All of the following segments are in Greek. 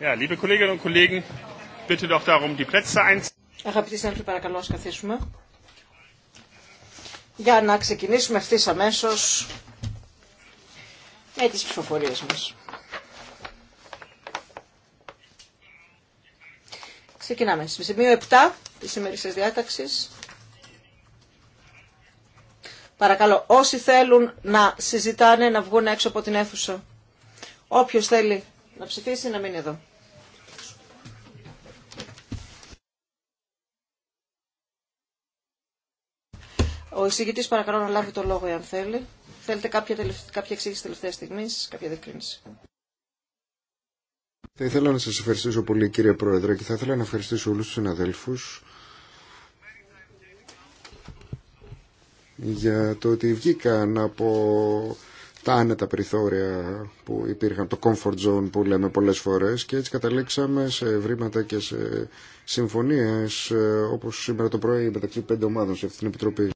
Ja, liebe Kolleginnen und Αγαπητοί συνάδελφοι, παρακαλώ, ας καθίσουμε. Για να ξεκινήσουμε ευθύς αμέσως με τις ψηφοφορίες μας. Ξεκινάμε. Στο σημείο 7 της ημερήσια διάταξης. Παρακαλώ, όσοι θέλουν να συζητάνε, να βγουν έξω από την αίθουσα. Όποιος θέλει να ψηφίσει, να μείνει εδώ. Ο εισηγητής παρακαλώ να λάβει το λόγο εάν θέλει. Θέλετε κάποια, κάποια εξήγηση τελευταία στιγμή, κάποια διευκρίνηση. Θα ήθελα να σας ευχαριστήσω πολύ κύριε Πρόεδρε και θα ήθελα να ευχαριστήσω όλους τους συναδέλφους για το ότι βγήκαν από τα άνετα περιθώρια που υπήρχαν, το comfort zone που λέμε πολλές φορές και έτσι καταλήξαμε σε βρήματα και σε συμφωνίες ε, όπως σήμερα το πρωί μεταξύ πέντε ομάδων σε αυτήν την Επιτροπή.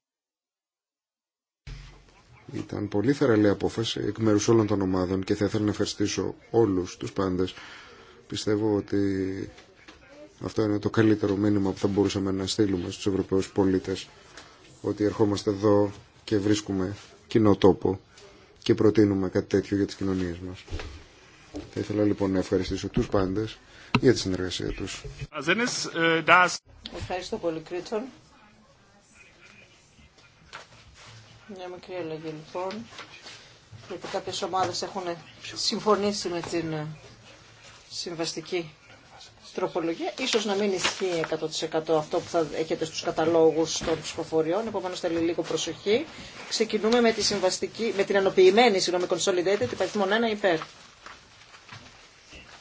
Ήταν πολύ θεραλή απόφαση εκ μέρου όλων των ομάδων και θα ήθελα να ευχαριστήσω όλους τους πάντες. Πιστεύω ότι αυτό είναι το καλύτερο μήνυμα που θα μπορούσαμε να στείλουμε στους Ευρωπαίους πολίτες ότι ερχόμαστε εδώ και βρίσκουμε κοινό τόπο και προτείνουμε κάτι τέτοιο για τις κοινωνίες μας. Θα ήθελα λοιπόν να ευχαριστήσω τους πάντες για τη συνεργασία τους. Ευχαριστώ πολύ Κρίτσον. Μια μικρή αλλαγή λοιπόν, γιατί κάποιε ομάδε έχουν συμφωνήσει με την ε, συμβαστική τροπολογία. Ίσως να μην ισχύει 100% αυτό που θα έχετε στους καταλόγους των ψηφοφοριών, επομένως θέλει λίγο προσοχή. Ξεκινούμε με, τη συμβαστική, με την ενοποιημένη συγγνώμη consolidated υπαριθμόν 1 υπέρ.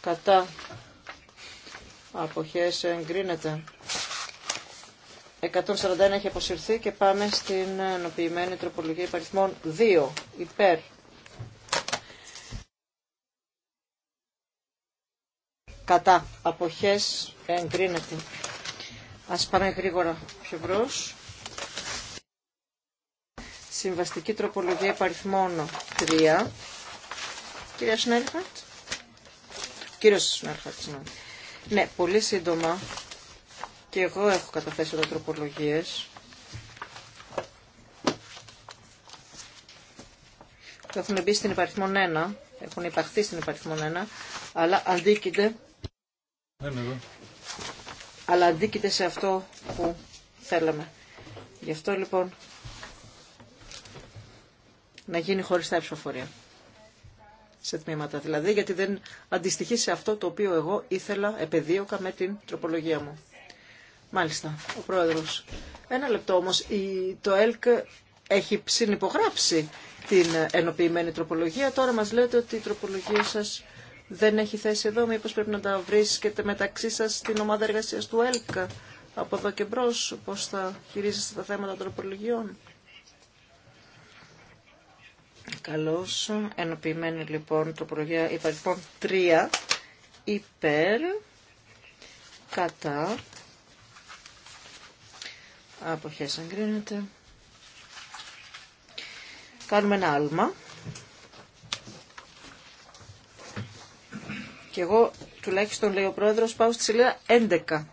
Κατά. αποχέ εγκρίνεται. 141 έχει αποσυρθεί και πάμε στην ενοποιημένη τροπολογία υπαριθμών 2 υπέρ. Κατά αποχές εγκρίνεται. Ας πάμε γρήγορα πιο μπρος. Συμβαστική τροπολογία υπαριθμών 3. Κυρία Σνέρχαρτ. Κύριος Σνέρχαρτ, ναι. Ναι, πολύ σύντομα και εγώ έχω καταθέσει εδώ τροπολογίες που έχουν μπει στην υπαριθμόν 1, έχουν υπαχθεί στην υπαριθμόν 1, αλλά αντίκειται, αλλά αντίκειται σε αυτό που θέλαμε. Γι' αυτό λοιπόν να γίνει χωριστά τα ψηφοφορία. Σε τμήματα δηλαδή, γιατί δεν αντιστοιχεί σε αυτό το οποίο εγώ ήθελα, επεδίωκα με την τροπολογία μου. Μάλιστα, ο πρόεδρος. Ένα λεπτό όμως, η, το ΕΛΚ έχει συνυπογράψει την ενοποιημένη τροπολογία. Τώρα μας λέτε ότι η τροπολογία σας δεν έχει θέση εδώ. Μήπως πρέπει να τα βρίσκετε μεταξύ σας στην ομάδα εργασίας του ΕΛΚ. Από εδώ και μπρος, πώς θα χειρίζεστε τα θέματα των τροπολογιών. Καλώς. Ενοποιημένη λοιπόν τροπολογία Λοιπόν, τρία υπέρ κατά Αποχές εγκρίνεται. Κάνουμε ένα άλμα. Και εγώ, τουλάχιστον λέει ο πρόεδρος, πάω στη σελίδα 11.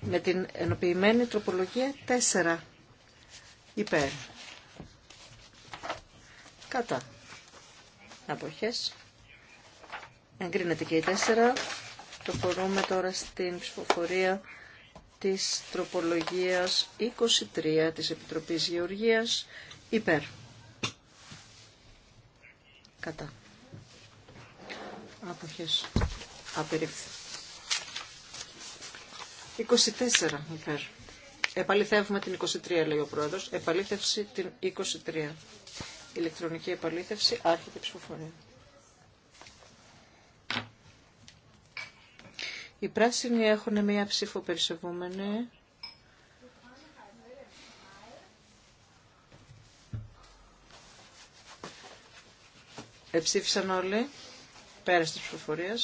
Με την ενοποιημένη τροπολογία 4. Υπέρ. Κατά. Αποχές. Εγκρίνεται και η 4. Το χωρούμε τώρα στην ψηφοφορία της τροπολογίας 23 της Επιτροπής Γεωργίας υπέρ. Κατά. Αποχές. Απερίφθη. 24 υπέρ. Επαληθεύουμε την 23 λέει ο πρόεδρος. Επαλήθευση την 23. Ηλεκτρονική επαλήθευση. Άρχεται ψηφοφορία. Οι πράσινοι έχουν μία ψήφο περισσευούμενη. Εψήφισαν όλοι. Πέρα τη ψηφοφορία.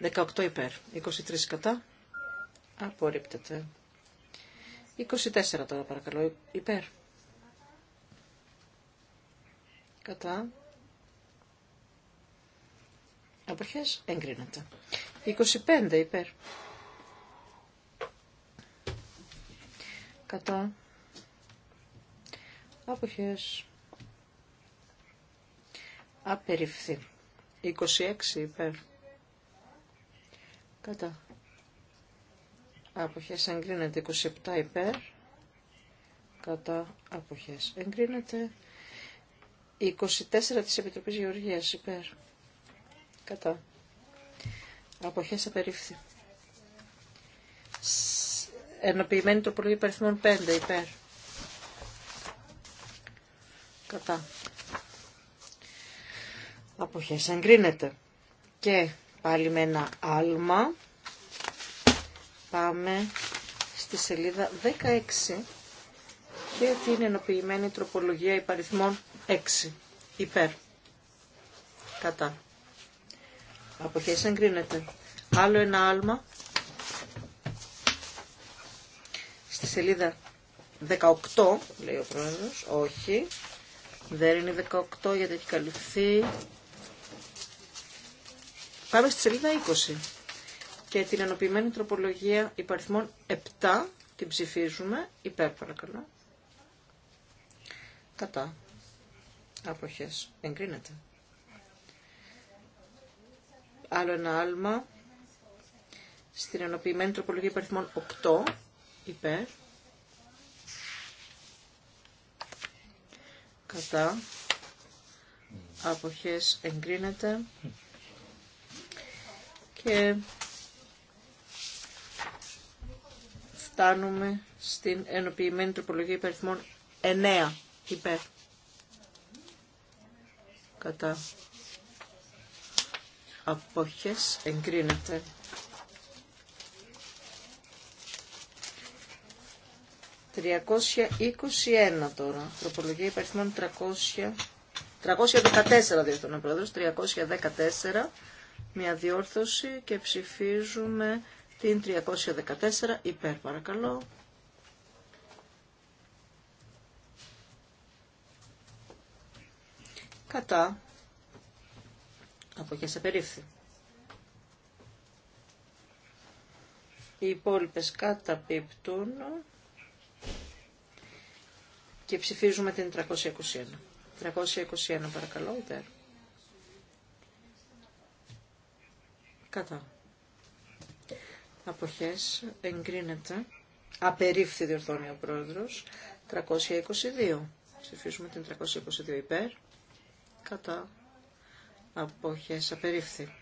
18 υπέρ. 23 κατά. Απορρίπτεται. 24 τώρα παρακαλώ. Υπέρ. Κατά. Αποχές εγκρίνεται. 25 υπέρ. Κατά. Αποχές. Απεριφθεί. 26 υπέρ. Κατά. Αποχές εγκρίνεται. 27 υπέρ. Κατά. Αποχές εγκρίνεται. 24 της Επιτροπής Γεωργίας υπέρ Κατά. Αποχές απερίφθη. Ενοποιημένη τροπολογία υπερθυμών 5 υπέρ. Κατά. Αποχές εγκρίνεται. Και πάλι με ένα άλμα πάμε στη σελίδα 16 και την ενοποιημένη τροπολογία υπαριθμών 6 υπέρ. Κατά. Αποχές εγκρίνεται. Άλλο ένα άλμα. Στη σελίδα 18, λέει ο πρόεδρος. Όχι. Δεν είναι 18 γιατί έχει καλυφθεί. Πάμε στη σελίδα 20. Και την ενοποιημένη τροπολογία υπαριθμών 7 την ψηφίζουμε. Υπέρ παρακαλώ. Κατά. Αποχές. Εγκρίνεται άλλο ένα άλμα στην ενοποιημένη τροπολογία υπαριθμών 8 υπέρ κατά αποχές εγκρίνεται και φτάνουμε στην ενοποιημένη τροπολογία υπαριθμών 9 υπέρ κατά αποχές εγκρίνεται. «321 τώρα, τροπολογία υπαριθμών 300, 314 διότι ο 314, μια διόρθωση και ψηφίζουμε την 314 υπέρ παρακαλώ. Κατά. Αποχές απερίφθη. Οι υπόλοιπε καταπίπτουν και ψηφίζουμε την 321. 321 παρακαλώ, υπέρ. Κατά. Αποχές εγκρίνεται. Απερίφθη διορθώνει ο πρόεδρος. 322. Ψηφίζουμε την 322 υπέρ. Κατά αποχές απερίφθη.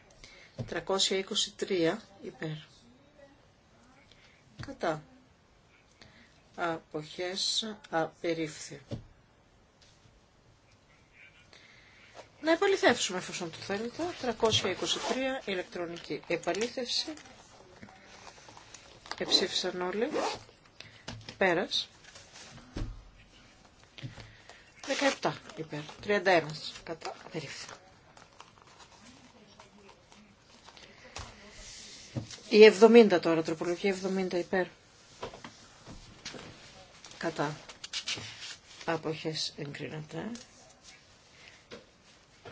323 υπέρ. Κατά. Αποχές απερίφθη. Να επαληθεύσουμε εφόσον το θέλετε. 323 ηλεκτρονική επαλήθευση. Εψήφισαν όλοι. Πέρας. 17 υπέρ. 31 κατά απερίφθη. Η 70 τώρα, τροπολογία 70 υπέρ. Κατά. Αποχές εγκρίνεται.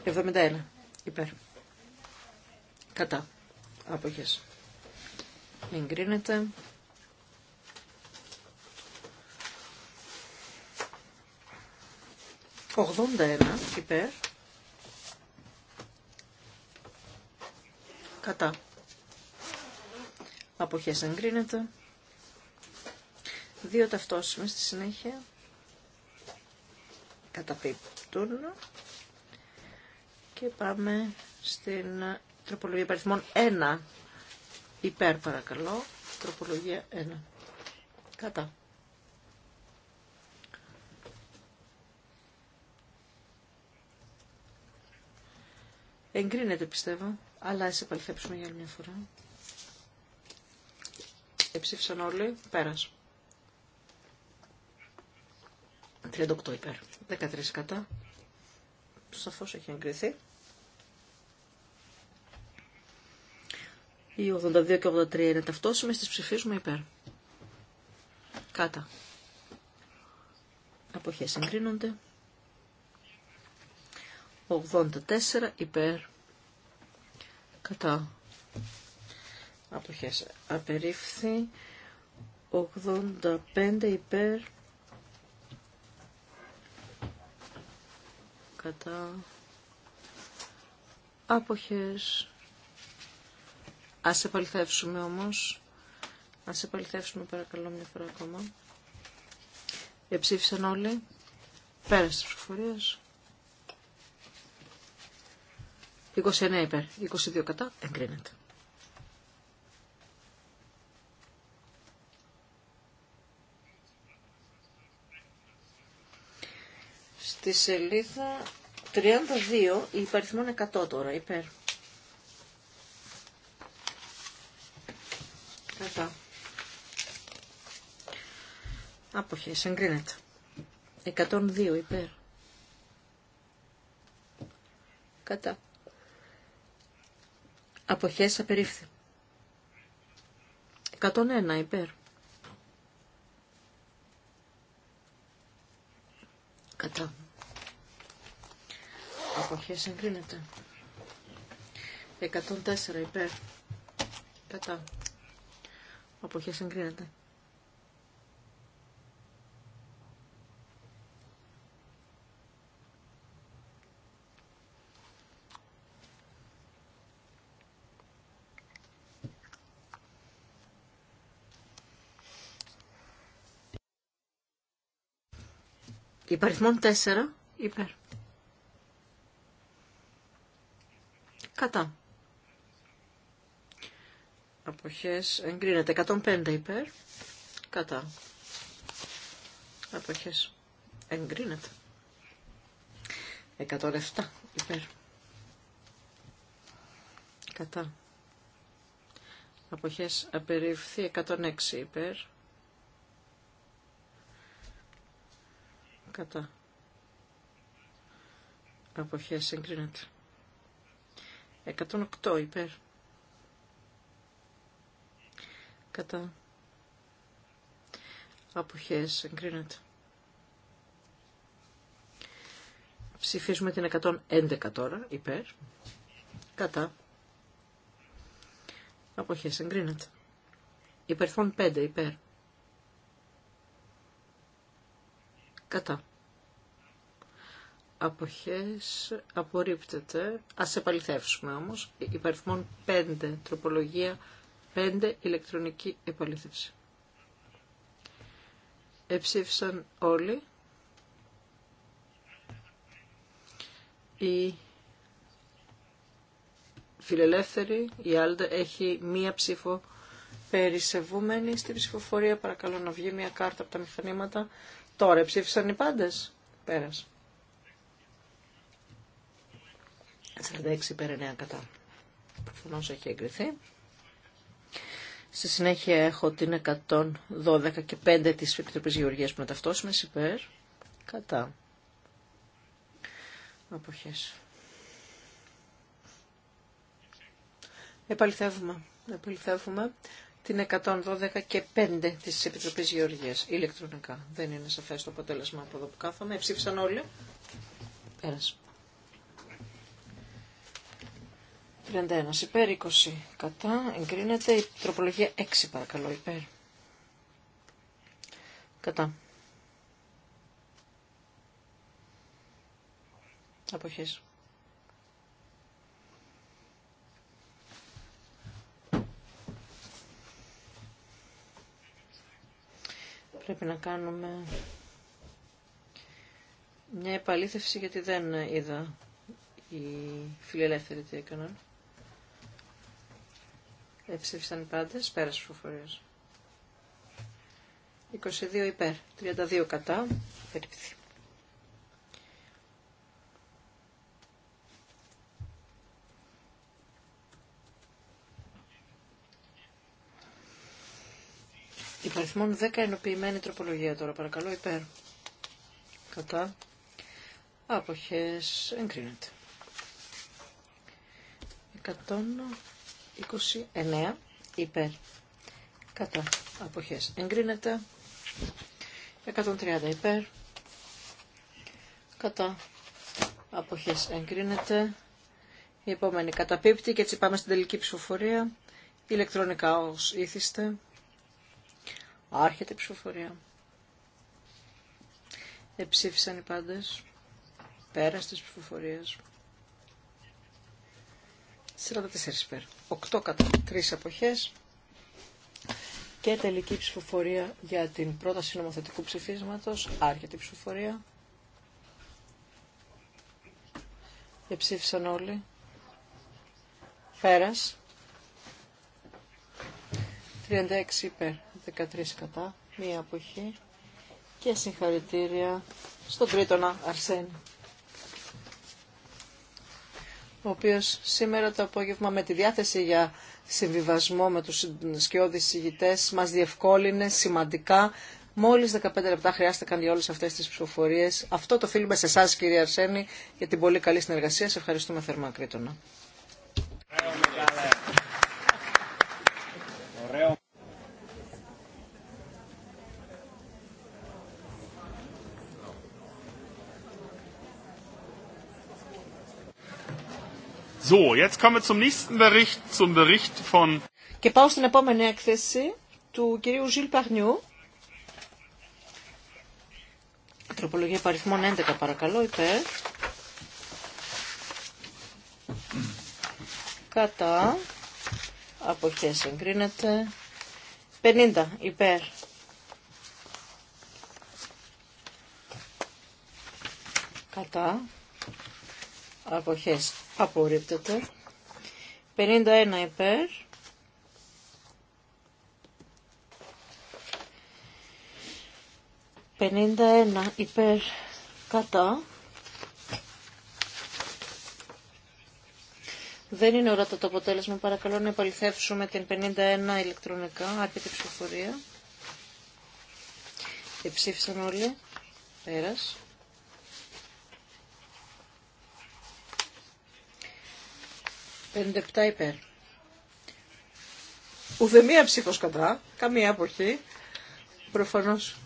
71 υπέρ. Κατά. Αποχές. Εγκρίνεται. Ογδόντα ένα υπέρ. Κατά αποχές εγκρίνεται. Δύο ταυτόσιμε στη συνέχεια καταπίπτουν και πάμε στην τροπολογία παριθμών 1 υπέρ παρακαλώ τροπολογία 1 κατά εγκρίνεται πιστεύω αλλά ας επαληθέψουμε για άλλη μια φορά Εψήφισαν όλοι. Πέρας. 38 υπέρ. 13 κατά. Σαφώ έχει εγκριθεί. Οι 82 και 83 είναι ταυτόσιμε, τι ψηφίζουμε υπέρ. Κάτα. Αποχέ συγκρίνονται. 84 υπέρ. Κατά αποχές απερίφθη 85 υπέρ κατά αποχές ας επαληθεύσουμε όμως ας επαληθεύσουμε παρακαλώ μια φορά ακόμα εψήφισαν όλοι πέρασε τις προφορίες. 29 υπέρ 22 κατά εγκρίνεται Στη σελίδα 32 υπαριθμόν 100 τώρα, υπέρ. Κατά. Άποχες, εγκρίνεται. 102 υπέρ. Κατά. Αποχές απερίφθη. 101 υπέρ. εποχές συγκρίνεται. 104 υπέρ. Κατά. Αποχές Υπαριθμόν 4 υπέρ. Κατά. Αποχές εγκρίνεται. 105 υπέρ. Κατά. Αποχές εγκρίνεται. 107 υπέρ. Κατά. Αποχές απεριφθεί 106 υπέρ. Κατά. Αποχές εγκρίνεται. 108 υπέρ. Κατά. Αποχές εγκρίνεται. Ψηφίζουμε την 111 τώρα υπέρ. Κατά. Αποχές εγκρίνεται. Υπερθών 5 υπέρ. Κατά αποχές απορρίπτεται. Ας επαληθεύσουμε όμως. Υπαριθμόν 5, τροπολογία 5, ηλεκτρονική επαληθεύση. Εψήφισαν όλοι. Η φιλελεύθερη, η Άλντα, έχει μία ψήφο περισεβούμενη στην ψηφοφορία. Παρακαλώ να βγει μία κάρτα από τα μηχανήματα. Τώρα ψήφισαν οι πάντες. Πέρασε. 46 πέρα 9 κατά. Προφανώς έχει εγκριθεί. Στη συνέχεια έχω την 112 και 5 της Επιτροπής Γεωργίας που είναι ταυτόσιμες υπέρ κατά. Αποχές. Επαληθεύουμε. Επαληθεύουμε την 112 και 5 της Επιτροπής Γεωργίας ηλεκτρονικά. Δεν είναι σαφές το αποτέλεσμα από εδώ που κάθομαι. Εψήφισαν όλοι. Πέρασε. 31 υπέρ, 20 κατά, εγκρίνεται. Η τροπολογία 6 παρακαλώ υπέρ. Κατά. Αποχές. Πρέπει να κάνουμε μια επαλήθευση γιατί δεν είδα οι φιλελεύθεροι τι έκαναν. Εψήφισαν οι πάντες, πέρας φορέα. 22 υπέρ, 32 κατά, περίπτωση. Υπαριθμών 10 ενοποιημένη τροπολογία τώρα, παρακαλώ, υπέρ. Κατά. Άποχες εγκρίνεται. 100. 29 υπέρ κατά αποχές εγκρίνεται 130 υπέρ κατά αποχές εγκρίνεται η επόμενη καταπίπτει και έτσι πάμε στην τελική ψηφοφορία ηλεκτρονικά ως ήθιστε άρχεται η ψηφοφορία εψήφισαν οι πάντες πέρα της ψηφοφορίες, 44 υπέρ. 8 κατά 3 αποχές. Και τελική ψηφοφορία για την πρόταση νομοθετικού ψηφίσματος. Άρχεται η ψηφοφορία. Και ψήφισαν όλοι. Πέρας. 36 υπέρ, 13 κατά, μία αποχή και συγχαρητήρια στον Τρίτονα, Αρσένη ο οποίος σήμερα το απόγευμα με τη διάθεση για συμβιβασμό με τους σκιώδεις ηγητές μας διευκόλυνε σημαντικά. Μόλις 15 λεπτά χρειάστηκαν για όλες αυτές τις ψηφοφορίες. Αυτό το φίλουμε σε εσά κυρία Αρσένη για την πολύ καλή συνεργασία. Σε ευχαριστούμε θερμά Κρήτονα. Και πάω στην επόμενη έκθεση του κυρίου Ζιλ Παρνιού. Τροπολογία παριθμών 11 παρακαλώ, υπέρ. Κατά. Αποχές εγκρίνεται. 50 υπέρ. Κατά. Αποχές απορρίπτεται. 51 υπέρ. 51 ένα υπέρ κατά. Δεν είναι ορατό το αποτέλεσμα. Παρακαλώ να επαληθεύσουμε την 51 ηλεκτρονικά. Άρχεται η ψηφοφορία. Εψήφισαν όλοι. Πέρας. 57 υπέρ. Ουδεμία ψήφος κατά, καμία αποχή, προφανώς.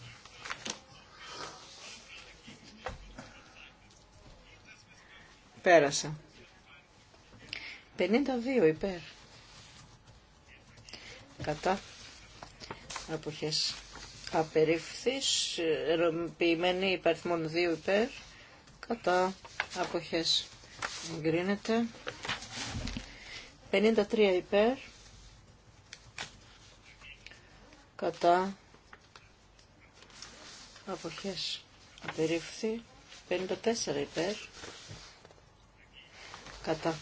Πέρασα. 52 υπέρ. Κατά. Αποχές. Απερίφθης, ερωποιημένη υπαριθμών 2 υπέρ. Κατά. Αποχές. Εγκρίνεται. 53 υπέρ κατά αποχές απερίφθη 54 υπέρ κατά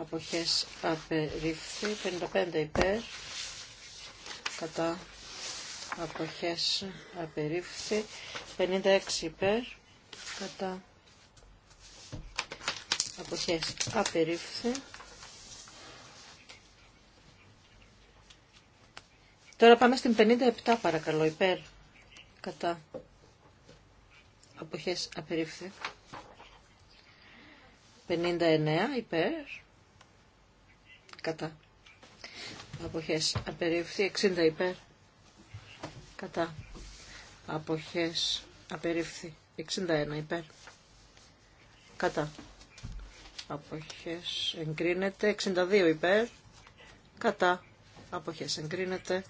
αποχές απερίφθη 55 υπέρ κατά αποχές απερίφθη 56 υπέρ κατά αποχές απερίφθη. Τώρα πάμε στην 57 παρακαλώ, υπέρ, κατά, αποχές απερίφθη. 59 υπέρ, κατά, αποχές απερίφθη. 60 υπέρ, κατά, αποχές απερίφθη. 61 υπέρ, κατά αποχές εγκρίνεται 62 υπέρ κατά αποχές εγκρίνεται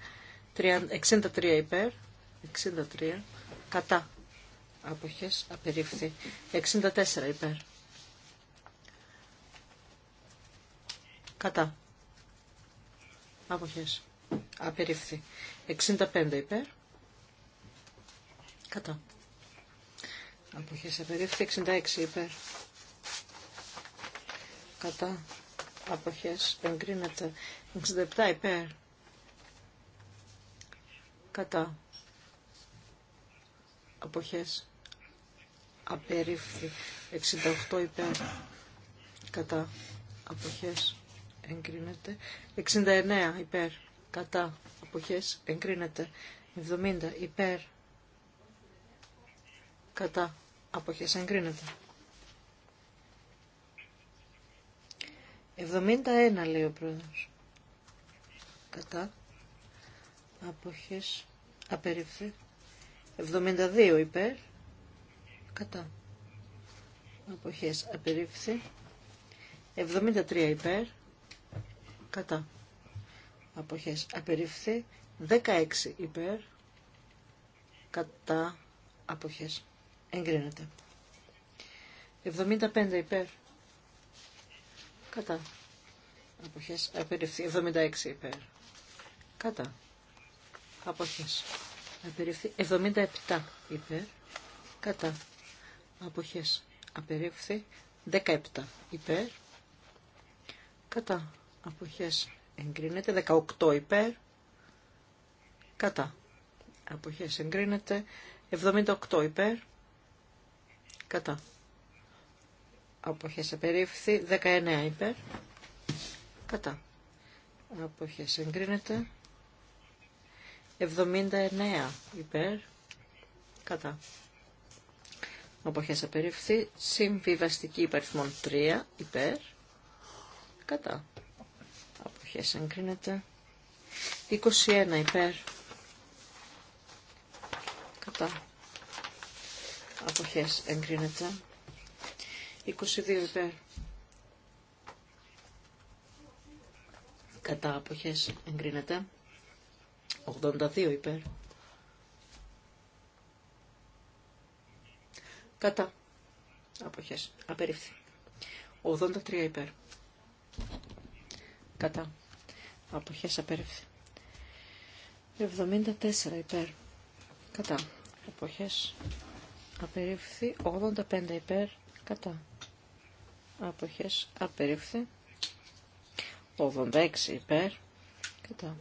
63 υπέρ 63 κατά αποχές απερίφθη 64 υπέρ κατά αποχές απερίφθη 65 υπέρ κατά αποχές απερίφθη 66 υπέρ κατά αποχές εγκρίνεται 67 υπέρ κατά αποχές απερίφθη 68 υπέρ κατά αποχές εγκρίνεται 69 υπέρ κατά αποχές εγκρίνεται 70 υπέρ κατά αποχές εγκρίνεται 71 λέει ο πρόεδρος. Κατά. Αποχές. απερίφθη. 72 υπέρ. Κατά. Αποχές. Απερίφθη. 73 υπέρ. Κατά. Αποχές. Απερίφθη. 16 υπέρ. Κατά. Αποχές. Εγκρίνεται. 75 υπέρ. Κατά. Αποχές. Απεριφθεί. 76 υπέρ. Κατά. Αποχές. Απεριφθεί. 77 υπέρ. Κατά. Αποχές. Απεριφθεί. 17 υπέρ. Κατά. Αποχές. Εγκρίνεται. 18 υπέρ. Κατά. Αποχές. Εγκρίνεται. 78 υπέρ. Κατά αποχές απερίφθη 19 υπέρ κατά αποχές εγκρίνεται 79 υπέρ κατά αποχές απερίφθη συμβιβαστική υπαριθμών 3 υπέρ κατά αποχές εγκρίνεται 21 υπέρ κατά αποχές εγκρίνεται 22 υπέρ. Κατά αποχές εγκρίνεται. 82 υπέρ. Κατά αποχές απερίφθη. 83 υπέρ. Κατά αποχές απερίφθη. 74 υπέρ. Κατά αποχές απερίφθη. 85 υπέρ. Κατά αποχές απερίφθη 86 υπέρ κατά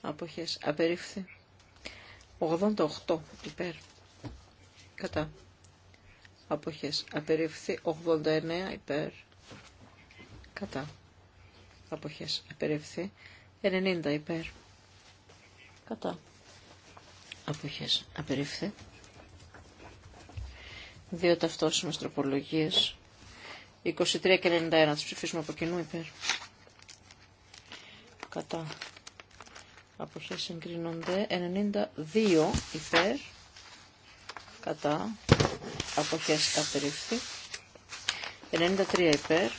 αποχές απερίφθη 88 υπέρ κατά αποχές απερίφθη 89 υπέρ κατά αποχές απερίφθη 90 υπέρ κατά αποχές απερίφθη δύο ταυτόσιμες τροπολογίες 23 και 91. Θα ψηφίσουμε από κοινού υπέρ. Κατά. Αποχές συγκρίνονται. 92 υπέρ. Κατά. Αποχές απερίφθη. 93 υπέρ.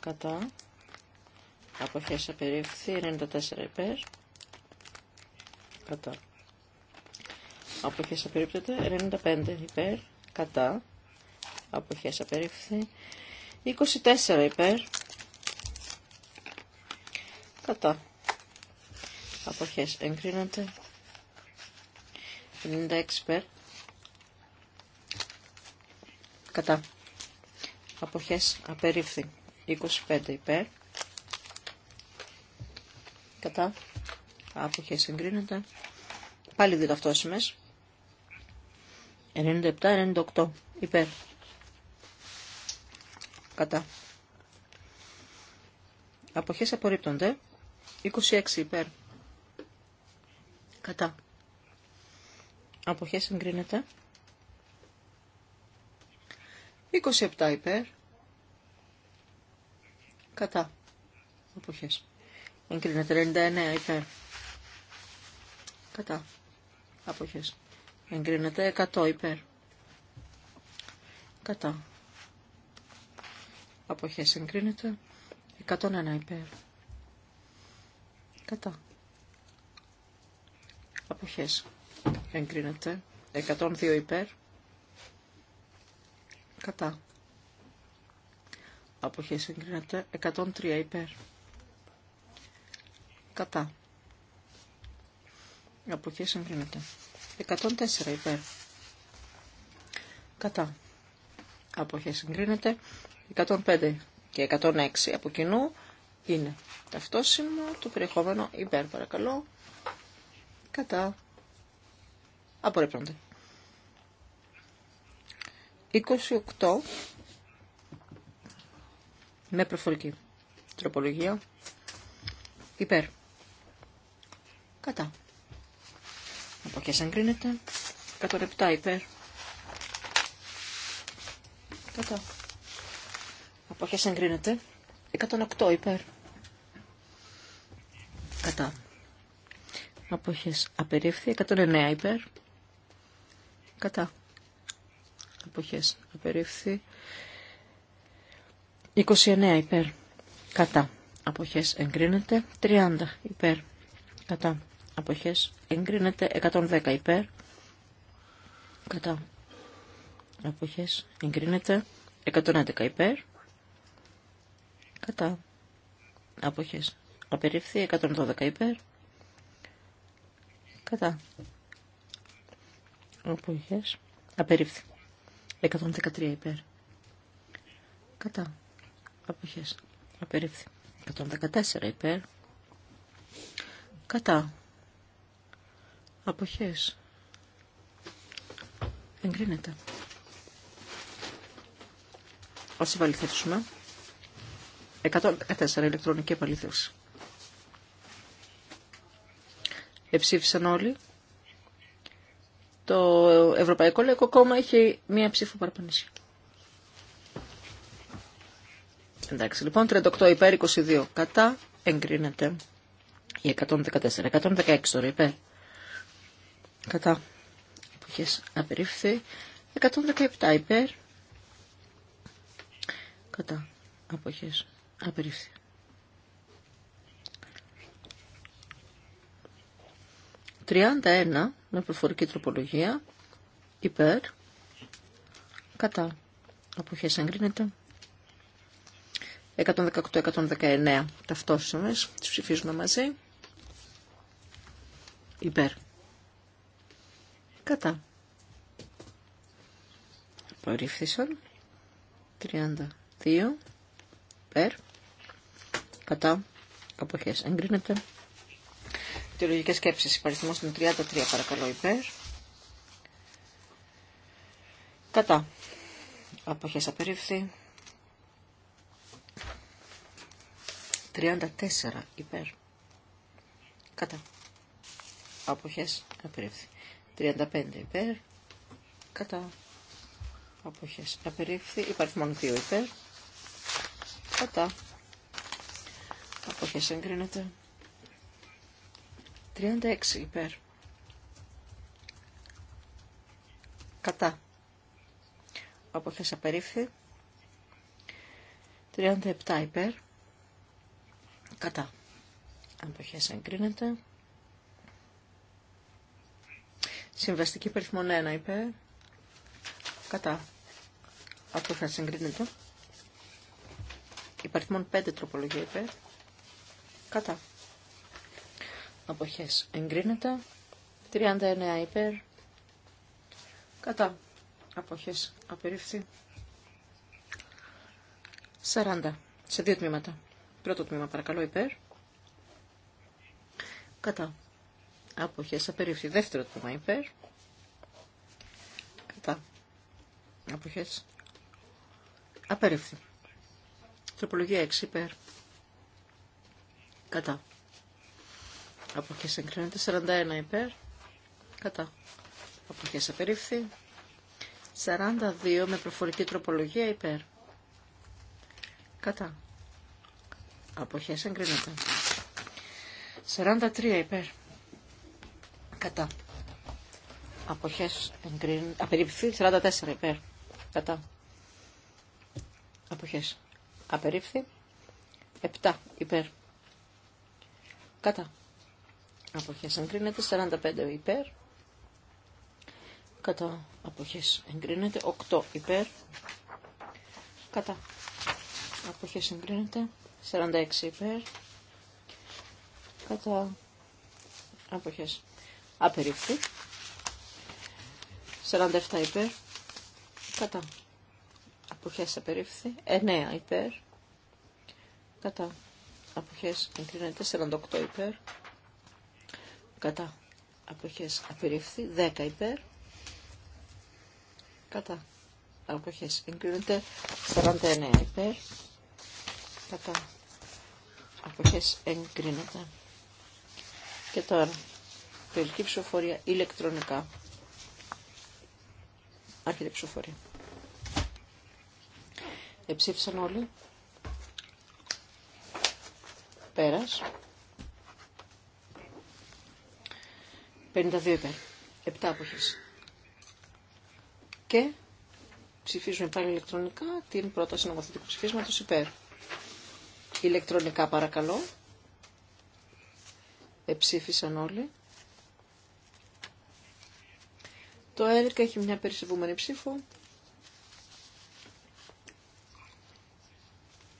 Κατά. Αποχές απερίφθη. 94 υπέρ. Κατά. Αποχές απερίφθη. 95 υπέρ. Κατά αποχές απερίφθη. 24 υπέρ. Κατά. Αποχές εγκρίνονται. 96 υπέρ. Κατά. Αποχές απερίφθη. 25 υπέρ. Κατά. Αποχές εγκρίνονται. Πάλι ταυτόσημες. 97-98 υπέρ κατά. Αποχές απορρίπτονται. 26 υπέρ. Κατά. Αποχές εγκρίνεται. 27 υπέρ. Κατά. Αποχές. Εγκρίνεται 99 υπέρ. Κατά. Αποχές. Εγκρίνεται 100 υπέρ. Κατά αποχές εγκρίνεται 101 υπέρ κατά αποχές εγκρίνεται 102 υπέρ κατά αποχές εγκρίνεται 103 υπέρ κατά αποχές εγκρίνεται 104 υπέρ κατά αποχές εγκρίνεται 105 και 106 από κοινού είναι ταυτόσιμο το περιεχόμενο υπέρ παρακαλώ κατά απορρίπτονται 28 με προφορική τροπολογία υπέρ κατά από και σαν κρίνεται 107 υπέρ κατά Αποχές εγκρίνεται. 108 υπέρ. Κατά. Αποχές απερίφθη. 109 υπέρ. Κατά. Αποχές απερίφθη. 29 υπέρ. Κατά. Αποχές εγκρίνεται. 30 υπέρ. Κατά. Αποχές εγκρίνεται. 110 υπέρ. Κατά. Αποχές εγκρίνεται. 111 υπέρ. Κατά. Αποχές. Απεριφθεί 112 υπέρ. Κατά. Αποχές. Απεριφθεί. 113 υπέρ. Κατά. Αποχές. Απεριφθεί. 114 υπέρ. Κατά. Αποχές. Εγκρίνεται. Ας ευαληθεύσουμε. 114 ηλεκτρονική επαλήθευση. Εψήφισαν όλοι. Το Ευρωπαϊκό Λαϊκό Κόμμα έχει μία ψήφο παραπανήσει. Εντάξει, λοιπόν, 38 υπέρ, 22 κατά, εγκρίνεται η 114. 116 τώρα υπέρ. Κατά. Αποχές απερίφθει. 117 υπέρ. Κατά. Αποχές Απερίφθη. 31 με προφορική τροπολογία υπέρ κατά αποχές εγκρίνεται 118-119 ταυτόσιμες τις ψηφίζουμε μαζί υπέρ κατά απορρίφθησαν 32 υπέρ κατά αποχές εγκρίνεται. λογική σκέψη. υπαριθμό στην 33 παρακαλώ υπέρ. Κατά αποχές απερίφθη. 34 υπέρ. Κατά. Αποχές απερίφθη. 35 υπέρ. Κατά. Αποχές απερίφθη. Υπάρχει 2 υπέρ. Κατά. Αποχές εγκρίνεται. 36 υπέρ. Κατά. Αποχές απερίφθη. 37 υπέρ. Κατά. Αποχές εγκρίνεται. Συμβαστική περιθμόν 1 υπέρ. Κατά. Αποχές εγκρίνεται. Υπαριθμόν 5 τροπολογία υπέρ Κατά. Αποχές εγκρίνεται. 39 υπέρ. Κατά. Αποχές απερίφθη. 40. Σε δύο τμήματα. Πρώτο τμήμα παρακαλώ υπέρ. Κατά. Αποχές απερίφθη. Δεύτερο τμήμα υπέρ. Κατά. Αποχές απερίφθη. Τροπολογία 6 υπέρ. Κατά. και εγκρίνεται. 41 υπέρ. Κατά. σε απερίφθη. 42 με προφορική τροπολογία υπέρ. Κατά. Αποχές εγκρίνεται. 43 υπέρ. Κατά. Αποχές εγκρίνεται. Απερίφθη. 44 υπέρ. Κατά. Αποχές. Απερίφθη. 7 υπέρ. Κατά. Αποχές εγκρίνεται 45 υπέρ. Κατά. Αποχές εγκρίνεται 8 υπέρ. Κατά. Αποχές εγκρίνεται 46 υπέρ. Κατά. Αποχές. Απερίφθη. 47 υπέρ. Κατά. Αποχές απερίφθη. 9 υπέρ. Κατά αποχές εγκρίνεται 48 υπέρ κατά αποχές απερίφθη 10 υπέρ κατά αποχές εγκρίνεται 49 υπέρ κατά αποχές εγκρίνεται και τώρα τελική ψηφοφορία ηλεκτρονικά άρχεται ψηφοφορία εψήφισαν όλοι Πέρας. 52 υπέρ. 7 αποχές. Και ψηφίζουμε πάλι ηλεκτρονικά την πρόταση νομοθετικού ψηφίσματος υπέρ. Ηλεκτρονικά παρακαλώ. Εψήφισαν όλοι. Το ΕΡΚ έχει μια περισσευούμενη ψήφο.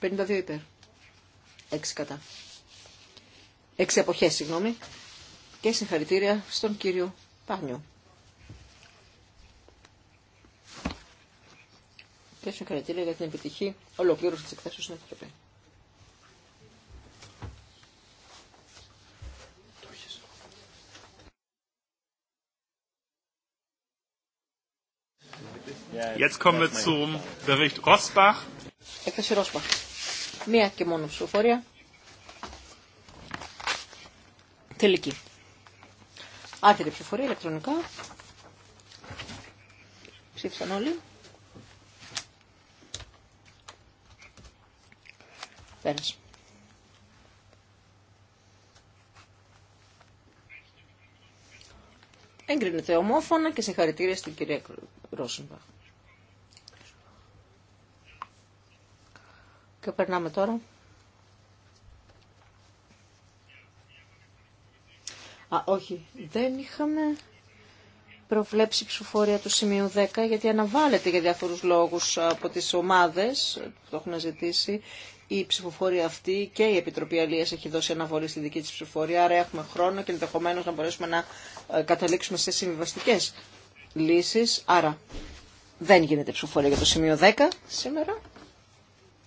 52 υπέρ. 6 κατά εποχές, συγγνώμη, και συγχαρητήρια στον κύριο Πάνιο. Και συγχαρητήρια για την επιτυχή ολοκλήρωση της εκθέσεως στην Επιτροπή. Jetzt kommen wir zum Bericht Rosbach. Έκθεση Ρόσπαχ. Μία και μόνο ψηφοφορία. Τελική. Άρχεται η ψηφορία ηλεκτρονικά. Ψήφισαν όλοι. Πέρασε. Έγκρινεται ομόφωνα και συγχαρητήρια στην κυρία Ρόσενμπαχ. Και περνάμε τώρα Α, όχι, δεν είχαμε προβλέψει ψηφοφορία του σημείου 10, γιατί αναβάλλεται για διάφορους λόγους από τις ομάδες που το έχουν ζητήσει η ψηφοφορία αυτή και η Επιτροπή Αλίας έχει δώσει αναβολή στη δική της ψηφοφορία, άρα έχουμε χρόνο και ενδεχομένω να μπορέσουμε να καταλήξουμε σε συμβιβαστικέ λύσεις. Άρα δεν γίνεται ψηφοφορία για το σημείο 10 σήμερα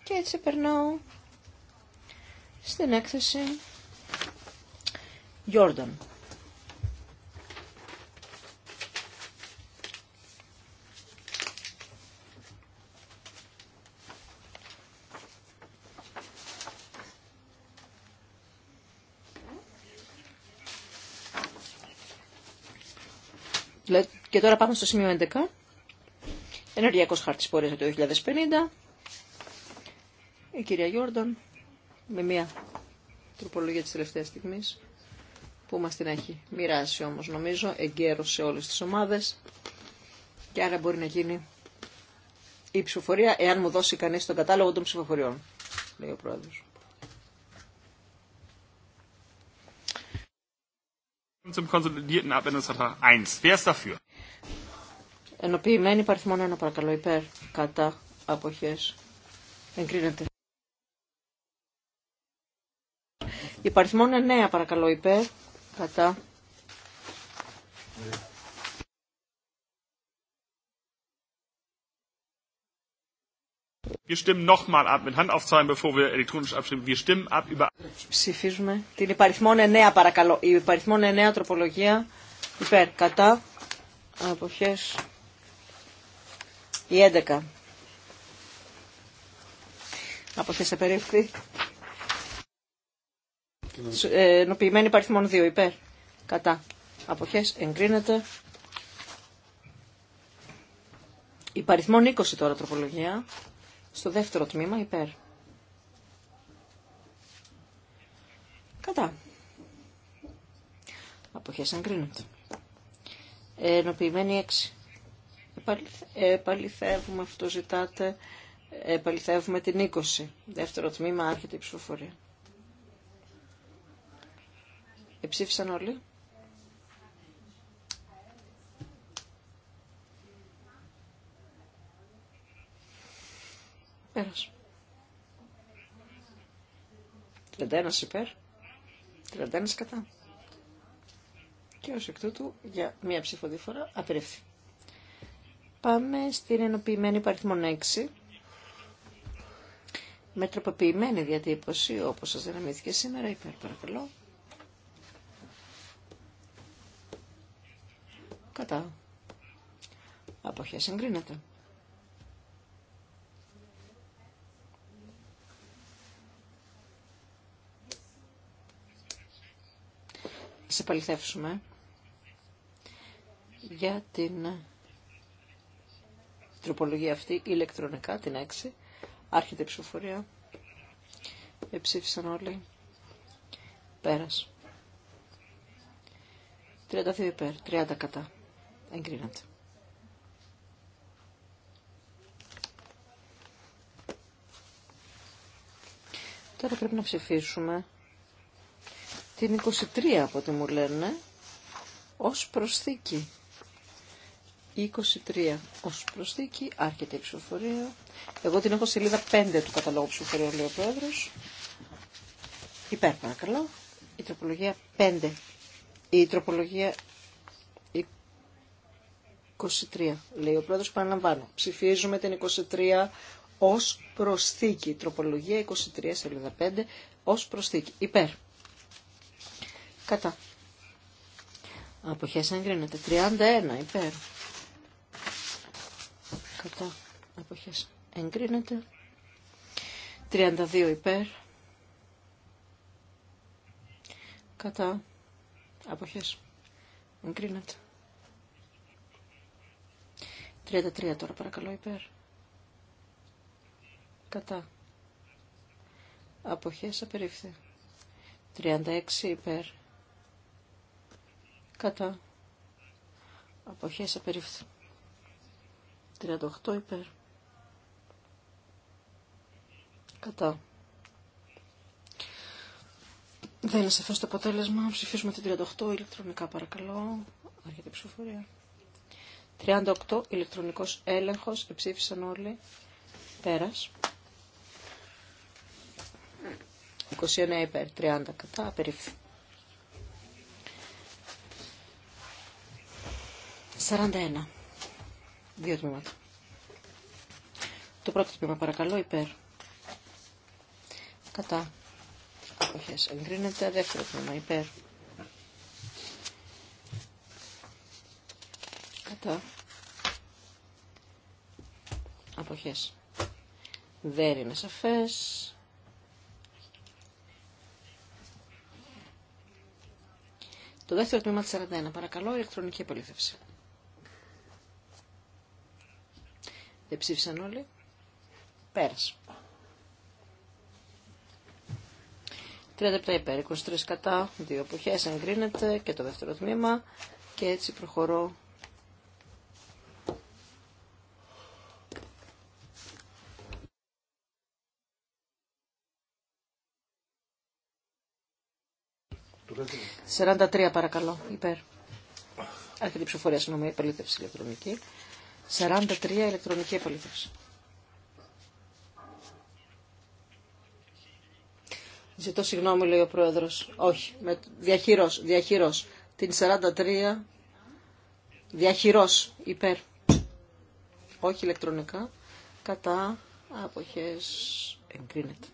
και έτσι περνάω στην έκθεση Jordan. Και τώρα πάμε στο σημείο 11. χάρτη πορεία για το 2050. Η κυρία Γιόρντον με μια τροπολογία τη τελευταία στιγμής που μα την έχει μοιράσει όμω νομίζω εγκαίρω σε όλε τι ομάδε, και άρα μπορεί να γίνει η ψηφοφορία εάν μου δώσει κανεί τον κατάλογο των ψηφοφοριών λέει ο πρόεδρος. Zum konsolidierten 1. Wer ist dafür? Ενοποιημένη παρακαλώ υπέρ κατά αποχές. Εγκρίνεται. παρακαλώ υπέρ κατά Wir stimmen nochmal ab mit Handaufzeigen, bevor wir elektronisch abstimmen. Wir stimmen ab über. Ψηφίζουμε την υπαριθμόν 9, παρακαλώ. Η υπαριθμόν 9 τροπολογία υπέρ, κατά, Αποχέ. η 11. Αποχέ απερίφθη. Ε, ενοποιημένη υπαριθμόν 2, υπέρ, κατά, Αποχέ. εγκρίνεται. Υπαριθμόν 20 τώρα τροπολογία. Στο δεύτερο τμήμα υπέρ. Κατά. Αποχές εγκρίνονται. Ενοποιημένη 6. επαληθεύουμε αυτό ζητάτε. Επαληθεύουμε την 20. Δεύτερο τμήμα άρχεται η ψηφοφορία. Εψήφισαν όλοι. Πέρας. 31 υπέρ, 31 κατά. Και ω εκ τούτου, για μία ψήφο δίφορα, απερίφθη. Πάμε στην ενοποιημένη παριθμόν 6. Με τροποποιημένη διατύπωση, όπως σας δυναμήθηκε σήμερα, υπέρ παρακαλώ. Κατά. Αποχές εγκρίνεται. επαληθεύσουμε για την τροπολογία αυτή ηλεκτρονικά, την 6. Άρχεται η ψηφοφορία. Εψήφισαν όλοι. Πέρας. 32 υπέρ, 30 κατά. Εγκρίνεται. Τώρα πρέπει να ψηφίσουμε την 23 από ό,τι μου λένε ως προσθήκη. 23 ως προσθήκη, άρχεται η ψηφοφορία. Εγώ την έχω σελίδα 5 του καταλόγου ψηφοφορία, λέει ο Πρόεδρος. Υπέρ παρακαλώ. Η τροπολογία 5. Η τροπολογία 23, λέει ο Πρόεδρος, παραλαμβάνω. Ψηφίζουμε την 23 ως προσθήκη. Τροπολογία 23, σελίδα 5, ως προσθήκη. Υπέρ. Κατά. Αποχές εγκρίνεται. 31 υπέρ. Κατά. Αποχές εγκρίνεται. 32 υπέρ. Κατά. Αποχές εγκρίνεται. 33 τώρα παρακαλώ υπέρ. Κατά. Αποχές απερίφθη. 36 υπέρ κατά αποχές απερίφθη 38 υπέρ κατά δεν είναι σαφές το αποτέλεσμα ψηφίσουμε την 38 ηλεκτρονικά παρακαλώ έρχεται η ψηφοφορία 38 ηλεκτρονικός έλεγχος ψήφισαν όλοι πέρας 29 υπέρ 30 κατά απερίφθη 41. Δύο τμήματα. Το πρώτο τμήμα παρακαλώ υπέρ. Κατά. Αποχές. Εγκρίνεται. Δεύτερο τμήμα υπέρ. Κατά. Αποχές. Δεν είναι σαφές. Το δεύτερο τμήμα της 41. Παρακαλώ ηλεκτρονική επαλήθευση. Δεν ψήφισαν όλοι. Πέρασε. 37 υπέρ, 23 κατά, 2 εποχές, εγκρίνεται και το δεύτερο τμήμα και έτσι προχωρώ. 43 παρακαλώ, υπέρ. Άρχεται την ψηφοφορία, συγγνώμη, η ηλεκτρονική. 43 ηλεκτρονική επαλήθευση. Ζητώ συγγνώμη, λέει ο πρόεδρος. Όχι, με, διαχειρός, Την 43 διαχειρός υπέρ. Όχι ηλεκτρονικά. Κατά αποχές εγκρίνεται.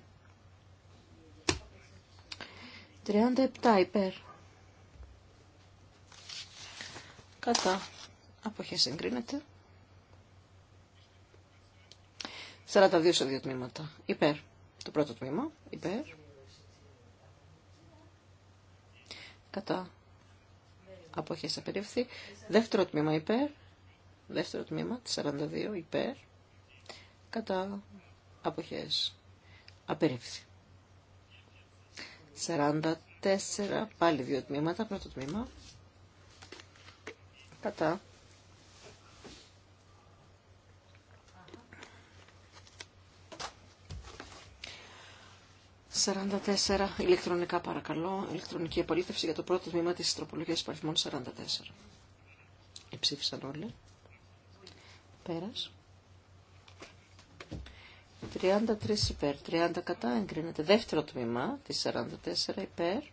37 υπέρ. Κατά αποχές εγκρίνεται. 42 σε δύο τμήματα. Υπέρ. Το πρώτο τμήμα. Υπέρ. Κατά. Αποχές απερίφθη. Δεύτερο τμήμα υπέρ. Δεύτερο τμήμα. 42 υπέρ. Κατά. Αποχές. Απερίφθη. 44. Πάλι δύο τμήματα. Πρώτο τμήμα. Κατά. 44 ηλεκτρονικά παρακαλώ, ηλεκτρονική επαλήθευση για το πρώτο τμήμα της τροπολογίας παριθμών 44. Εψήφισαν όλοι. Πέρας. 33 υπέρ, 30 κατά εγκρίνεται. Δεύτερο τμήμα της 44 υπέρ,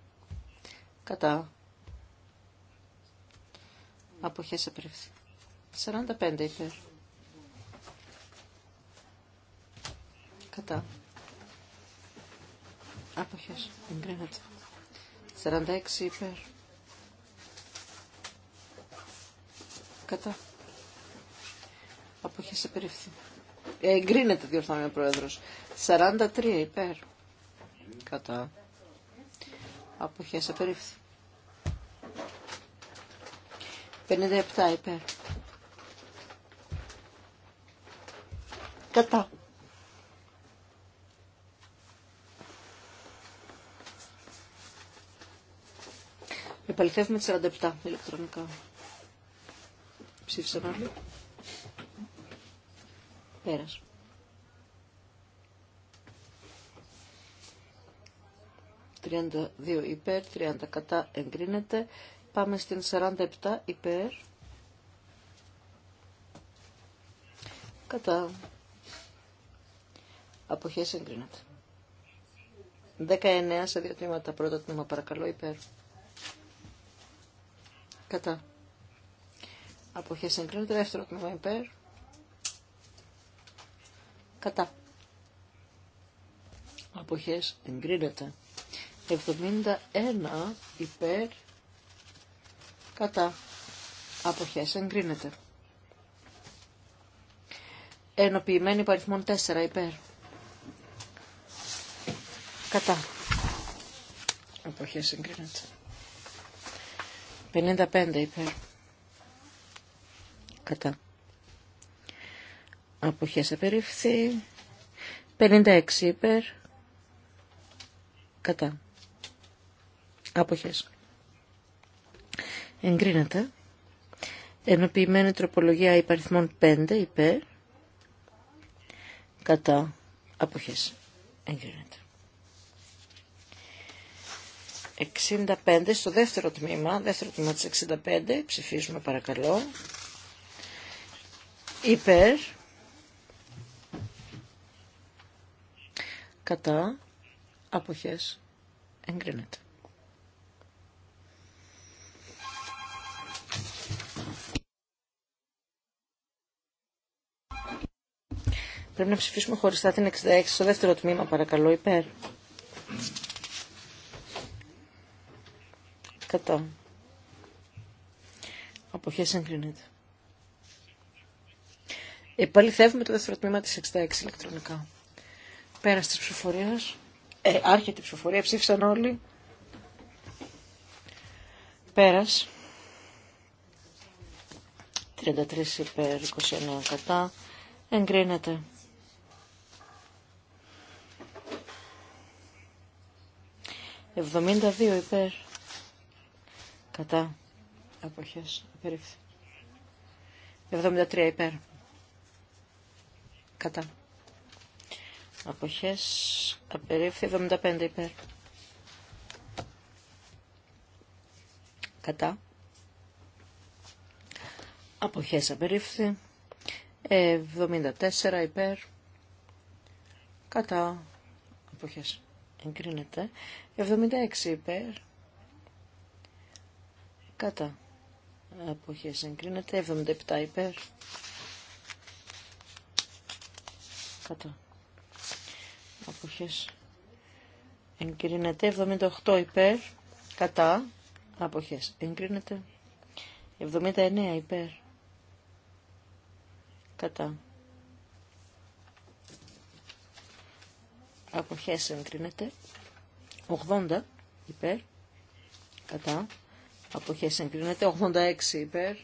κατά. Αποχές απερίφθη. 45 υπέρ. Κατά. Αποχές. Εγκρίνεται. 46 υπέρ. Κατά. Αποχές απερίφθη. Ε, εγκρίνεται διορθώνει ο πρόεδρος. 43 υπέρ. Κατά. Αποχές επερίφθη 57 υπέρ. Κατά. Επαληθεύουμε 47 ηλεκτρονικά. Ψήφισαν όλοι. Πέρας. ...32 υπέρ, 30 κατά εγκρίνεται. Πάμε στην 47 υπέρ. Κατά. Αποχές εγκρίνεται. 19 σε δύο τμήματα. Πρώτο τμήμα παρακαλώ υπέρ. Κατά. Αποχές εγκρίνεται. Δεύτερο τμήμα υπέρ. Κατά. Αποχές εγκρίνεται. 71 υπέρ. Κατά. Αποχές εγκρίνεται. Ενοποιημένη παριθμών 4 υπέρ. Κατά. Αποχές εγκρίνεται. 55 υπέρ. Κατά. Αποχές απερίφθη. 56 υπέρ. Κατά. Αποχές. Εγκρίνεται. Ενοποιημένη τροπολογία υπαριθμών 5 υπέρ. Κατά. Αποχές. Εγκρίνεται. 65, στο δεύτερο τμήμα, δεύτερο τμήμα της 65, ψηφίζουμε παρακαλώ. Υπέρ. Κατά. Αποχές. Εγκρίνεται. Πρέπει να ψηφίσουμε χωριστά την 66 στο δεύτερο τμήμα, παρακαλώ, υπέρ. Κατά. Αποχές εγκρίνεται. Επαληθεύουμε το δεύτερο τμήμα της 66 ηλεκτρονικά. Πέρα της ψηφοφορίας. Ε, άρχεται η ψηφοφορία. Ψήφισαν όλοι. Πέρας. 33 υπέρ, 29 κατά. Εγκρίνεται. 72 δύο υπέρ. Κατά. Αποχές. Απερίφθη. 73 υπέρ. Κατά. Αποχές. Απερίφθη. 75 υπέρ. Κατά. Αποχές. Απερίφθη. 74 υπέρ. Κατά. Αποχές. Εγκρίνεται. 76 υπέρ κατά αποχές εγκρίνεται 77 υπέρ κατά αποχές εγκρίνεται 78 υπέρ κατά αποχές εγκρίνεται 79 υπέρ κατά αποχές εγκρίνεται 80 υπέρ κατά αποχές εγκρίνεται 86 υπέρ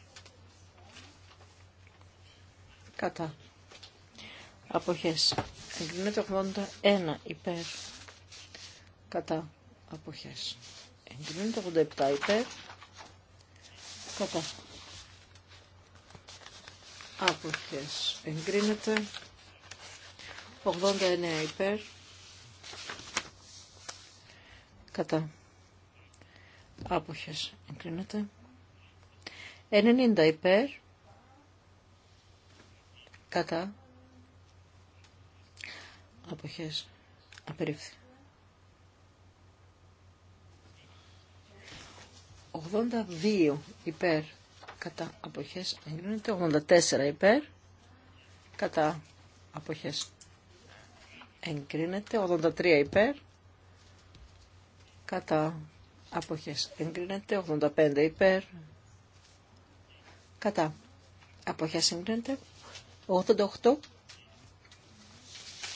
κατά αποχές εγκρίνεται 81 υπέρ κατά αποχές εγκρίνεται 87 υπέρ κατά αποχές εγκρίνεται 89 υπέρ κατά Άποχες. Εγκρίνεται. 90 υπέρ. Κατά. Άποχες. Απερίφθη. 82 υπέρ κατά αποχές εγκρίνεται, 84 υπέρ κατά αποχές εγκρίνεται, 83 υπέρ κατά Αποχές εγκρίνεται. 85 υπέρ. Κατά. Αποχές εγκρίνεται. 88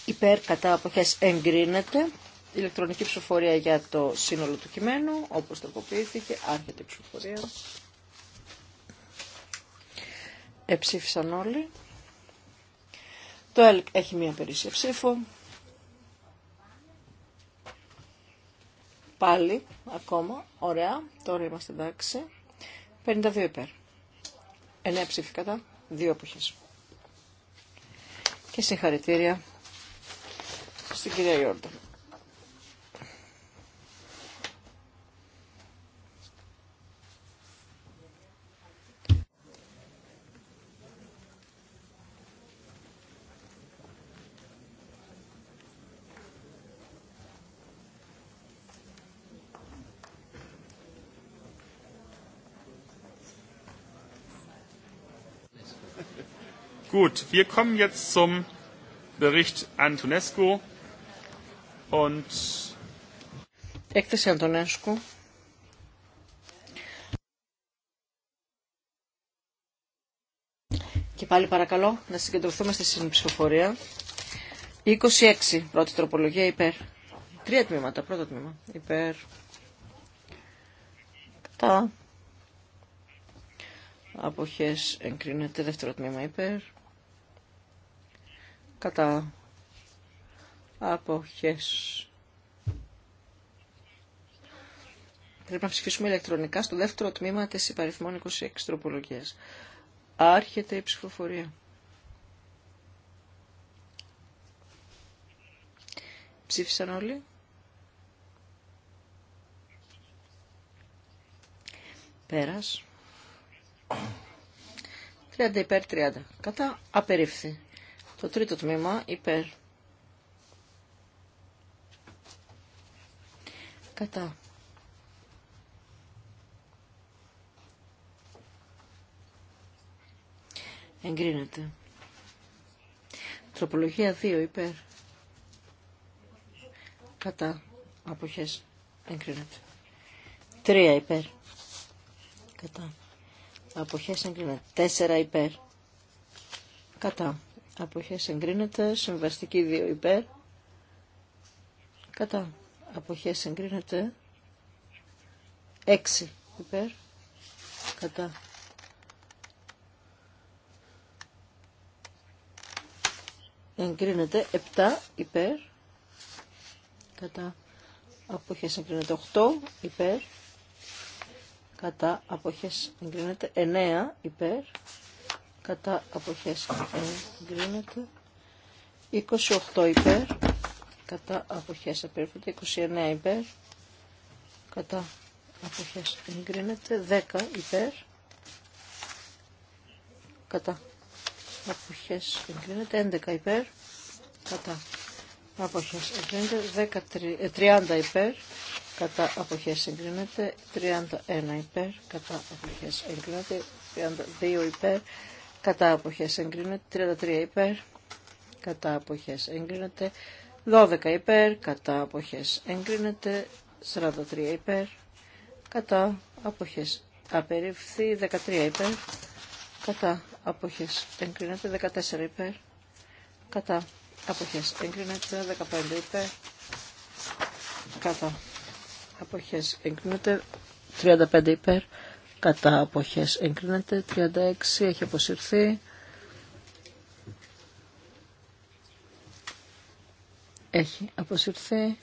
υπέρ. Κατά. Αποχές εγκρίνεται. Ηλεκτρονική ψηφοφορία για το σύνολο του κειμένου, όπως τροποποιήθηκε, άρχεται η ψηφοφορία. Εψήφισαν όλοι. Το ΕΛΚ έχει μία περίσσια ψήφο. Πάλι, ακόμα, ωραία, τώρα είμαστε εντάξει. 52 υπέρ. 9 ψήφι κατά, 2 έχεις. Και συγχαρητήρια στην κυρία Γιόρνταν. Gut, wir kommen jetzt zum Bericht Antonescu und Αντωνέσκου. Και πάλι παρακαλώ να συγκεντρωθούμε στη συνψηφοφορία. 26, πρώτη τροπολογία, υπέρ. Τρία τμήματα, πρώτο τμήμα, υπέρ. Κατά. Αποχές εγκρίνεται, δεύτερο τμήμα, υπέρ κατά αποχές. Πρέπει να ψηφίσουμε ηλεκτρονικά στο δεύτερο τμήμα της υπαριθμών 26 τροπολογίας. Άρχεται η ψηφοφορία. Ψήφισαν όλοι. Πέρας. 30 υπέρ 30. Κατά απερίφθη. Το τρίτο τμήμα υπέρ. Κατά. Εγκρίνεται. Τροπολογία 2 υπέρ. Κατά. Αποχές. Εγκρίνεται. Τρία υπέρ. Κατά. Αποχές εγκρίνεται. Τέσσερα υπέρ. Κατά αποχές εγκρίνεται, συμβαστική 2 υπέρ, κατά, αποχές εγκρίνεται, 6 υπέρ, κατά. Εγκρίνεται 7 υπέρ, κατά, αποχές εγκρίνεται 8 υπέρ, κατά, αποχές εγκρίνεται 9 υπέρ, κατά αποχές εγκρίνεται 28 υπέρ κατά αποχές απέρφεται 29 υπέρ κατά αποχές εγκρίνεται 10 υπέρ κατά αποχές εγκρίνεται 11 υπέρ κατά αποχές εγκρίνεται 30 ε, υπέρ κατά αποχές εγκρίνεται 31 υπέρ κατά αποχές εγκρίνεται 32 υπέρ κατά αποχές εγκρίνεται, 33 υπέρ, κατά αποχές εγκρίνεται, 12 υπέρ, κατά αποχές εγκρίνεται, 43 υπέρ, κατά αποχές απερίφθη, 13 υπέρ, κατά αποχές εγκρίνεται, 14 υπέρ, κατά αποχές εγκρίνεται, 15 υπέρ, κατά αποχές εγκρίνεται, 35 υπέρ, κατά αποχές εγκρίνεται, 36 έχει αποσυρθεί, έχει αποσυρθεί,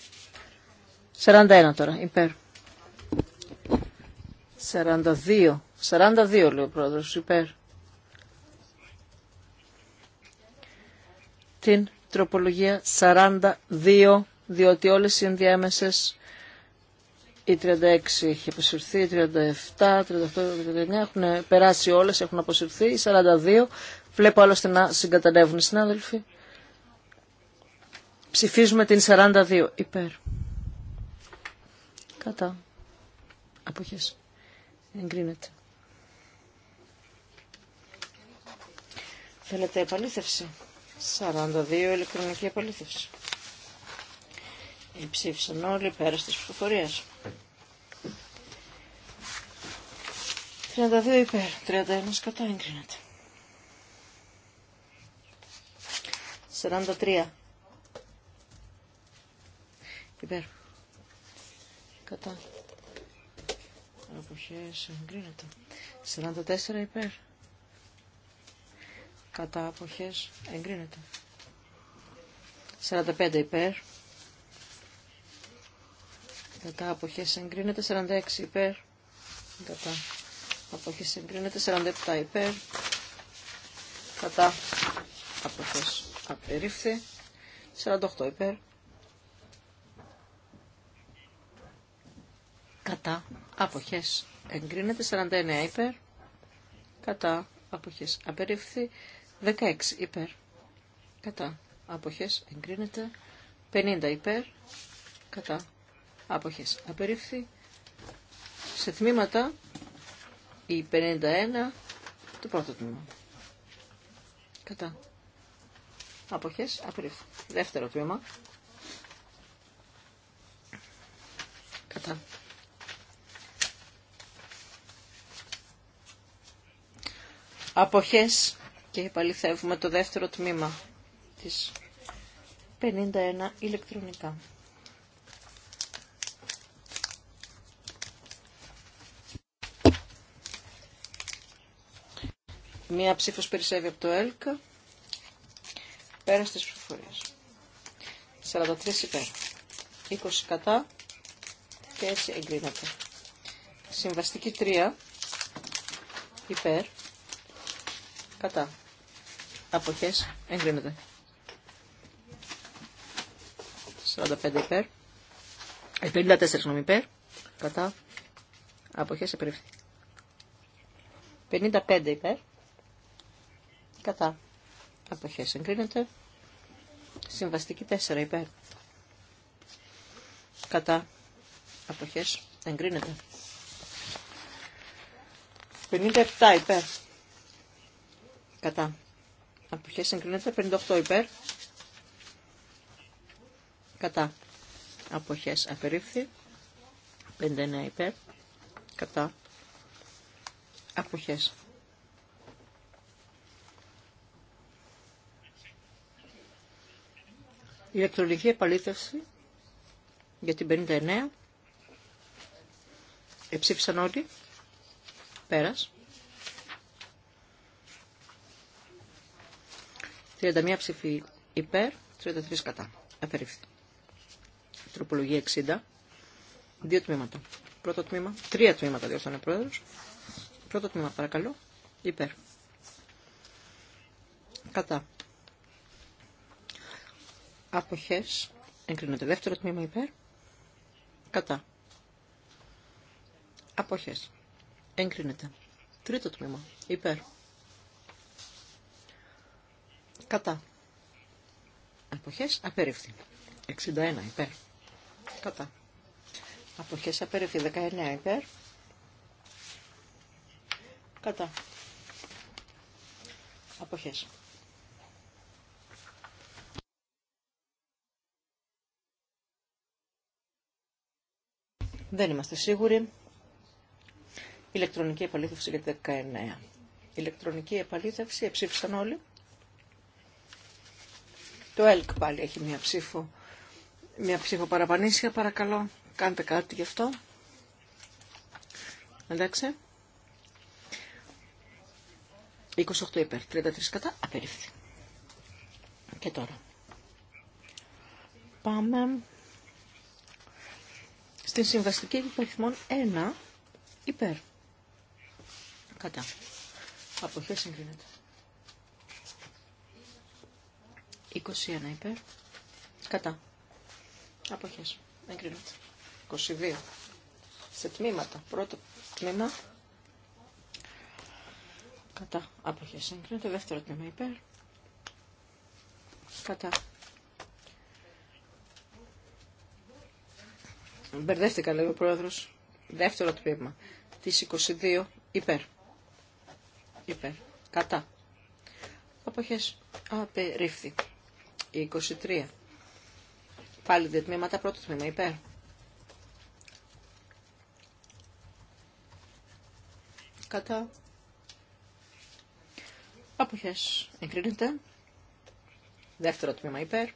41 τώρα, υπέρ. 42, 42 λέει ο πρόεδρος, υπέρ. Την τροπολογία 42, διότι όλες οι ενδιάμεσες η 36 έχει αποσυρθεί, η 37, 38, 39 έχουν περάσει όλες, έχουν αποσυρθεί, η 42. Βλέπω άλλωστε να συγκατανεύουν οι συνάδελφοι. Ψηφίζουμε την 42 υπέρ. Κατά. Αποχές. Εγκρίνεται. Θέλετε επαλήθευση. 42 ηλεκτρονική επαλήθευση. Ψήφισαν όλοι πέρα τη ψηφοφορία. 32 υπέρ, 31 κατά εγκρίνεται. 43 υπέρ. Κατά. Αποχές εγκρίνεται. 44 υπέρ. Κατά αποχές εγκρίνεται. 45 υπέρ. Κατά αποχές εγκρίνεται 46 υπέρ. Κατά αποχές εγκρίνεται 47 υπέρ. Κατά αποχές απερίφθη 48 υπέρ. Κατά αποχές εγκρίνεται 49 υπέρ. Κατά αποχές απερίφθη 16 υπέρ. Κατά αποχές εγκρίνεται 50 υπέρ. Κατά Αποχές. Απερίφθη. Σε τμήματα η 51 το πρώτο τμήμα. Κατά. Αποχές. Απερίφθη. Δεύτερο τμήμα. Κατά. Αποχές και επαληθεύουμε το δεύτερο τμήμα της 51 ηλεκτρονικά. Μία ψήφος περισσεύει από το ΕΛΚ. Πέρα στις ψηφοφορίες. 43 υπέρ. 20 κατά. Και έτσι εγκρίνεται. Συμβαστική 3 υπέρ. Κατά. Αποχές εγκρίνεται. 45 υπέρ. 54 ε, νομι υπέρ. Κατά. Αποχές επερίφθη. 55 υπέρ. Κατά. Αποχές εγκρίνεται. Συμβαστική 4 υπέρ. Κατά. Αποχές εγκρίνεται. 57 υπέρ. Κατά. Αποχές εγκρίνεται. 58 υπέρ. Κατά. Αποχές απερίφθη. 59 υπέρ. Κατά. Αποχές ηλεκτρολογική επαλήθευση για την 59. Εψήφισαν όλοι. Πέρας. 31 ψηφί, υπέρ, 33 κατά. Απερίφθη. Τροπολογία 60. Δύο τμήματα. Πρώτο τμήμα. Τρία τμήματα διόρθωνε ο πρόεδρος. Πρώτο τμήμα παρακαλώ. Υπέρ. Κατά αποχές εγκρίνεται. Δεύτερο τμήμα υπέρ, κατά, αποχές εγκρίνεται. Τρίτο τμήμα υπέρ, κατά, αποχές απερίφθη. 61 υπέρ, κατά, αποχές απερίφθη. 19 υπέρ, κατά, αποχές Δεν είμαστε σίγουροι. Ηλεκτρονική επαλήθευση για 19. Ηλεκτρονική επαλήθευση, εψήφισαν όλοι. Το ΕΛΚ πάλι έχει μια ψήφο, μια ψήφο παραπανήσια, παρακαλώ, κάντε κάτι γι' αυτό. Εντάξει. 28 υπέρ, 33 κατά, απερίφθη. Και τώρα. Πάμε στην συμβαστική υπαριθμών 1 υπέρ. Κατά. Αποχές συγκρίνεται. 21 υπέρ. Κατά. Αποχές. Εγκρίνεται. 22. Σε τμήματα. Πρώτο τμήμα. Κατά. Αποχές. Εγκρίνεται. Δεύτερο τμήμα υπέρ. Κατά. Μπερδεύτηκα, λέει ο πρόεδρος. Δεύτερο τμήμα. τη 22 υπέρ. Υπέρ. Κατά. Αποχέ. Απερίφθη. Η 23. Πάλι δύο τμήματα. Πρώτο τμήμα υπέρ. Κατά. Αποχές. Εγκρίνεται. Δεύτερο τμήμα υπέρ.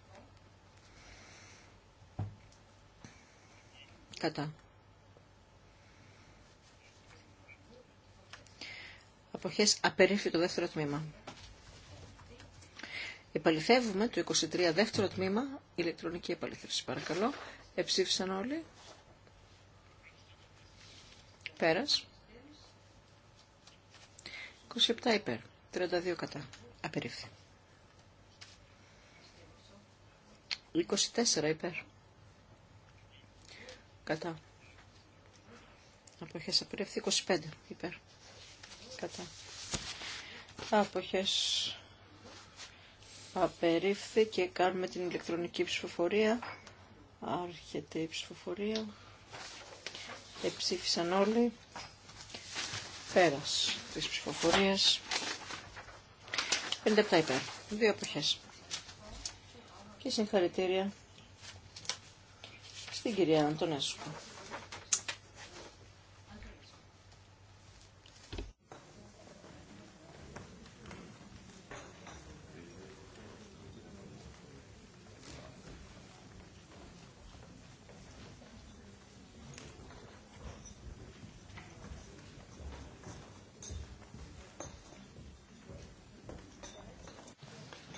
κατά. Αποχές απερίφθη το δεύτερο τμήμα. Επαληθεύουμε το 23 δεύτερο τμήμα, ηλεκτρονική επαληθεύση παρακαλώ. Εψήφισαν όλοι. Πέρας. 27 υπέρ, 32 κατά. Απερίφθη. 24 υπέρ κατά. Αποχές απορρεύτη 25 υπέρ. Κατά. Αποχές απερίφθη και κάνουμε την ηλεκτρονική ψηφοφορία. Άρχεται η ψηφοφορία. Εψήφισαν όλοι. Πέρας της ψηφοφορίας. 57 υπέρ. Δύο αποχές. Και συγχαρητήρια στην κυρία Αντωνέσκου.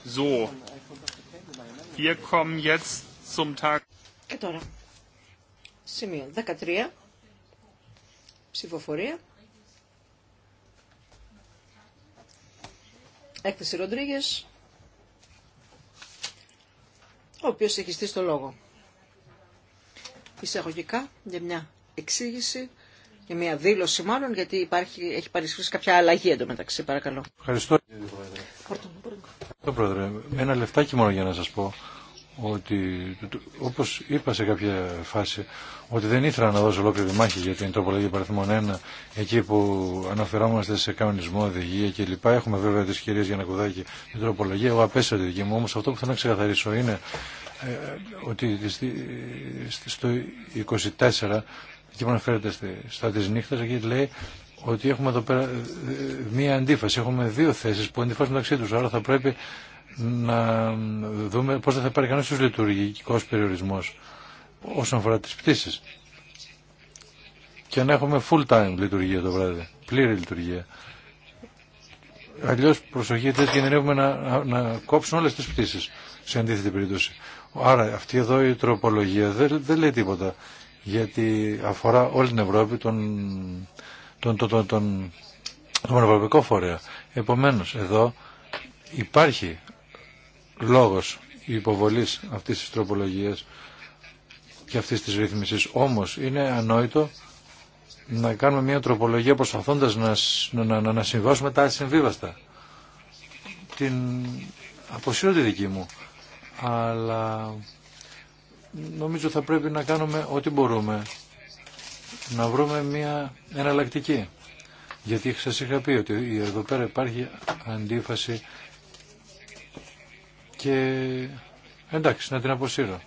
So, wir kommen jetzt zum Tag. Και ε, τώρα Σημείο 13. Ψηφοφορία. Έκθεση Ροντρίγε. Ο οποίο έχει στήσει το λόγο. Εισαγωγικά για μια εξήγηση για μια δήλωση μάλλον, γιατί υπάρχει, έχει παρισχύσει κάποια αλλαγή εντωμεταξύ. Παρακαλώ. Ευχαριστώ, κύριε Πρόεδρε. Ευχαριστώ, Πρόεδρε. Ένα λεφτάκι μόνο για να σας πω ότι όπως είπα σε κάποια φάση ότι δεν ήθελα να δώσω ολόκληρη μάχη για την τροπολογία παραθμών 1 εκεί που αναφερόμαστε σε κανονισμό, οδηγία κλπ. Έχουμε βέβαια τις κυρίες για να κουδάκι την τροπολογία. Εγώ απέσα τη δική μου όμως αυτό που θέλω να ξεκαθαρίσω είναι ε, ότι στο 24 εκεί που αναφέρεται στα της νύχτας εκεί λέει ότι έχουμε εδώ πέρα ε, ε, μία αντίφαση. Έχουμε δύο θέσεις που αντιφάσουν μεταξύ τους. Άρα θα πρέπει να δούμε πώς θα υπάρχει κανένας λειτουργικός περιορισμός όσον αφορά τις πτήσεις. Και να έχουμε full time λειτουργία το βράδυ, πλήρη λειτουργία. αλλιώς προσοχή, τέτοια κινδυνεύουμε να, να κόψουν όλες τις πτήσεις σε αντίθετη περίπτωση. Άρα αυτή εδώ η τροπολογία δεν, δεν λέει τίποτα. Γιατί αφορά όλη την Ευρώπη τον, τον, τον, τον, τον Ευρωπαϊκό Φορέα. Επομένως, εδώ υπάρχει λόγος υποβολής αυτής της τροπολογίας και αυτής της ρύθμισης. Όμως είναι ανόητο να κάνουμε μια τροπολογία προσπαθώντας να, να, να, να συμβάσουμε τα ασυμβίβαστα. Την αποσύρω τη δική μου, αλλά νομίζω θα πρέπει να κάνουμε ό,τι μπορούμε να βρούμε μια εναλλακτική. Γιατί σας είχα πει ότι εδώ πέρα υπάρχει αντίφαση και εντάξει να την αποσύρω.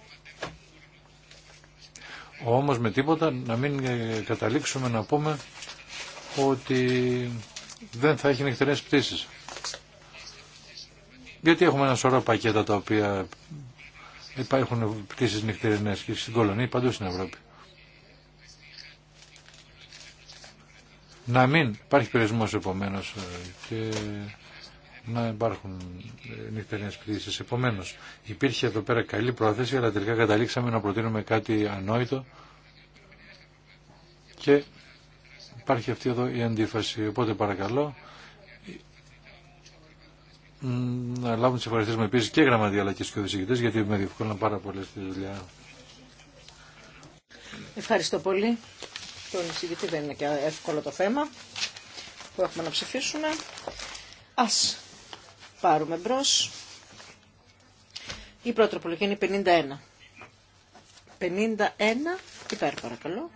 Όμως με τίποτα να μην ε, καταλήξουμε να πούμε ότι δεν θα έχει νυχτερές πτήσεις. Γιατί έχουμε ένα σωρό πακέτα τα οποία υπάρχουν πτήσεις νυχτερινές και στην Κολονή παντού στην Ευρώπη. Να μην υπάρχει περισμός επομένως ε, και να υπάρχουν ε, νυχτερινές πτήσεις. Επομένως, υπήρχε εδώ πέρα καλή πρόθεση, αλλά τελικά καταλήξαμε να προτείνουμε κάτι ανόητο και υπάρχει αυτή εδώ η αντίφαση. Οπότε παρακαλώ να λάβουν τι ευχαριστίε μου επίση και γραμματεία αλλά και σκιωδησηγητέ γιατί με διευκόλυναν πάρα πολύ στη δουλειά. Ευχαριστώ πολύ. Τον εισηγητή δεν είναι και εύκολο το θέμα που έχουμε να ψηφίσουμε. Ας πάρουμε μπρο. Η πρώτη τροπολογία είναι 51. 51 υπέρ παρακαλώ.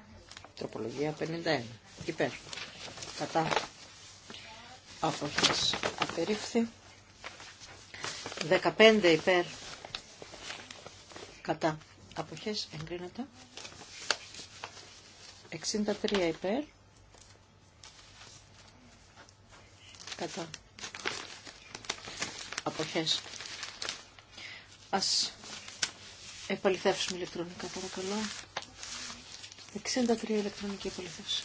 Τροπολογία 51 υπέρ. Κατά αποχές απερίφθη. 15 υπέρ κατά αποχές εγκρίνεται. 63 υπέρ κατά αποχές. Ας επαληθεύσουμε ηλεκτρονικά παρακαλώ. 63 ηλεκτρονική επαληθεύση.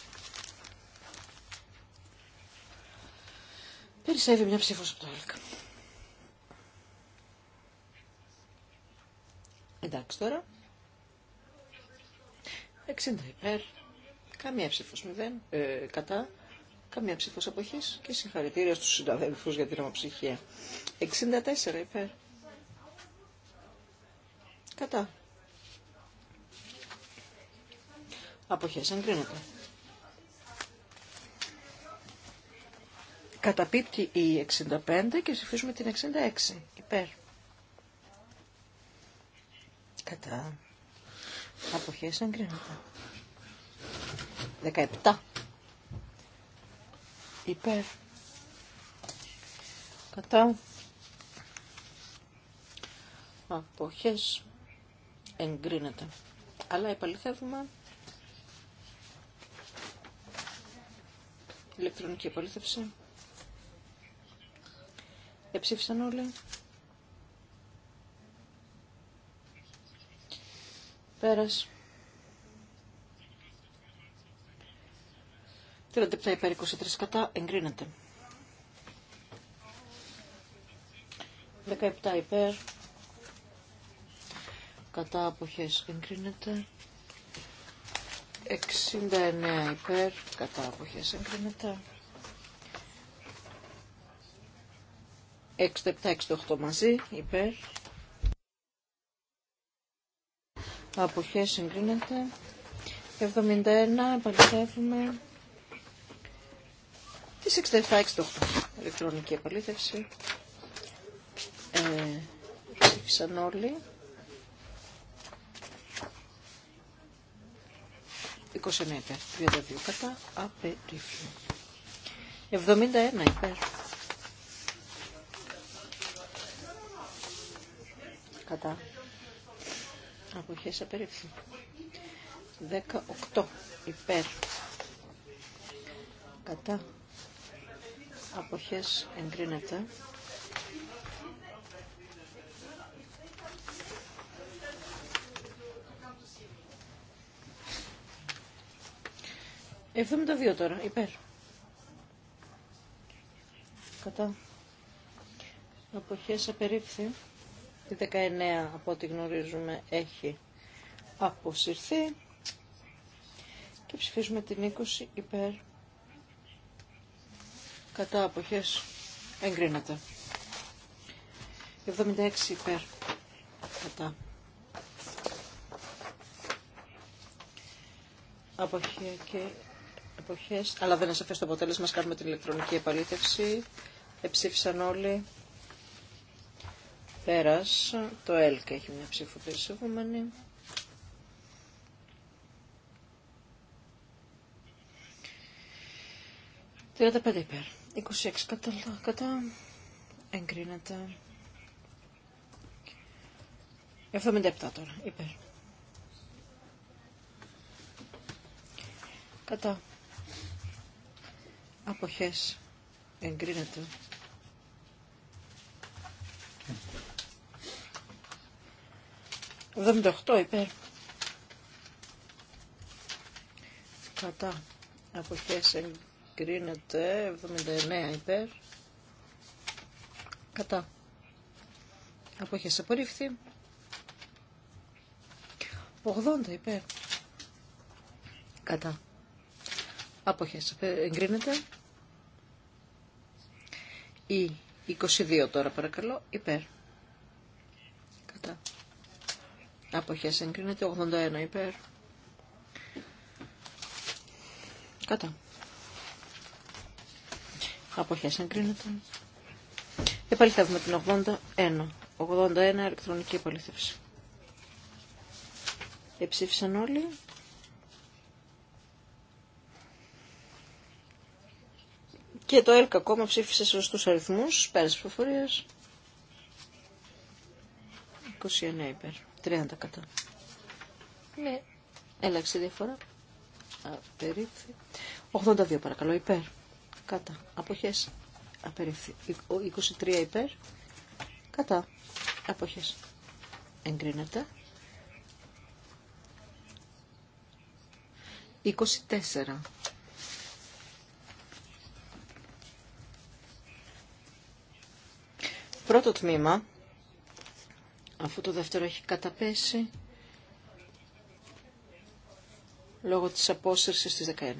Περισσεύει μια ψήφος από το ΕΛΚΑ. Εντάξει τώρα. 60 υπέρ. Καμία ψήφος μηδέν. Ε, κατά. Καμία ψήφος αποχής. Και συγχαρητήρια στους συνταδέλφους για την ομοψυχία. 64 υπέρ. Κατά. Αποχές εγκρίνεται. Καταπίπτει η 65 και ψηφίζουμε την 66 υπέρ. Κατά. Αποχές εγκρίνεται. 17 υπέρ. Κατά αποχές εγκρίνεται. Αλλά επαληθεύουμε ηλεκτρονική επαλήθευση. Εψήφισαν όλοι. Πέρας. 37 υπέρ 23 κατά εγκρίνεται. 17 υπέρ κατά αποχές εγκρίνεται 69 υπέρ κατά αποχές εγκρίνεται 67-68 μαζί υπέρ αποχές συγκρίνεται. 71 επαληθεύουμε τις 67-68 ηλεκτρονική επαλήθευση ε, ψήφισαν όλοι 29 κατά, απερίφθη. 71 υπέρ. Κατά. Αποχές απερίφθη. 18 υπέρ. Κατά. Αποχές εγκρίνεται. 72 τώρα, υπέρ. Κατά. Αποχές απερίφθη. Η 19 από ό,τι γνωρίζουμε έχει αποσυρθεί. Και ψηφίζουμε την 20 υπέρ. Κατά αποχές εγκρίνεται. 76 υπέρ. Κατά. Αποχή και εποχές Αλλά δεν είναι σαφές το αποτέλεσμα. Ας κάνουμε την ηλεκτρονική επαλήθευση. Εψήφισαν όλοι. Πέρας. Το ΕΛΚ έχει μια ψήφο περισσεύομενη. 35 πέντε υπέρ. 26 κατά, κατά. Εγκρίνεται. 77 τώρα. Υπέρ. Κατά. Αποχές. Εγκρίνεται. 78 υπέρ. Κατά. Αποχές εγκρίνεται. 79 υπέρ. Κατά. Αποχές απορρίφθη. 80 υπέρ. Κατά. Αποχές εγκρίνεται. Ή 22 τώρα παρακαλώ, υπέρ. Κατά. Αποχές εγκρίνεται 81 υπέρ. Κατά. Αποχές εγκρίνεται. Επαληθεύουμε την 81. 81 ηλεκτρονική επαληθεύση. Εψήφισαν όλοι. Και το ΕΛΚ ακόμα ψήφισε σωστούς αριθμούς, πέρασε προφορίες. 29 υπέρ, 30 κατά. Με ναι. Έλαξε διαφορά. Απερίφθη. 82 παρακαλώ, υπέρ. Κατά. Αποχές. Απερίφθη. 23 υπέρ. Κατά. Αποχές. Εγκρίνεται. 24 πρώτο τμήμα, αφού το δεύτερο έχει καταπέσει, λόγω της απόσυρσης της 19.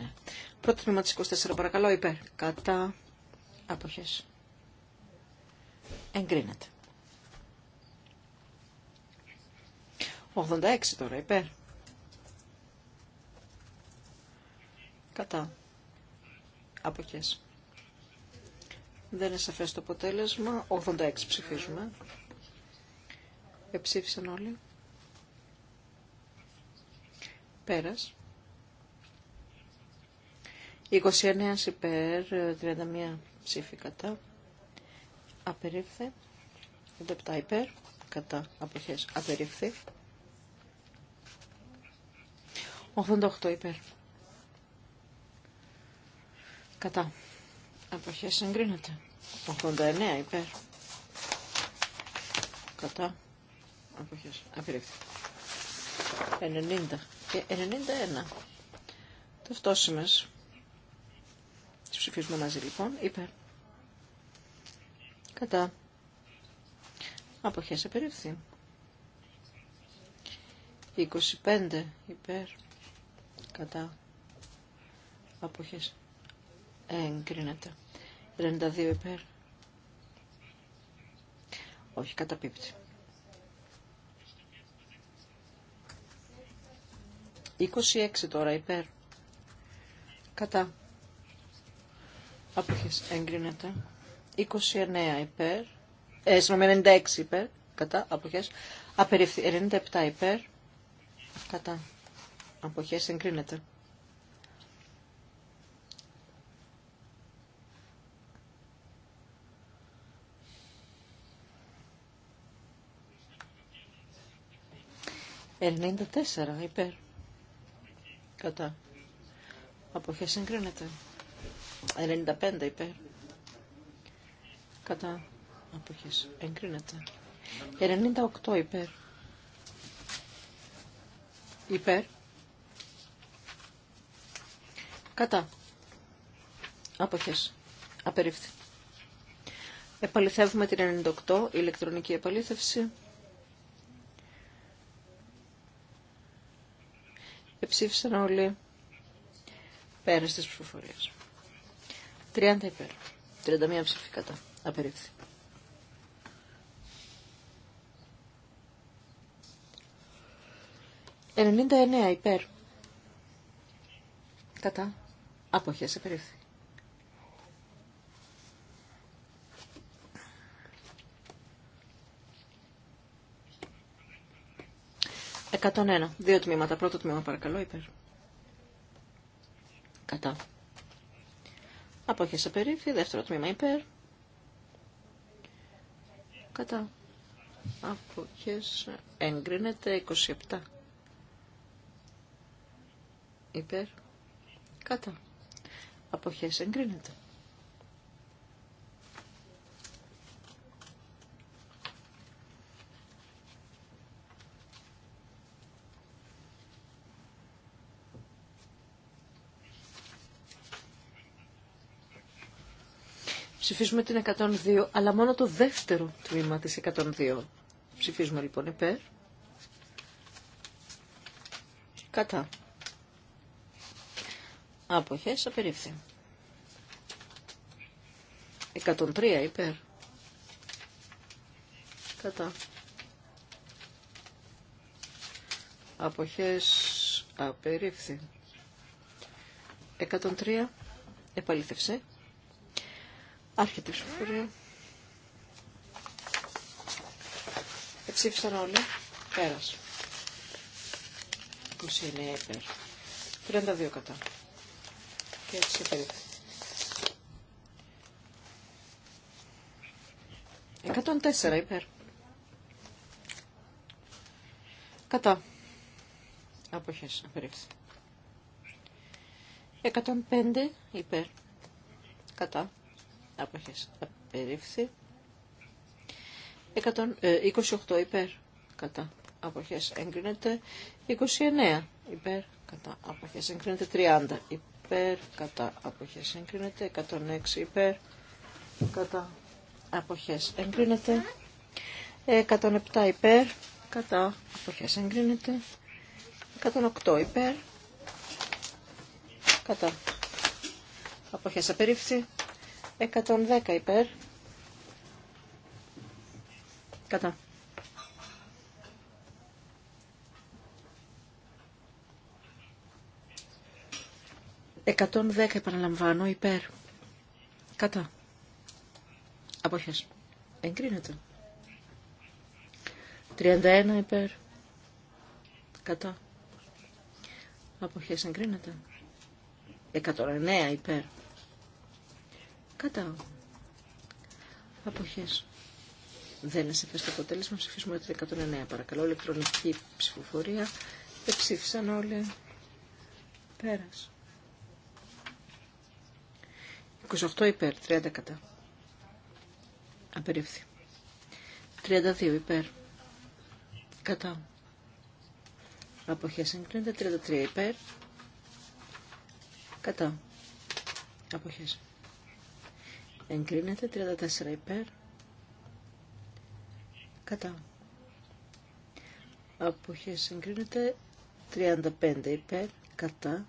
Πρώτο τμήμα της 24, παρακαλώ, υπέρ. Κατά αποχές. Εγκρίνεται. 86 τώρα, υπέρ. Κατά. Αποχές. Δεν είναι σαφέ το αποτέλεσμα. 86 ψηφίζουμε. Εψήφισαν όλοι. Πέρας. 29 υπέρ, 31 ψήφι κατά. Απερίφθη. 87 υπέρ, κατά αποχές. Απερίφθη. 88 υπέρ. Κατά. Αποχές εγκρίνεται. 89 υπέρ. Κατά. Αποχές. Απειρήφθη. 90 και ε, 91. Ταυτόσιμες. Τι ψηφίζουμε μαζί λοιπόν. Υπέρ. Κατά. Αποχές απερίφθη. 25 υπέρ. Κατά. Αποχές Εγκρίνεται. 92 υπέρ. Όχι, καταπίπτει. 26 τώρα υπέρ. Κατά. Αποχές εγκρίνεται. 29 υπέρ. Ε, 96 υπέρ. Κατά. Αποχές. Απεριφθεί. 97 υπέρ. Κατά. Αποχές εγκρίνεται. 94 υπέρ. Κατά. Αποχέ εγκρίνεται. 95 υπέρ. Κατά. Αποχέ εγκρίνεται. 98 υπέρ. Υπέρ. Κατά. Αποχές. Απερίφθη. Επαληθεύουμε την 98, ηλεκτρονική επαλήθευση. Ψήφισαν όλοι. Πέρα στις ψηφοφορίες. 30 υπέρ. 31 ψήφι κατά. Απερίφθη. Ενενήντα υπέρ. Κατά. Αποχές απερίφθη. 101. Δύο τμήματα. Πρώτο τμήμα παρακαλώ υπέρ. Κατά. Απόχες περίφη, Δεύτερο τμήμα υπέρ. Κατά. Απόχες εγκρίνεται 27. Υπέρ. Κατά. Αποχές εγκρίνεται. Ψηφίζουμε την 102, αλλά μόνο το δεύτερο τμήμα της 102. Ψηφίζουμε λοιπόν υπέρ. Κατά. Άποχες, απερίφθη. 103 υπέρ. Κατά. Αποχές, απερίφθη. 103, επαλήθευσε. Άρχεται η ψηφοφορία. Εψήφισαν όλοι. Πέρασε. 29 υπέρ. 32 κατά. Και έτσι περίπτωση. 104 υπέρ. Κατά. Αποχές. Απερίφθη. 105 υπέρ. Κατά. Αποχές. Απερίφθη. 28 ε, υπέρ. Κατά. Αποχές. Εγκρίνεται. 29 υπέρ. Κατά. Αποχές. Εγκρίνεται. 30 υπέρ. Κατά. Αποχές. Εγκρίνεται. 106 υπέρ. Κατά. Αποχές. Εγκρίνεται. 107 υπέρ. Κατά. Αποχές. Εγκρίνεται. 108 υπέρ. Κατά. Αποχές απερίφθη. 110 υπέρ. Κατά. Εκατόν δέκα επαναλαμβάνω υπέρ. Κατά. Αποχές. Εγκρίνεται. 31 υπέρ. Κατά. Αποχές εγκρίνεται. 109 υπέρ. Κατά. Αποχές. Δεν είναι σαφές το αποτέλεσμα. Ψηφίσουμε το 109. Παρακαλώ, ηλεκτρονική ψηφοφορία. Δεν ψήφισαν όλοι. Πέρας. 28 υπέρ, 30 κατά. Απερίφθη. 32 υπέρ. Κατά. Αποχές εγκρίνεται. 33 υπέρ. Κατά. Αποχές. Εγκρίνεται 34 υπέρ. Κατά. Αποχές εγκρίνεται 35 υπέρ. Κατά.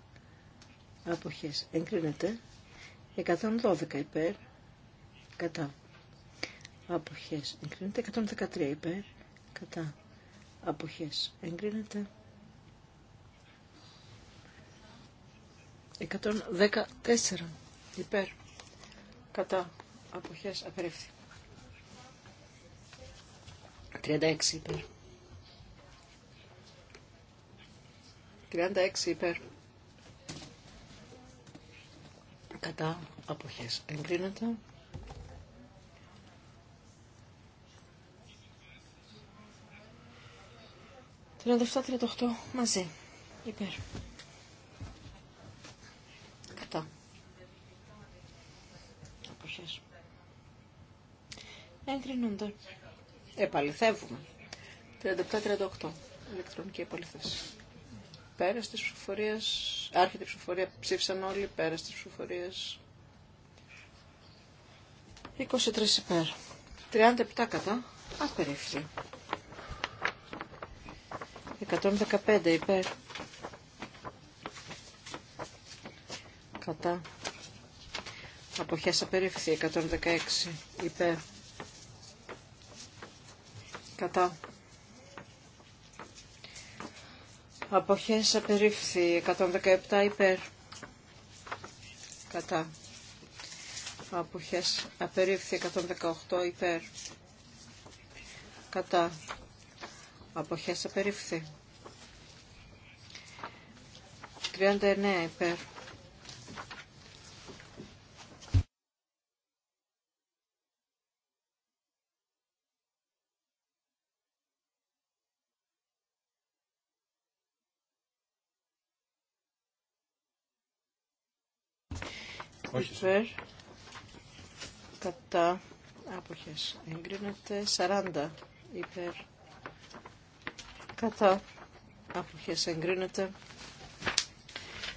Αποχές εγκρίνεται 112 υπέρ. Κατά. Αποχές εγκρίνεται 113 υπέρ. Κατά. Αποχές εγκρίνεται 114 υπέρ κατά αποχές απερίφθη. 36 υπέρ. 36 υπέρ. Κατά αποχές εγκρίνεται. 37-38 μαζί. Υπέρ. εγκρινούνται. Επαληθεύουμε. 37-38 ηλεκτρονική επαληθέσεις. Πέρας της ψηφοφορίας η ψηφοφορία. Ψήφισαν όλοι. Πέρα τη ψηφοφορία. 23 υπέρ. 37 κατά. Απερίφθη. 115 υπέρ. Κατά. Αποχές απερίφθη. 116 υπέρ. Κατά. Αποχές απερίφθη 117 υπέρ. Κατά. Αποχές απερίφθη 118 υπέρ. Κατά. Αποχές απερίφθη. 39 υπέρ. υπέρ κατά άποχες εγκρίνεται 40 υπέρ κατά άποχες εγκρίνεται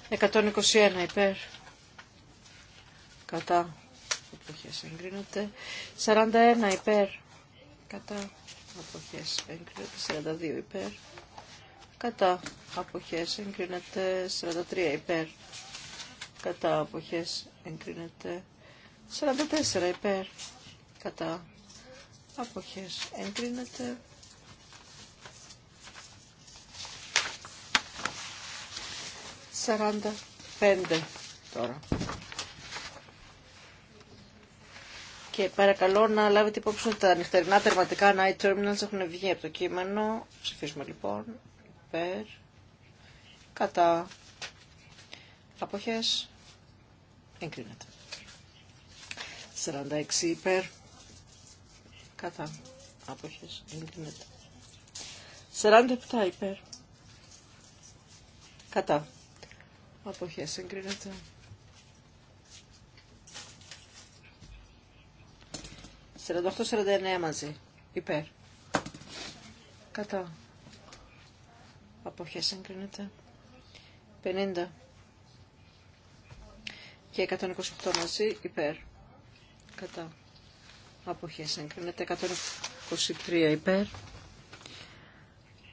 121 υπέρ κατά αποχές εγκρίνεται 41 υπέρ κατά αποχές εγκρίνεται 42 υπέρ κατά αποχές εγκρίνεται 43 υπέρ κατά αποχές εγκρίνεται 44 υπέρ κατά αποχές εγκρίνεται 45 τώρα και παρακαλώ να λάβετε υπόψη ότι τα νυχτερινά τερματικά night terminals έχουν βγει από το κείμενο ψηφίσουμε λοιπόν υπέρ κατά αποχές Εγκρίνεται. 46 υπέρ. Κατά. Αποχές. Εγκρίνεται. 47 υπέρ. Κατά. Αποχές. Εγκρίνεται. 48-49 μαζί. Υπέρ. Κατά. Αποχές εγκρίνεται. 50 και 128 μαζί υπέρ. Κατά. Αποχές εγκρίνεται 123 υπέρ.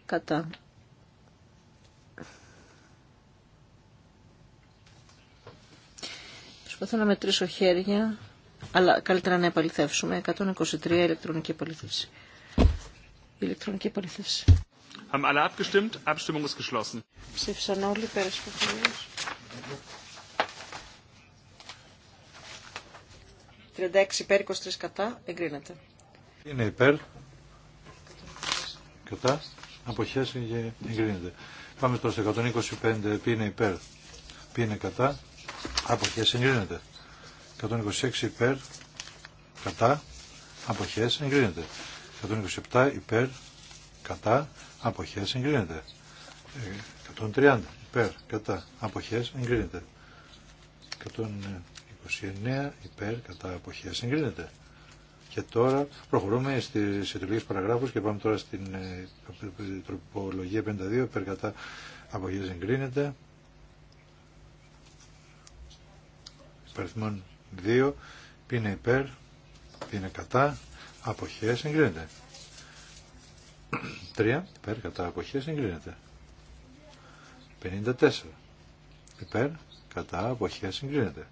Κατά. Προσπαθώ να μετρήσω χέρια, αλλά καλύτερα να επαληθεύσουμε. 123 ηλεκτρονική επαληθεύση. Ηλεκτρονική επαληθεύση. Ψήφισαν όλοι πέρας 36 υπέρ, 23 κατά, εγκρίνεται. Είναι υπέρ, κατά, αποχές και ε, εγκρίνεται. Πάμε τώρα στο 125, ποιοι είναι υπέρ, πίνε κατά, αποχές εγκρίνεται. 126 υπέρ, κατά, αποχές εγκρίνεται. 127 υπέρ, κατά, αποχές εγκρίνεται. 130 ε, υπέρ, κατά, αποχές εγκρίνεται. 29 υπέρ κατά αποχή συγκρίνεται. Και τώρα προχωρούμε στι ιτουλικές παραγράφου και πάμε τώρα στην ε, τροπολογία 52 υπέρ κατά συγκρίνεται. Υπαριθμών 2 πίνε υπέρ, είναι κατά, αποχές συγκρίνεται. 3 υπέρ κατά αποχές συγκρίνεται. 54 υπέρ κατά αποχέ, συγκρίνεται.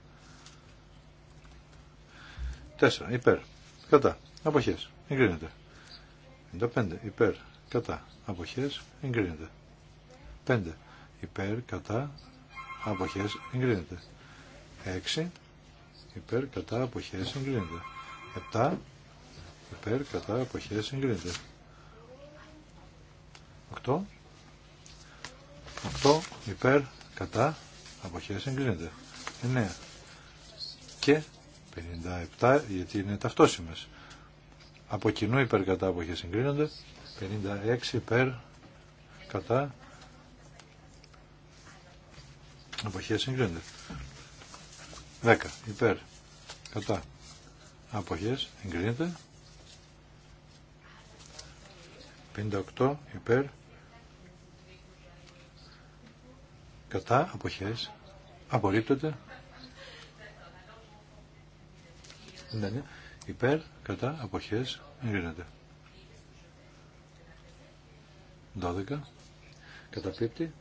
4 υπέρ κατά απόχέ, εγκρίνεται 55. υπέρ κατά αποχές εγκρίνεται 5 υπέρ κατά αποχές εγκρίνεται 6 υπέρ κατά απόχέ εγκρίνεται 7 υπέρ κατά απόχέ εγκρίνεται 8 8 υπέρ κατά αποχές εγκρίνεται 9 και 57 γιατί είναι ταυτόσιμες. Από κοινού υπέρ κατά αποχές συγκρίνονται. 56 υπέρ κατά αποχές συγκρίνονται. 10 υπέρ κατά αποχές εγκρίνεται. 58 υπέρ κατά αποχές απορρίπτεται. είναι ναι. υπέρ κατά αποχές εγκρίνεται. 12 καταπίπτει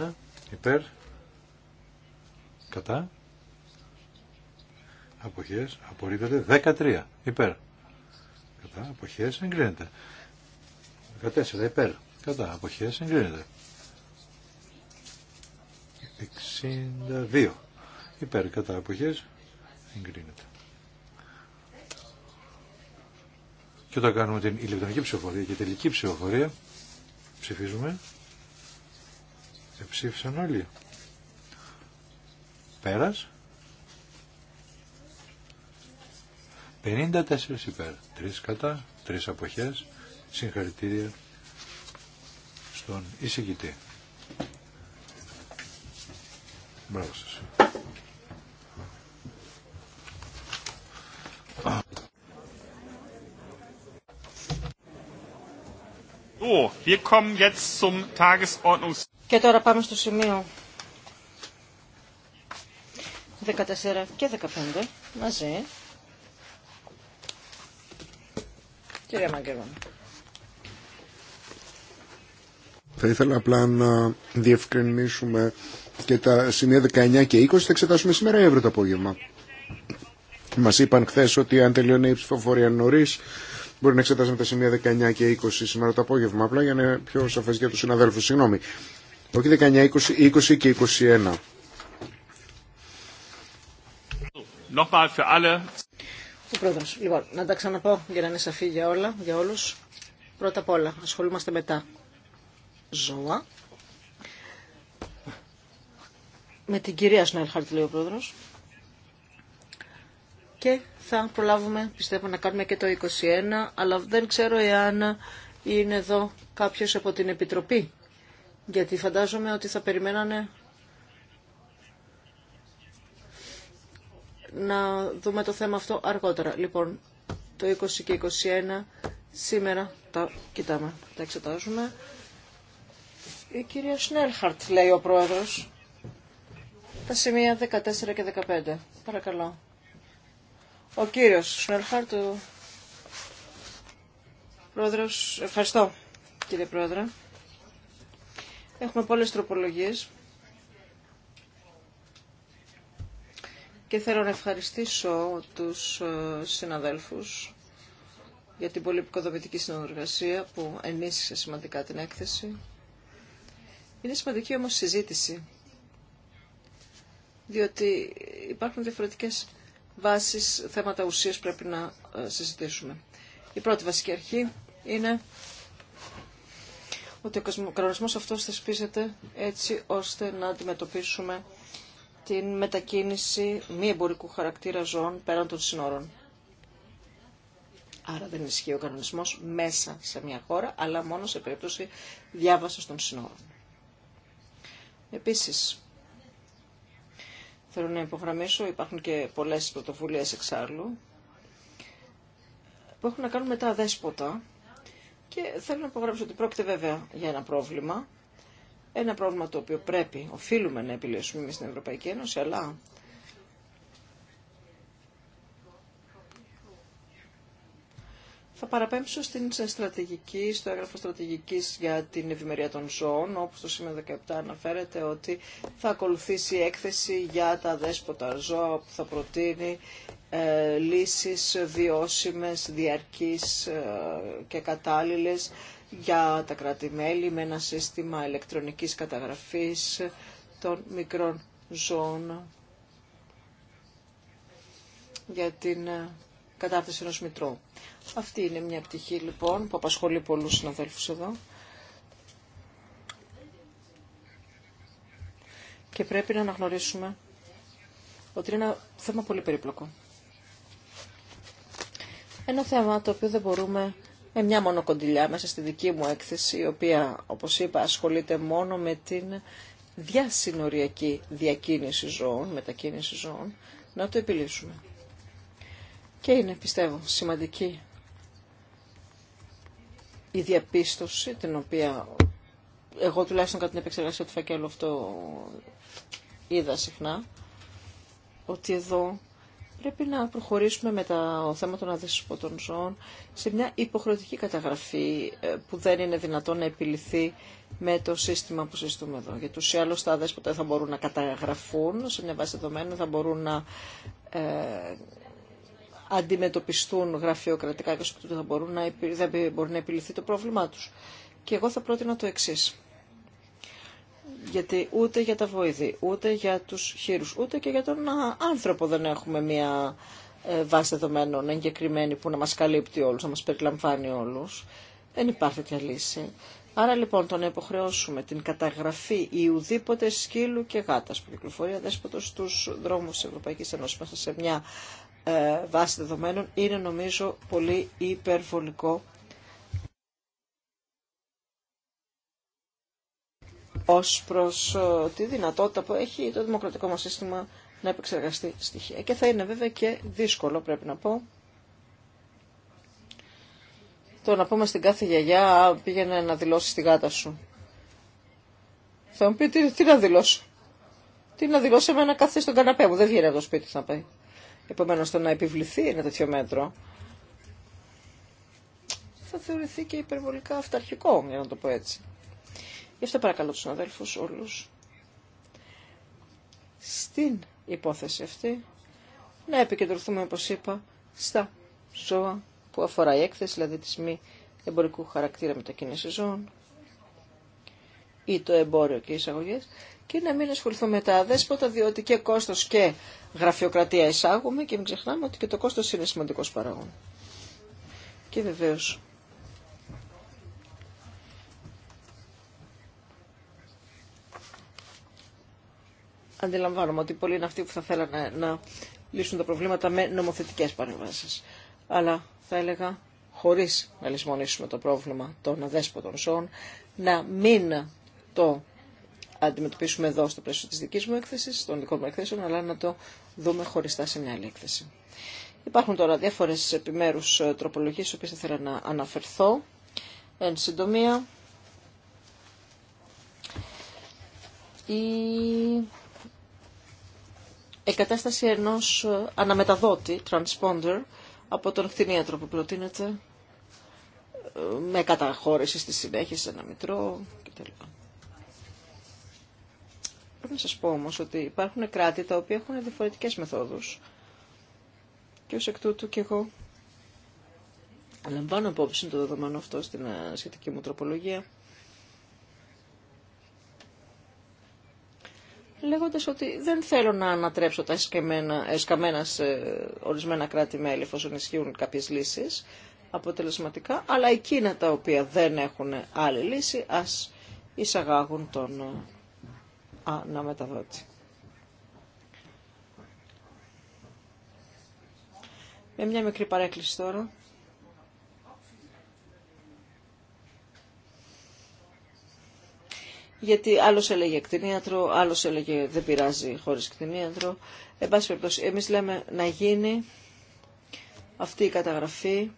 61 υπέρ κατά αποχές απορρίπτεται 13 υπέρ κατά αποχές εγκρίνεται 14 υπέρ κατά αποχές εγκρίνεται 62 υπέρ κατά αποχές εγκρίνεται Και όταν κάνουμε την ηλεκτρονική ψηφοφορία και τελική ψηφοφορία, ψηφίζουμε. ψήφισαν όλοι. πέρα 54 υπέρ, 3 κατά, 3 αποχές, συγχαρητήρια στον εισηγητή. Μπράβο σας. Oh, και τώρα πάμε στο σημείο 14 και 15 μαζί. Κύριε Μαγκελόν. Θα ήθελα απλά να διευκρινίσουμε και τα σημεία 19 και 20 θα εξετάσουμε σήμερα ή αύριο το απόγευμα. Μας είπαν χθε ότι αν τελειώνει η το απογευμα μας ειπαν χθε νωρίς Μπορεί να εξετάσουμε τα σημεία 19 και 20 σήμερα το απόγευμα, απλά για να είναι πιο σαφέ για του συναδέλφου. Συγγνώμη. Όχι 19, 20, 20 και 21. Ο λοιπόν, να τα ξαναπώ για να είναι σαφή για όλα, για όλους. Πρώτα απ' όλα, ασχολούμαστε με τα ζώα. Με την κυρία Σνέλχαρτ, λέει ο πρόεδρος και θα προλάβουμε πιστεύω να κάνουμε και το 21 αλλά δεν ξέρω εάν είναι εδώ κάποιος από την Επιτροπή γιατί φαντάζομαι ότι θα περιμένανε να δούμε το θέμα αυτό αργότερα. Λοιπόν, το 20 και 21 σήμερα τα κοιτάμε, τα εξετάζουμε. Η κυρία Σνέλχαρτ λέει ο πρόεδρος. Τα σημεία 14 και 15. Παρακαλώ. Ο κύριος Σνελχάρ, του πρόεδρος. Ευχαριστώ, κύριε πρόεδρε. Έχουμε πολλές τροπολογίες. Και θέλω να ευχαριστήσω τους ε, συναδέλφους για την πολύ συνεργασία που ενίσχυσε σημαντικά την έκθεση. Είναι σημαντική όμως συζήτηση, διότι υπάρχουν διαφορετικές βάσεις θέματα ουσίας πρέπει να ε, συζητήσουμε. Η πρώτη βασική αρχή είναι ότι ο κανονισμός αυτός θεσπίζεται έτσι ώστε να αντιμετωπίσουμε την μετακίνηση μη εμπορικού χαρακτήρα ζώων πέραν των συνόρων. Άρα δεν ισχύει ο κανονισμός μέσα σε μια χώρα, αλλά μόνο σε περίπτωση διάβασης των συνόρων. Επίσης, Θέλω να υπογραμμίσω, υπάρχουν και πολλές πρωτοβουλίες εξάλλου, που έχουν να κάνουν με τα αδέσποτα. Και θέλω να υπογράψω ότι πρόκειται βέβαια για ένα πρόβλημα, ένα πρόβλημα το οποίο πρέπει, οφείλουμε να επιλύσουμε εμείς στην Ευρωπαϊκή Ένωση, αλλά Θα παραπέμψω στην στρατηγική, στο έγγραφο στρατηγικής για την ευημερία των ζώων, όπου στο σήμερα 17 αναφέρεται ότι θα ακολουθήσει έκθεση για τα δέσποτα ζώα που θα προτείνει ε, λύσεις βιώσιμες, διαρκείς ε, και κατάλληλες για τα κράτη-μέλη με ένα σύστημα ηλεκτρονικής καταγραφής των μικρών ζώων για την ε, κατάρτιση ενός μητρώου. Αυτή είναι μια πτυχή λοιπόν που απασχολεί πολλούς συναδέλφους εδώ. Και πρέπει να αναγνωρίσουμε ότι είναι ένα θέμα πολύ περίπλοκο. Ένα θέμα το οποίο δεν μπορούμε με μια μόνο κοντιλιά μέσα στη δική μου έκθεση, η οποία, όπως είπα, ασχολείται μόνο με την διασυνοριακή διακίνηση ζώων, μετακίνηση ζώων, να το επιλύσουμε. Και είναι, πιστεύω, σημαντική η διαπίστωση, την οποία εγώ τουλάχιστον κατά την επεξεργασία του φακέλου αυτό είδα συχνά, ότι εδώ πρέπει να προχωρήσουμε με το θέμα των αδεσποτών ζώων σε μια υποχρεωτική καταγραφή ε, που δεν είναι δυνατόν να επιληθεί με το σύστημα που συζητούμε εδώ. Γιατί του ή άλλως τα αδέσποτα θα μπορούν να καταγραφούν σε μια βάση δεδομένων, θα μπορούν να ε, αντιμετωπιστούν γραφειοκρατικά και ότι θα μπορούν να, δεν μπορεί να επιληθεί το πρόβλημά τους. Και εγώ θα πρότεινα το εξή. Γιατί ούτε για τα βοηθή, ούτε για τους χείρους, ούτε και για τον άνθρωπο δεν έχουμε μία ε, βάση δεδομένων εγκεκριμένη που να μας καλύπτει όλους, να μας περιλαμβάνει όλους. Δεν υπάρχει τέτοια λύση. Άρα λοιπόν το να υποχρεώσουμε την καταγραφή ιουδήποτε σκύλου και γάτας που κυκλοφορεί αδέσποτος στου δρόμους της Ευρωπαϊκής Ένωσης μέσα σε μια ε, βάση δεδομένων είναι νομίζω πολύ υπερβολικό ως προς ε, τη δυνατότητα που έχει το δημοκρατικό μας σύστημα να επεξεργαστεί στοιχεία. Και θα είναι βέβαια και δύσκολο πρέπει να πω. Το να πούμε στην κάθε γιαγιά πήγαινε να δηλώσει τη γάτα σου. Θα μου πει τι, τι να δηλώσω. Τι να δηλώσω εμένα κάθε στον καναπέ μου. Δεν βγαίνει από το σπίτι θα πάει. Επομένω, το να επιβληθεί ένα τέτοιο μέτρο θα θεωρηθεί και υπερβολικά αυταρχικό, για να το πω έτσι. Γι' αυτό παρακαλώ του αδέλφους όλους στην υπόθεση αυτή να επικεντρωθούμε, όπω είπα, στα ζώα που αφορά η έκθεση, δηλαδή τη μη εμπορικού χαρακτήρα μετακίνηση ζώων ή το εμπόριο και οι εισαγωγές και να μην ασχοληθούμε με τα αδέσποτα, διότι και κόστο και γραφειοκρατία εισάγουμε και μην ξεχνάμε ότι και το κόστος είναι σημαντικός παράγον. Και βεβαίως αντιλαμβάνομαι ότι πολλοί είναι αυτοί που θα θέλανε να λύσουν τα προβλήματα με νομοθετικές παρεμβάσεις. Αλλά θα έλεγα, χωρίς να λησμονήσουμε το πρόβλημα των αδέσποτων ζώων, να μην το αντιμετωπίσουμε εδώ στο πλαίσιο της δικής μου έκθεσης, των δικών μου εκθέσεων, αλλά να το δούμε χωριστά σε μια άλλη έκθεση. Υπάρχουν τώρα διάφορες επιμέρους ε, τροπολογίες, οποίες θα ήθελα να αναφερθώ. Εν συντομία, η εγκατάσταση ενός ε, αναμεταδότη, transponder, από τον κτηνίατρο που προτείνεται, ε, με καταχώρηση στη συνέχεια σε ένα μητρό κτλ. Πρέπει να σας πω όμως ότι υπάρχουν κράτη τα οποία έχουν διαφορετικές μεθόδους. Και ως εκ τούτου και εγώ λαμβάνω υπόψη το δεδομένο αυτό στην ε, σχετική μου τροπολογία. λέγοντας ότι δεν θέλω να ανατρέψω τα εσκεμένα, εσκαμένα σε ορισμένα κράτη-μέλη εφόσον ισχύουν κάποιες λύσεις αποτελεσματικά, αλλά εκείνα τα οποία δεν έχουν άλλη λύση ας εισαγάγουν τον ε, με μια μικρή παρέκκληση τώρα. Γιατί άλλο έλεγε κτηνίατρο, άλλο έλεγε δεν πειράζει χωρί κτηνίατρο. Εν περιπτώσει, εμεί λέμε να γίνει αυτή η καταγραφή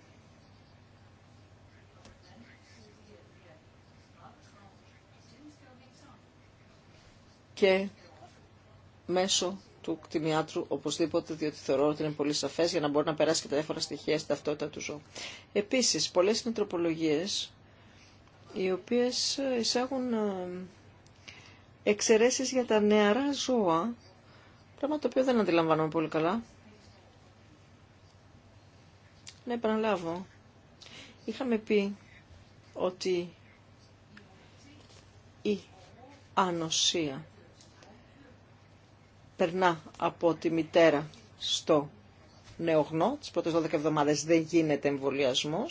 και μέσω του κτηνιάτρου οπωσδήποτε, διότι θεωρώ ότι είναι πολύ σαφέ για να μπορεί να περάσει και τα διάφορα στοιχεία στην ταυτότητα του ζώου. Επίση, πολλέ είναι τροπολογίε οι οποίε εισάγουν ε, εξαιρέσει για τα νεαρά ζώα, πράγμα το οποίο δεν αντιλαμβάνομαι πολύ καλά. Να επαναλάβω. Είχαμε πει ότι η ανοσία περνά από τη μητέρα στο νεογνώ, τις πρώτες 12 εβδομάδες δεν γίνεται εμβολιασμό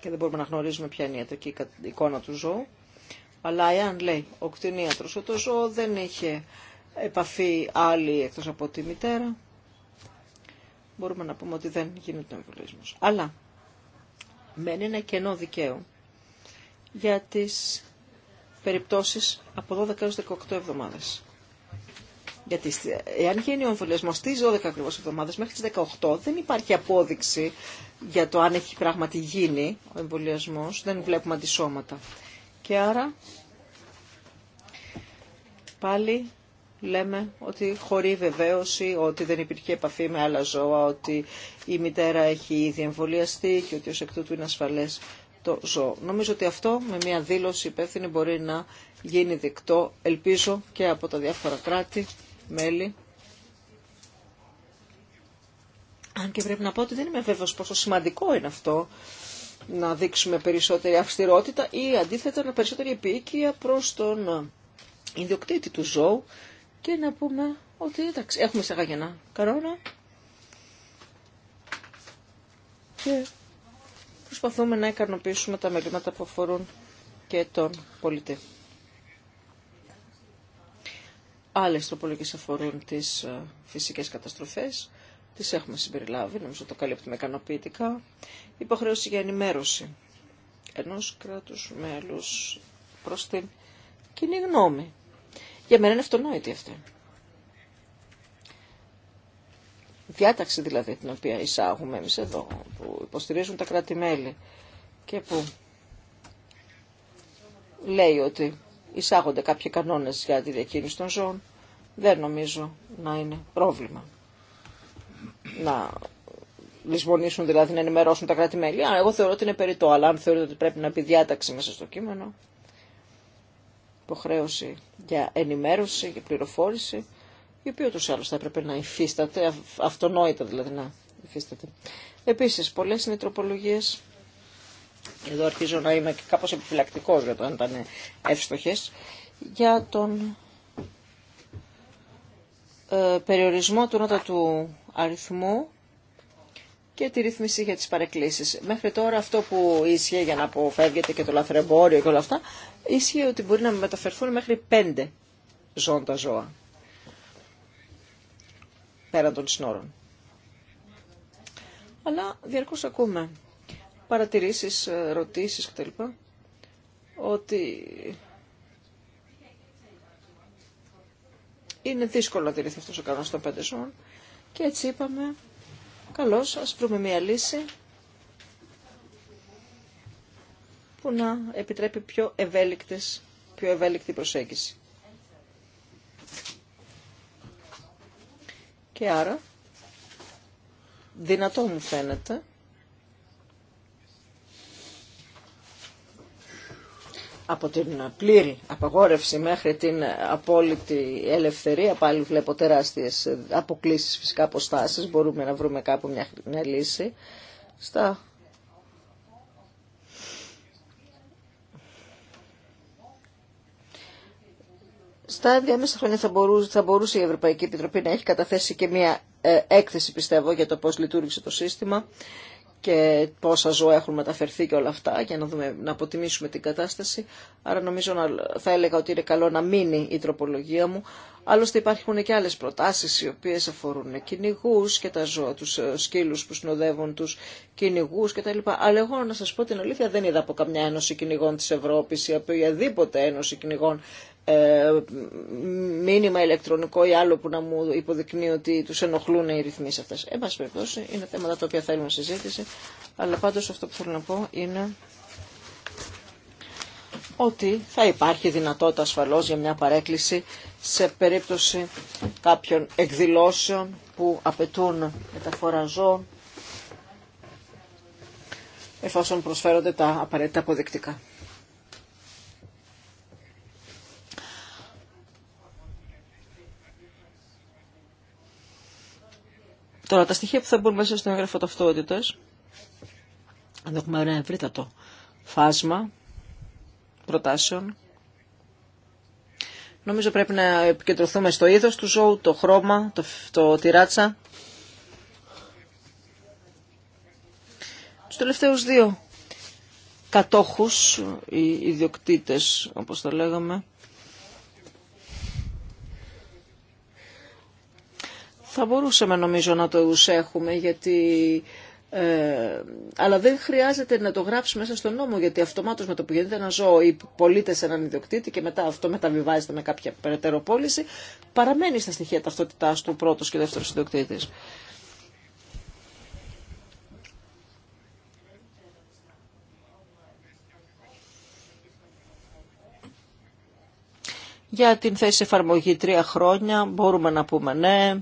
και δεν μπορούμε να γνωρίζουμε ποια είναι η ιατρική εικόνα του ζώου. Αλλά εάν λέει ο κτηνίατρος ότι το ζώο δεν είχε επαφή άλλη εκτός από τη μητέρα, μπορούμε να πούμε ότι δεν γίνεται εμβολιασμό. Αλλά μένει ένα κενό δικαίου για τις περιπτώσεις από 12 έως 18 εβδομάδες. Γιατί εάν γίνει ο εμβολιασμός στις 12 ακριβώ εβδομάδε μέχρι τι 18 δεν υπάρχει απόδειξη για το αν έχει πράγματι γίνει ο εμβολιασμός. δεν βλέπουμε αντισώματα. Και άρα πάλι λέμε ότι χωρεί βεβαίωση, ότι δεν υπήρχε επαφή με άλλα ζώα, ότι η μητέρα έχει ήδη εμβολιαστεί και ότι ως εκ τούτου είναι ασφαλές το ζώο. Νομίζω ότι αυτό με μια δήλωση υπεύθυνη μπορεί να γίνει δεκτό, ελπίζω, και από τα διάφορα κράτη, μέλη. Αν και πρέπει να πω ότι δεν είμαι βέβαιος πόσο σημαντικό είναι αυτό να δείξουμε περισσότερη αυστηρότητα ή αντίθετα να περισσότερη επίοικια προς τον ιδιοκτήτη του ζώου και να πούμε ότι εντάξει έχουμε σαγαγενά κανόνα προσπαθούμε να ικανοποιήσουμε τα μελήματα που αφορούν και τον πολιτή. Άλλες τροπολογίε αφορούν τις ε, φυσικές καταστροφές. Τις έχουμε συμπεριλάβει, νομίζω το καλύπτουμε ικανοποιητικά. Υποχρέωση για ενημέρωση ενό κράτου μέλου προς την κοινή γνώμη. Για μένα είναι αυτονόητη αυτή. διάταξη δηλαδή την οποία εισάγουμε εμείς εδώ, που υποστηρίζουν τα κράτη-μέλη και που λέει ότι εισάγονται κάποιοι κανόνες για τη διακίνηση των ζώων, δεν νομίζω να είναι πρόβλημα. Να λησμονήσουν δηλαδή, να ενημερώσουν τα κράτη-μέλη. Εγώ θεωρώ ότι είναι περιττό, αλλά αν θεωρείτε ότι πρέπει να πει διάταξη μέσα στο κείμενο, υποχρέωση για ενημέρωση και πληροφόρηση, η οποία ή άλλω θα έπρεπε να υφίσταται, αυτονόητα δηλαδή να υφίσταται. Επίσης, πολλές είναι οι εδώ αρχίζω να είμαι και κάπως επιφυλακτικός για το αν ήταν εύστοχε. για τον ε, περιορισμό του νότα του αριθμού και τη ρύθμιση για τις παρεκκλήσεις. Μέχρι τώρα αυτό που ίσχυε για να αποφεύγεται και το λαθρεμπόριο και όλα αυτά, ίσχυε ότι μπορεί να μεταφερθούν μέχρι πέντε ζώντα ζώα πέραν των συνόρων. Αλλά διαρκώς ακούμε παρατηρήσεις, ε, ρωτήσεις κτλ. Ότι είναι δύσκολο να τηρηθεί αυτός ο κανόνας των πέντε ζώων και έτσι είπαμε καλώς ας βρούμε μια λύση που να επιτρέπει πιο ευέλικτες, πιο ευέλικτη προσέγγιση. Και άρα δυνατό μου φαίνεται από την πλήρη απαγόρευση μέχρι την απόλυτη ελευθερία, πάλι βλέπω τεράστιες αποκλήσεις φυσικά αποστάσεις, μπορούμε να βρούμε κάπου μια, μια λύση, στα Στα διάμεσα χρόνια θα μπορούσε, θα μπορούσε η Ευρωπαϊκή Επιτροπή να έχει καταθέσει και μια ε, έκθεση, πιστεύω, για το πώς λειτουργήσε το σύστημα και πόσα ζώα έχουν μεταφερθεί και όλα αυτά για να, δούμε, να αποτιμήσουμε την κατάσταση. Άρα νομίζω να, θα έλεγα ότι είναι καλό να μείνει η τροπολογία μου. Άλλωστε υπάρχουν και άλλες προτάσεις οι οποίες αφορούν κυνηγού και τα ζώα, τους ε, σκύλους που συνοδεύουν τους κυνηγού κτλ. Αλλά εγώ να σας πω την αλήθεια δεν είδα από καμιά ένωση κυνηγών της Ευρώπης ή από οποιαδήποτε ένωση κυνηγών ε, μήνυμα ηλεκτρονικό ή άλλο που να μου υποδεικνύει ότι τους ενοχλούν οι ρυθμίσεις αυτές. Εν πάση περιπτώσει είναι θέματα τα οποία θέλουν συζήτηση, αλλά πάντως αυτό που θέλω να πω είναι ότι θα υπάρχει δυνατότητα ασφαλώς για μια παρέκκληση σε περίπτωση κάποιων εκδηλώσεων που απαιτούν μεταφορά ζώων εφόσον προσφέρονται τα απαραίτητα αποδεικτικά. Τώρα, τα στοιχεία που θα μπουν μέσα στο έγγραφο ταυτότητα. Εδώ έχουμε ένα ευρύτατο φάσμα προτάσεων. Νομίζω πρέπει να επικεντρωθούμε στο είδος του ζώου, το χρώμα, το, το τη ράτσα. Τους τελευταίους δύο κατόχους, οι ιδιοκτήτες όπως το λέγαμε, θα μπορούσαμε νομίζω να το έχουμε γιατί... Ε, αλλά δεν χρειάζεται να το γράψει μέσα στον νόμο γιατί αυτομάτως με το που γίνεται ένα ζώο ή πολίτες έναν ιδιοκτήτη και μετά αυτό μεταβιβάζεται με κάποια περαιτέρω πώληση παραμένει στα στοιχεία ταυτότητάς του πρώτος και δεύτερος ιδιοκτήτης. Για την θέση εφαρμογή τρία χρόνια μπορούμε να πούμε ναι,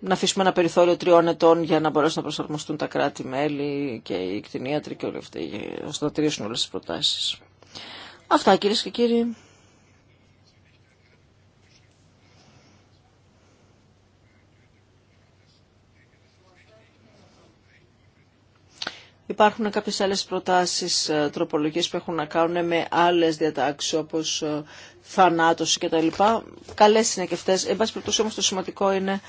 να αφήσουμε ένα περιθώριο τριών ετών για να μπορέσουν να προσαρμοστούν τα κράτη-μέλη και οι κτηνίατροι και όλοι αυτοί, ώστε να τηρήσουν όλε τι προτάσει. Αυτά κυρίε και κύριοι. Υπάρχουν κάποιες άλλες προτάσεις ε, τροπολογίες που έχουν να κάνουν με άλλες διατάξεις όπως ε, θανάτωση κτλ. Καλές είναι και αυτές. Εν πάση όμως το σημαντικό είναι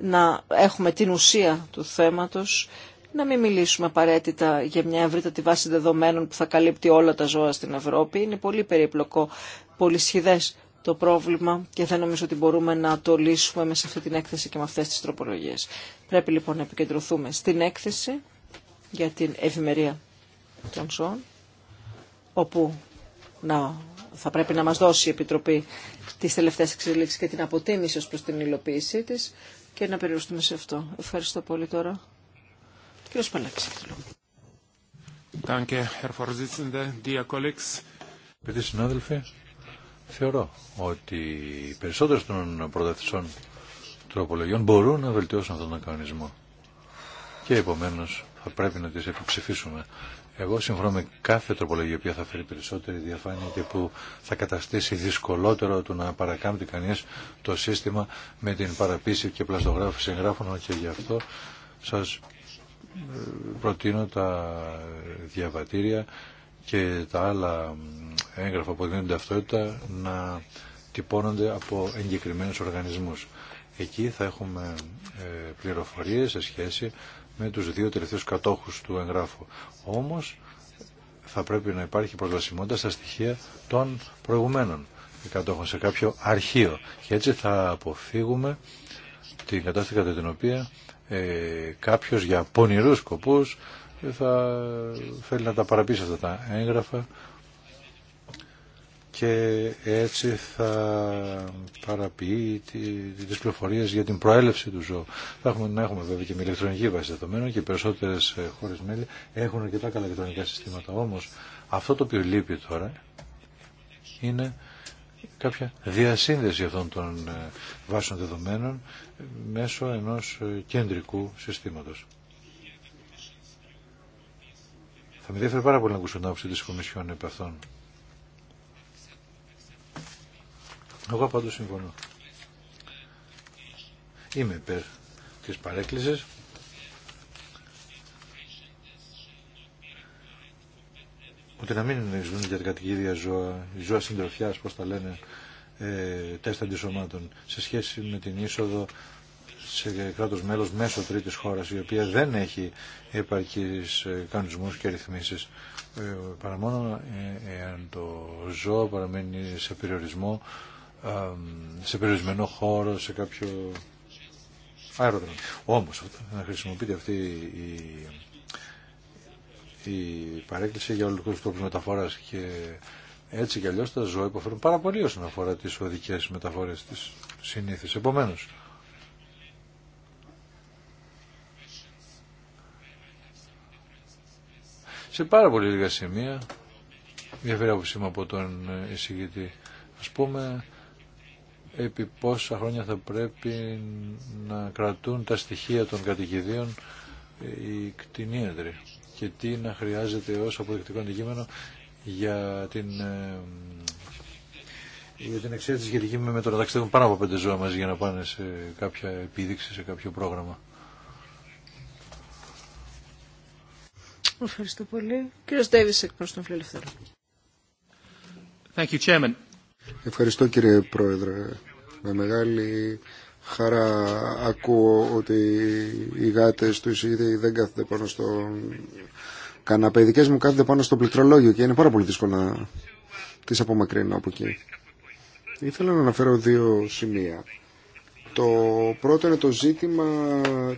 να έχουμε την ουσία του θέματος, να μην μιλήσουμε απαραίτητα για μια ευρύτατη βάση δεδομένων που θα καλύπτει όλα τα ζώα στην Ευρώπη. Είναι πολύ περιπλοκό, πολύ σχηδές το πρόβλημα και δεν νομίζω ότι μπορούμε να το λύσουμε μέσα σε αυτή την έκθεση και με αυτές τις τροπολογίες. Πρέπει λοιπόν να επικεντρωθούμε στην έκθεση για την ευημερία των ζώων, όπου να, θα πρέπει να μας δώσει η Επιτροπή τις τελευταίες εξελίξεις και την αποτίμηση ως προς την υλοποίησή της και να περιοριστούμε σε αυτό. Ευχαριστώ πολύ τώρα. Κύριο Παλάκη, Επειδή συνάδελφοι, θεωρώ ότι οι περισσότερες των προτεθεισών τροπολογιών μπορούν να βελτιώσουν αυτόν τον κανονισμό. Και επομένως θα πρέπει να τις επιψηφίσουμε. Εγώ συμφωνώ με κάθε τροπολογία που θα φέρει περισσότερη διαφάνεια και που θα καταστήσει δυσκολότερο το να παρακάμπτει κανεί το σύστημα με την παραπίση και πλαστογράφηση εγγράφων και γι' αυτό σας ε, προτείνω τα διαβατήρια και τα άλλα έγγραφα που δίνουν ταυτότητα να τυπώνονται από εγκεκριμένους οργανισμούς. Εκεί θα έχουμε ε, πληροφορίες σε σχέση με τους δύο τελευταίους κατόχους του εγγράφου. Όμως θα πρέπει να υπάρχει προσβασιμότητα στα στοιχεία των προηγουμένων κατόχων σε κάποιο αρχείο. Και έτσι θα αποφύγουμε την κατάσταση κατά την οποία ε, κάποιος για πονηρούς σκοπούς θα θέλει να τα παραπείσει αυτά τα έγγραφα και έτσι θα παραποιεί τις πληροφορίες για την προέλευση του ζώου. Θα έχουμε, να έχουμε βέβαια και με ηλεκτρονική βάση δεδομένων και οι περισσότερες ε, χώρες μέλη έχουν αρκετά καλά ηλεκτρονικά συστήματα. Όμως αυτό το οποίο λείπει τώρα είναι κάποια διασύνδεση αυτών των ε, βάσεων δεδομένων ε, μέσω ενός κεντρικού συστήματος. Θα με ενδιαφέρει πάρα πολύ να ακούσω την άποψη της Κομισιόν επ' αυτών. Εγώ πάντως συμφωνώ. Είμαι υπέρ της παρέκκλησης. ότι να μην ζουν για την κατοικίδια ζώα, η ζώα συντροφιάς, πώς τα λένε, ε, τεστ αντισωμάτων, σε σχέση με την είσοδο σε κράτος μέλος μέσω τρίτης χώρας, η οποία δεν έχει επαρκείς ε, κανονισμούς και ρυθμίσεις, ε, παρά μόνο ε, εάν το ζώο παραμένει σε περιορισμό σε περιορισμένο χώρο, σε κάποιο αεροδρόμιο. Όμως, να χρησιμοποιείται αυτή η, η παρέκκληση για ολικούς τρόπους μεταφοράς και έτσι κι αλλιώς τα ζώα υποφέρουν πάρα πολύ όσον αφορά τις οδικές μεταφορές της συνήθεις. Επομένως, σε πάρα πολύ λίγα σημεία διαφέρει είμαι από τον εισηγητή. Ας πούμε, επί πόσα χρόνια θα πρέπει να κρατούν τα στοιχεία των κατοικιδίων οι κτηνίατροι και τι να χρειάζεται ως αποδεικτικό αντικείμενο για την, ε, για την εξαίρεση σχετική με το να ταξιδεύουν πάνω από πέντε ζώα μαζί για να πάνε σε κάποια επίδειξη, σε κάποιο πρόγραμμα. Ευχαριστώ πολύ. Κύριος Ντέβις, εκ των Φιλελευθέρων. Thank you, Ευχαριστώ κύριε Πρόεδρε. Με μεγάλη χαρά ακούω ότι οι γάτες τους ήδη δεν κάθεται πάνω στο καναπέ. μου κάθεται πάνω στο πληκτρολόγιο και είναι πάρα πολύ δύσκολο να τις απομακρύνω από εκεί. Ήθελα να αναφέρω δύο σημεία. Το πρώτο είναι το ζήτημα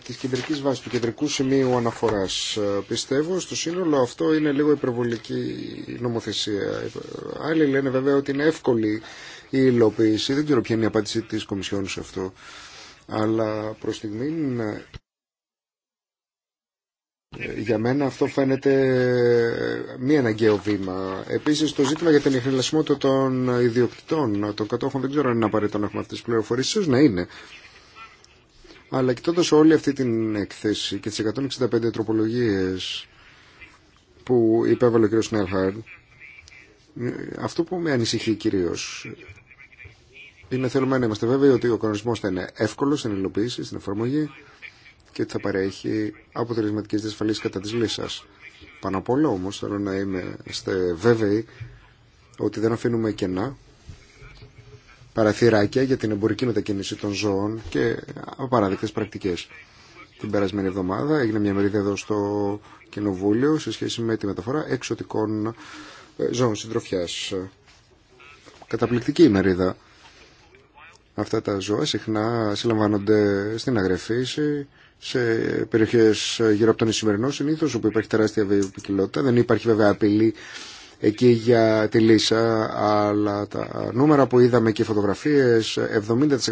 της κεντρικής βάσης, του κεντρικού σημείου αναφοράς. Πιστεύω στο σύνολο αυτό είναι λίγο υπερβολική νομοθεσία. Άλλοι λένε βέβαια ότι είναι εύκολη η υλοποίηση. Δεν ξέρω ποια είναι η απάντηση της Κομισιόν σε αυτό. Αλλά προς στιγμή για μένα αυτό φαίνεται ε, μη αναγκαίο βήμα. Επίσης το ζήτημα για την εχνηλασιμότητα των ιδιοκτητών, των κατόχων, δεν ξέρω αν είναι απαραίτητο να έχουμε αυτές τις πληροφορίες, να είναι. Αλλά κοιτώντα όλη αυτή την εκθέση και τις 165 τροπολογίες που υπέβαλε ο κ. Σνέλχαρντ, αυτό που με ανησυχεί κυρίω είναι θέλουμε να είμαστε βέβαιοι ότι ο κανονισμός θα είναι εύκολος στην υλοποίηση, στην εφαρμογή, και ότι θα παρέχει αποτελεσματικέ διασφαλίσεις κατά τη λύσας. Πάνω απ' όλα όμως θέλω να είμαστε βέβαιοι ότι δεν αφήνουμε κενά παραθυράκια για την εμπορική μετακίνηση των ζώων και απαράδεκτες πρακτικέ. Την περασμένη εβδομάδα έγινε μια μερίδα εδώ στο Κοινοβούλιο σε σχέση με τη μεταφορά εξωτικών ε, ζώων συντροφιά. Καταπληκτική ημερίδα. Αυτά τα ζώα συχνά συλλαμβάνονται στην αγρεφήση σε περιοχέ γύρω από τον Ισημερινό συνήθω όπου υπάρχει τεράστια βιοποικιλότητα. Δεν υπάρχει βέβαια απειλή εκεί για τη Λύσα, αλλά τα νούμερα που είδαμε και οι φωτογραφίε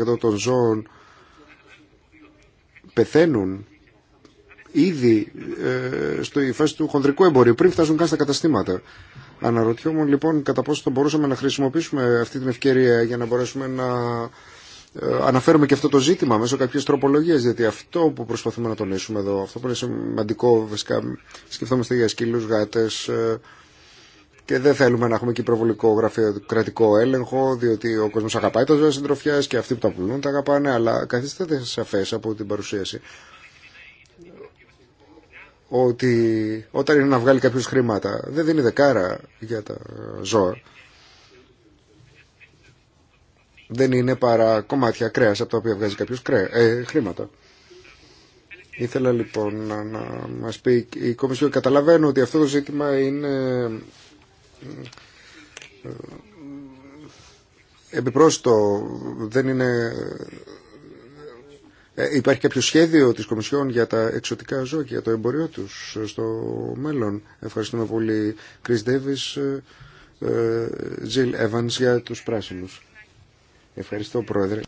70% των ζώων πεθαίνουν ήδη ε, στη φάση του χονδρικού εμπορίου, πριν φτάσουν καν στα καταστήματα. Αναρωτιόμουν λοιπόν κατά πόσο θα μπορούσαμε να χρησιμοποιήσουμε αυτή την ευκαιρία για να μπορέσουμε να ε, αναφέρουμε και αυτό το ζήτημα μέσω κάποιες τροπολογίες, γιατί αυτό που προσπαθούμε να τονίσουμε εδώ, αυτό που είναι σημαντικό, βασικά σκεφτόμαστε για σκύλους, γάτες, ε, και δεν θέλουμε να έχουμε και προβολικό κρατικό έλεγχο, διότι ο κόσμο αγαπάει τα ζώα συντροφιά και αυτοί που τα πουλούν τα αγαπάνε, αλλά καθίστε σαφέ από την παρουσίαση ότι όταν είναι να βγάλει κάποιο χρήματα, δεν δίνει δεκάρα για τα ζώα δεν είναι παρά κομμάτια κρέας από τα οποία βγάζει κάποιος ε, χρήματα. Ήθελα λοιπόν να, να μας πει η Κομισιόν, καταλαβαίνω ότι αυτό το ζήτημα είναι ε, επιπρόσθετο, δεν είναι... Ε, υπάρχει κάποιο σχέδιο της Κομισιόν για τα εξωτικά ζώα και για το εμπορίο τους στο μέλλον. Ευχαριστούμε πολύ Chris Davis, ε, Jill Evans για τους πράσινους. Ευχαριστώ Πρόεδρε.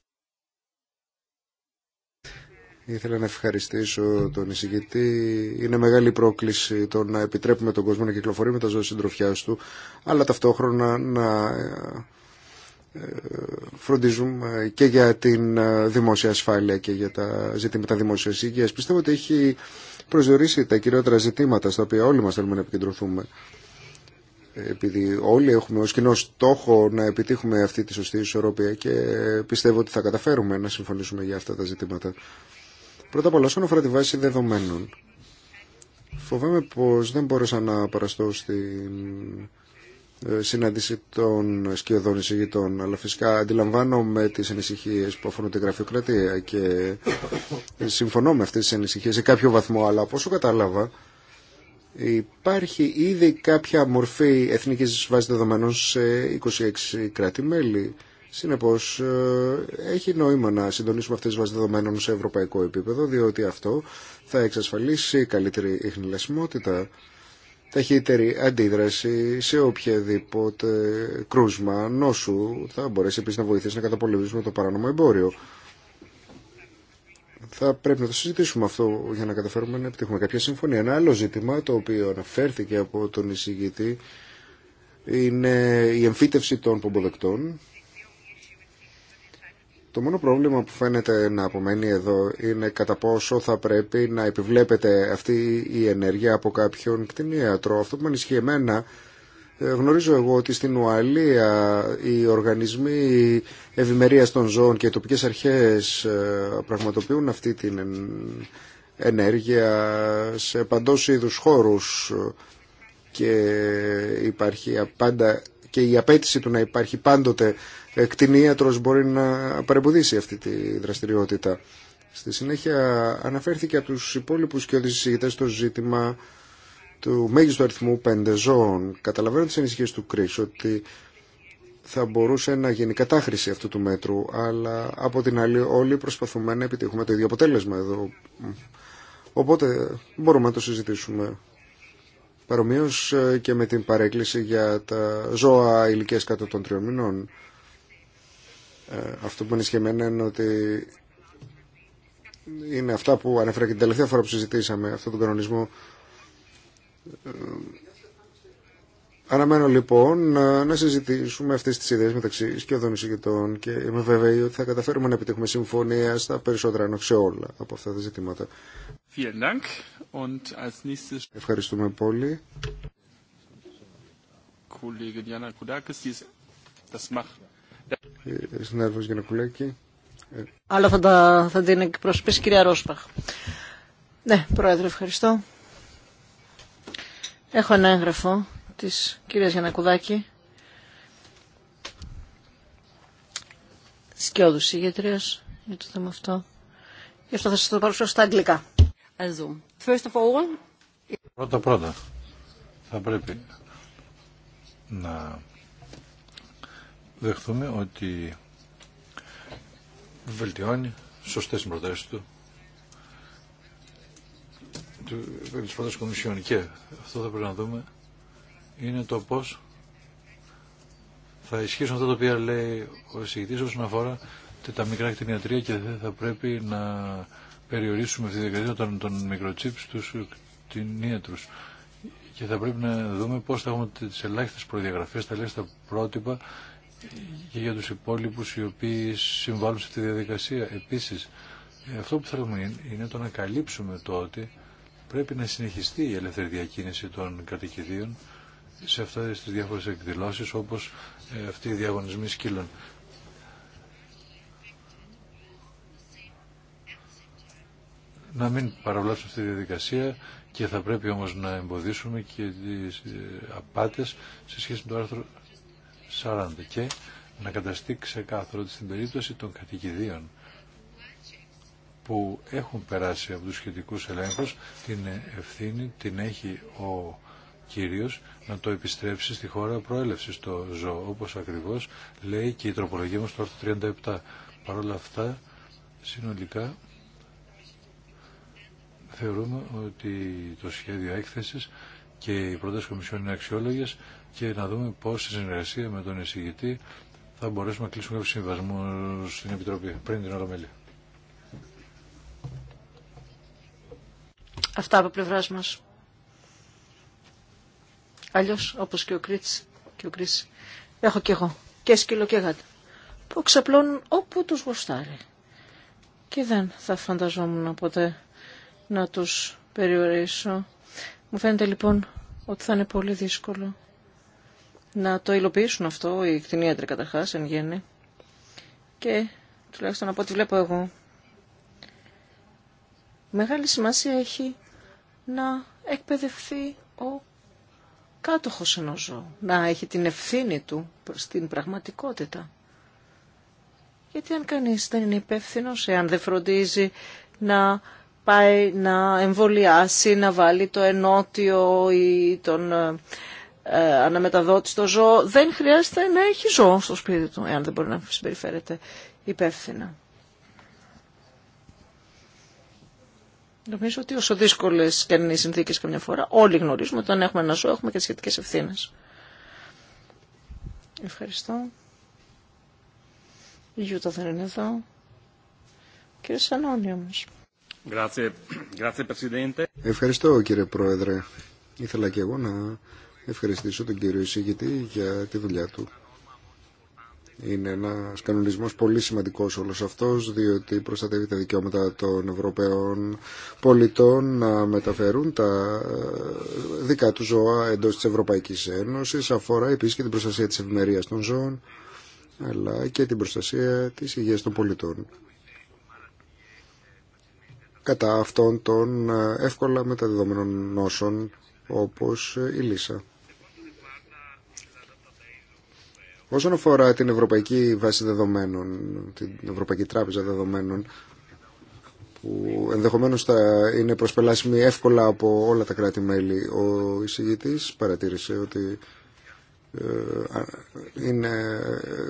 Ήθελα να ευχαριστήσω τον εισηγητή. Είναι μεγάλη πρόκληση το να επιτρέπουμε τον κόσμο να κυκλοφορεί με τα ζώα συντροφιά του, αλλά ταυτόχρονα να ε, φροντίζουμε και για την ε, δημόσια ασφάλεια και για τα ζητήματα δημόσιας υγείας. Πιστεύω ότι έχει προσδιορίσει τα κυριότερα ζητήματα στα οποία όλοι μας θέλουμε να επικεντρωθούμε επειδή όλοι έχουμε ως κοινό στόχο να επιτύχουμε αυτή τη σωστή ισορροπία και πιστεύω ότι θα καταφέρουμε να συμφωνήσουμε για αυτά τα ζητήματα. Πρώτα απ' όλα, όσον αφορά τη βάση δεδομένων, φοβάμαι πως δεν μπόρεσα να παραστώ στη ε, συνάντηση των σκιωδών εισηγητών, αλλά φυσικά αντιλαμβάνομαι τις ανησυχίες που αφορούν την γραφειοκρατία και συμφωνώ με αυτές τις ανησυχίες σε κάποιο βαθμό, αλλά από όσο κατάλαβα, Υπάρχει ήδη κάποια μορφή εθνικής βάσης δεδομένων σε 26 κράτη-μέλη. Συνεπώς, ε, έχει νόημα να συντονίσουμε αυτές τις βάσεις δεδομένων σε ευρωπαϊκό επίπεδο, διότι αυτό θα εξασφαλίσει καλύτερη ειχνηλασιμότητα, ταχύτερη αντίδραση σε οποιαδήποτε κρούσμα νόσου. Θα μπορέσει επίσης να βοηθήσει να καταπολεμήσουμε το παράνομο εμπόριο θα πρέπει να το συζητήσουμε αυτό για να καταφέρουμε να επιτύχουμε κάποια συμφωνία. Ένα άλλο ζήτημα το οποίο αναφέρθηκε από τον εισηγητή είναι η εμφύτευση των πομποδεκτών. Το μόνο πρόβλημα που φαίνεται να απομένει εδώ είναι κατά πόσο θα πρέπει να επιβλέπεται αυτή η ενέργεια από κάποιον κτηνίατρο. Αυτό που με ανισχύει εμένα ε, γνωρίζω εγώ ότι στην Ουαλία οι οργανισμοί ευημερίας των ζώων και οι τοπικές αρχές ε, πραγματοποιούν αυτή την ενέργεια σε παντός είδους χώρους και υπάρχει πάντα και η απέτηση του να υπάρχει πάντοτε κτηνίατρος μπορεί να παρεμποδίσει αυτή τη δραστηριότητα. Στη συνέχεια αναφέρθηκε από τους υπόλοιπους και οδησυγητές το ζήτημα του μέγιστο αριθμού πέντε ζώων. Καταλαβαίνω τις ανησυχίες του Κρίς ότι θα μπορούσε να γίνει κατάχρηση αυτού του μέτρου, αλλά από την άλλη όλοι προσπαθούμε να επιτύχουμε το ίδιο αποτέλεσμα εδώ. Οπότε μπορούμε να το συζητήσουμε. Παρομοίως ε, και με την παρέκκληση για τα ζώα ηλικία κάτω των τριών μηνών. Ε, αυτό που είναι σχεμένα είναι ότι είναι αυτά που ανέφερα και την τελευταία φορά που συζητήσαμε αυτόν τον κανονισμό ε, Αναμένω λοιπόν να συζητήσουμε αυτέ τι ιδέε μεταξύ σχεδόν εισηγητών και είμαι βέβαιη ότι θα καταφέρουμε να επιτύχουμε συμφωνία στα περισσότερα, ενώ σε όλα από αυτά τα ζητήματα. Ευχαριστούμε πολύ. Συνάδελφο Κουλέκη. Αλλά θα, τα, θα την εκπροσωπήσει κυρία Ρόσπαχ. Ναι, Πρόεδρε, ευχαριστώ. Έχω ένα έγγραφο της κυρίας Γιανακουδάκη, σκιώδους ηγετρίας για το θέμα αυτό. Γι' αυτό θα σας το παρουσιάσω στα αγγλικά. First of all... Πρώτα πρώτα θα πρέπει να δεχθούμε ότι βελτιώνει σωστές προτάσεις του της πρώτης Κομισιόν και αυτό θα πρέπει να δούμε είναι το πώς θα ισχύσουν αυτά τα οποία λέει ο εισηγητής όσον αφορά τα μικρά κτηνιατρία και θα πρέπει να περιορίσουμε αυτή τη δεκαετία των, των μικροτσίπ στους κτηνίατρους και θα πρέπει να δούμε πώς θα έχουμε τις ελάχιστες προδιαγραφές, τα ελάχιστα πρότυπα και για τους υπόλοιπους οι οποίοι συμβάλλουν σε τη διαδικασία. Επίσης, αυτό που θέλουμε είναι το να καλύψουμε το ότι πρέπει να συνεχιστεί η ελεύθερη διακίνηση των κατοικιδίων σε αυτές τις διάφορες εκδηλώσεις όπως ε, αυτοί οι διαγωνισμοί σκύλων. Να μην παραβλάψουμε αυτή τη διαδικασία και θα πρέπει όμως να εμποδίσουμε και τις ε, απάτες σε σχέση με το άρθρο 40 και να καταστεί ξεκάθαρο ότι στην περίπτωση των κατοικιδίων που έχουν περάσει από τους σχετικούς ελέγχους την ευθύνη την έχει ο Κύριος να το επιστρέψει στη χώρα προέλευσης το ζώο, όπως ακριβώς λέει και η τροπολογία μας το άρθρο 37. Παρ' αυτά, συνολικά, θεωρούμε ότι το σχέδιο έκθεσης και οι πρώτες κομισιόν είναι αξιόλογες και να δούμε πώς σε συνεργασία με τον εισηγητή θα μπορέσουμε να κλείσουμε κάποιους συμβασμούς στην Επιτροπή πριν την Ολομέλεια. Αυτά από πλευρά μα. Αλλιώ, όπω και ο Κρίτς, και ο έχω και εγώ και σκύλο και γάτα που ξαπλώνουν όπου τους γουστάρει. Και δεν θα φανταζόμουν ποτέ να τους περιορίσω. Μου φαίνεται λοιπόν ότι θα είναι πολύ δύσκολο να το υλοποιήσουν αυτό οι κτηνίατροι καταρχά εν γέννη. Και τουλάχιστον από ό,τι βλέπω εγώ. Μεγάλη σημασία έχει να εκπαιδευτεί ο κάτοχος ενός ζώου, να έχει την ευθύνη του στην πραγματικότητα. Γιατί αν κανείς δεν είναι υπεύθυνο, εάν δεν φροντίζει να πάει να εμβολιάσει, να βάλει το ενότιο ή τον ε, ε, αναμεταδότη στο ζώο, δεν χρειάζεται να έχει ζώο στο σπίτι του, εάν δεν μπορεί να συμπεριφέρεται υπεύθυνα. Νομίζω ότι όσο δύσκολε και είναι οι συνθήκε καμιά φορά, όλοι γνωρίζουμε ότι όταν έχουμε ένα ζώο έχουμε και τι σχετικέ ευθύνε. Ευχαριστώ. Η Γιούτα δεν είναι εδώ. Κύριε Σανώνη Ευχαριστώ κύριε Πρόεδρε. Ήθελα και εγώ να ευχαριστήσω τον κύριο εισηγητή για τη δουλειά του. Είναι ένας κανονισμός πολύ σημαντικό όλο αυτός, διότι προστατεύει τα δικαιώματα των Ευρωπαίων πολιτών να μεταφέρουν τα ε, δικά του ζώα εντός τη ευρωπαϊκή Ένωση Αφορά επίσης και την προστασία της ευημερία των ζώων, αλλά και την προστασία της υγεία των πολιτών κατά αυτών των ε, εύκολα μεταδεδομένων νόσων όπως η Λύσα. Όσον αφορά την Ευρωπαϊκή Βάση Δεδομένων, την Ευρωπαϊκή Τράπεζα Δεδομένων, που ενδεχομένως θα είναι προσπελάσιμη εύκολα από όλα τα κράτη-μέλη, ο εισηγητής παρατήρησε ότι ε, είναι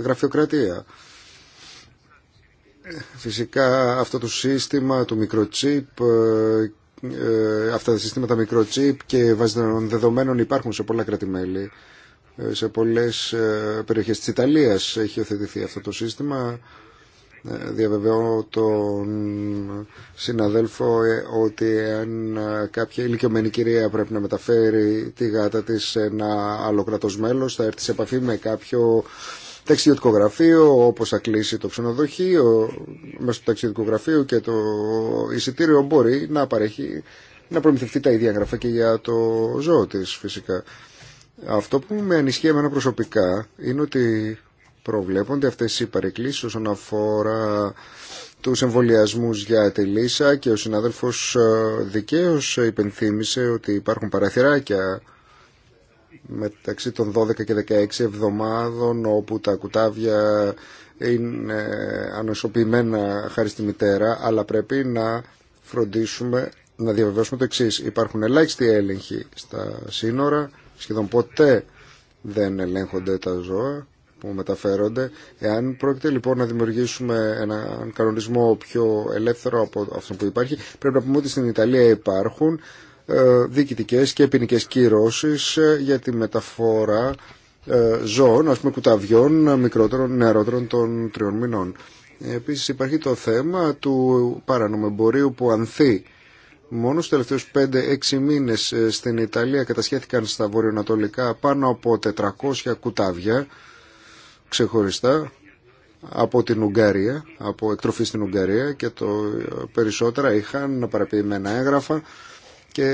γραφειοκρατία. Φυσικά αυτό το σύστημα του microchip, ε, ε, αυτά τα συστήματα microchip και βάση δεδομένων υπάρχουν σε πολλά κράτη-μέλη σε πολλές ε, περιοχές της Ιταλίας έχει οθετηθεί αυτό το σύστημα. Ε, διαβεβαιώ τον συναδέλφο ε, ότι αν κάποια ηλικιωμένη κυρία πρέπει να μεταφέρει τη γάτα της σε ένα άλλο κρατός μέλος θα έρθει σε επαφή με κάποιο ταξιδιωτικό γραφείο όπως θα κλείσει το ξενοδοχείο μέσω του ταξιδιωτικού γραφείου και το εισιτήριο μπορεί να παρέχει να προμηθευτεί τα ίδια γραφά και για το ζώο της φυσικά. Αυτό που με ανισχύει εμένα προσωπικά είναι ότι προβλέπονται αυτές οι παρεκκλήσεις όσον αφορά τους εμβολιασμού για τη Λύσα και ο συνάδελφος ε, δικαίως υπενθύμησε ότι υπάρχουν παραθυράκια μεταξύ των 12 και 16 εβδομάδων όπου τα κουτάβια είναι ανοσοποιημένα χάρη στη μητέρα αλλά πρέπει να φροντίσουμε να διαβεβαιώσουμε το εξή. Υπάρχουν ελάχιστοι έλεγχοι στα σύνορα σχεδόν ποτέ δεν ελέγχονται τα ζώα που μεταφέρονται. Εάν πρόκειται λοιπόν να δημιουργήσουμε έναν κανονισμό πιο ελεύθερο από αυτό που υπάρχει, πρέπει να πούμε ότι στην Ιταλία υπάρχουν ε, διοικητικές και ποινικέ κυρώσεις ε, για τη μεταφορά ε, ζώων, ας πούμε κουταβιών μικρότερων, νεαρότερων των τριών μηνών. Επίσης υπάρχει το θέμα του παρανομεμπορίου που ανθεί Μόνο στους τελευταίους 5-6 μήνες ε, στην Ιταλία κατασχέθηκαν στα βορειοανατολικά πάνω από 400 κουτάβια ξεχωριστά από την Ουγγαρία, από εκτροφή στην Ουγγαρία και το ε, περισσότερα είχαν παραποιημένα έγγραφα και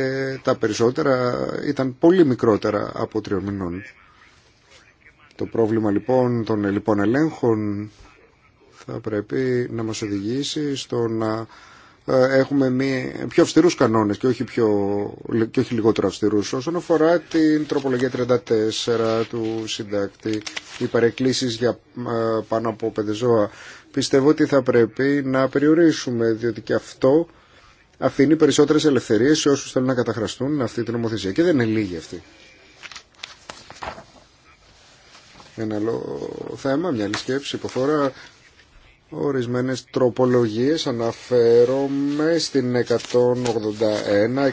τα περισσότερα ήταν πολύ μικρότερα από τριών μηνών. Το πρόβλημα λοιπόν των λοιπόν ελέγχων θα πρέπει να μας οδηγήσει στο να ε, έχουμε μία, πιο αυστηρούς κανόνες και όχι, πιο, και όχι λιγότερο αυστηρούς. Όσον αφορά την τροπολογία 34 του συντάκτη, οι παρεκκλήσεις για ε, πάνω από πέντε ζώα, πιστεύω ότι θα πρέπει να περιορίσουμε, διότι και αυτό αφήνει περισσότερες ελευθερίες σε όσους θέλουν να καταχραστούν αυτή την νομοθεσία. Και δεν είναι λίγοι αυτοί. Ένα άλλο θέμα, μια άλλη σκέψη που αφορά Ορισμένες τροπολογίες αναφέρομαι στην 181,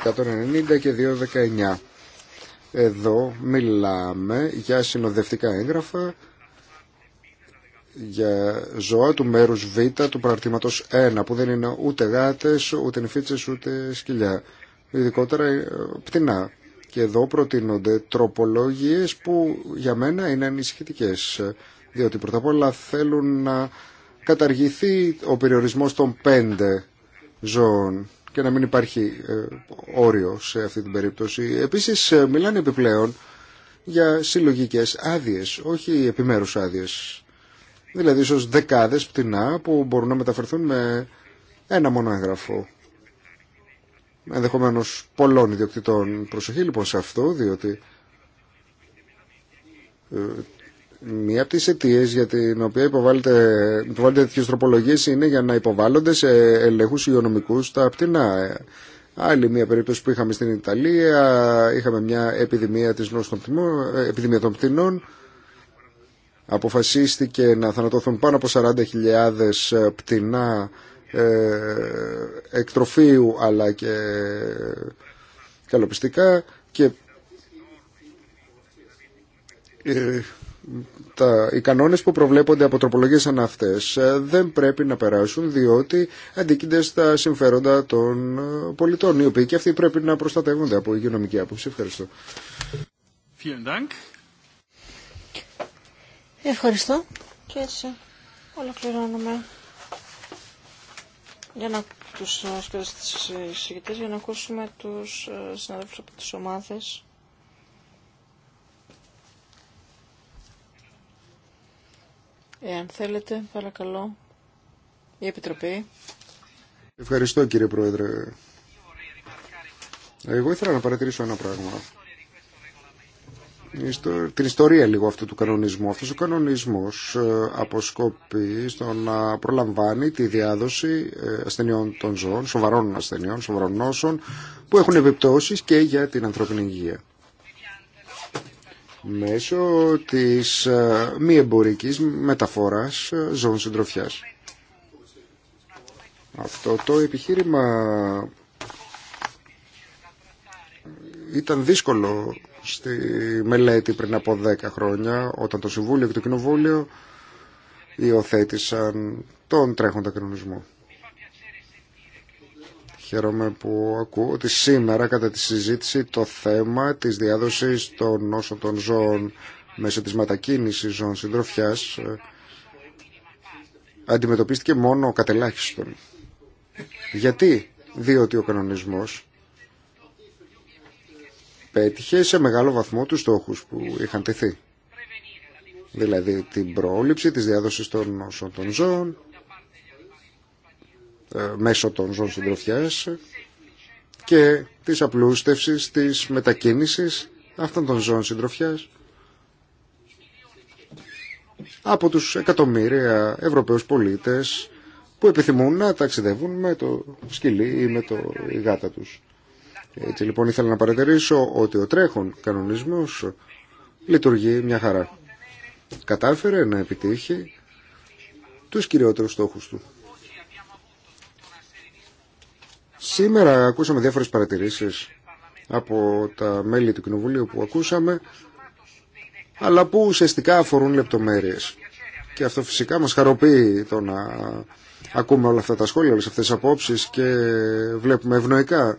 190 και 219. Εδώ μιλάμε για συνοδευτικά έγγραφα για ζώα του μέρους Β του παραρτήματος 1 που δεν είναι ούτε γάτες, ούτε νηφίτσες, ούτε σκυλιά. Ειδικότερα ε, πτηνά. Και εδώ προτείνονται τροπολογίες που για μένα είναι ανησυχητικέ. Διότι πρώτα απ' όλα θέλουν να καταργηθεί ο περιορισμός των πέντε ζώων και να μην υπάρχει ε, όριο σε αυτή την περίπτωση. Επίσης ε, μιλάνε επιπλέον για συλλογικές άδειες, όχι επιμέρους άδειες. Δηλαδή ίσως δεκάδες πτηνά που μπορούν να μεταφερθούν με ένα μόνο έγγραφο. Ενδεχομένω πολλών ιδιοκτητών προσοχή λοιπόν σε αυτό, διότι ε, Μία από τι αιτίε για την οποία υποβάλλονται, υποβάλλονται τέτοιε τροπολογίε είναι για να υποβάλλονται σε ελέγχου υγειονομικού τα πτηνά. Άλλη μία περίπτωση που είχαμε στην Ιταλία, είχαμε μια επιδημία της των, ε, επιδημία των πτηνών. Αποφασίστηκε να θανατωθούν πάνω από 40.000 ε, πτηνά ε, εκτροφείου αλλά και καλοπιστικά και τα, οι κανόνες που προβλέπονται από τροπολογίες σαν αυτές ε, δεν πρέπει να περάσουν διότι αντικείνται στα συμφέροντα των ε, πολιτών οι οποίοι και αυτοί πρέπει να προστατεύονται από υγειονομική άποψη. Ευχαριστώ. Ευχαριστώ και έτσι ολοκληρώνουμε για να τους ε, για να ακούσουμε τους συναδέλφους από τις ομάδες. Εάν θέλετε, παρακαλώ, η Επιτροπή. Ευχαριστώ κύριε Πρόεδρε. Εγώ ήθελα να παρατηρήσω ένα πράγμα. Την ιστορία λίγο αυτού του κανονισμού. Αυτός ο κανονισμός ε, αποσκοπεί στο να προλαμβάνει τη διάδοση ε, ασθενειών των ζώων, σοβαρών ασθενειών, σοβαρών νόσων, που έχουν επιπτώσεις και για την ανθρώπινη υγεία μέσω της ε, μη εμπορικής μεταφοράς ε, ζώων συντροφιάς. Αυτό το επιχείρημα ήταν δύσκολο στη μελέτη πριν από 10 χρόνια όταν το Συμβούλιο και το Κοινοβούλιο υιοθέτησαν τον τρέχοντα κοινωνισμό. Χαίρομαι που ακούω ότι σήμερα κατά τη συζήτηση το θέμα της διάδοσης των νόσων των ζώων μέσω της μετακίνησης ζώων συντροφιάς ε, αντιμετωπίστηκε μόνο κατελάχιστον. Γιατί, διότι ο κανονισμός πέτυχε σε μεγάλο βαθμό τους στόχους που είχαν τεθεί. Δηλαδή την πρόληψη της διάδοσης των νόσων των ζώων, ε, μέσω των ζών συντροφιάς και της απλούστευσης της μετακίνησης αυτών των ζώων συντροφιάς από τους εκατομμύρια Ευρωπαίους πολίτες που επιθυμούν να ταξιδεύουν με το σκυλί ή με το η γάτα τους. Έτσι λοιπόν ήθελα να παρατηρήσω ότι ο τρέχον κανονισμός λειτουργεί μια χαρά. Κατάφερε να επιτύχει τους κυριότερους στόχους του. Σήμερα ακούσαμε διάφορες παρατηρήσεις από τα μέλη του Κοινοβουλίου που ακούσαμε, αλλά που ουσιαστικά αφορούν λεπτομέρειες. Και αυτό φυσικά μας χαροποιεί το να ακούμε όλα αυτά τα σχόλια, όλες αυτές τις απόψεις και βλέπουμε ευνοϊκά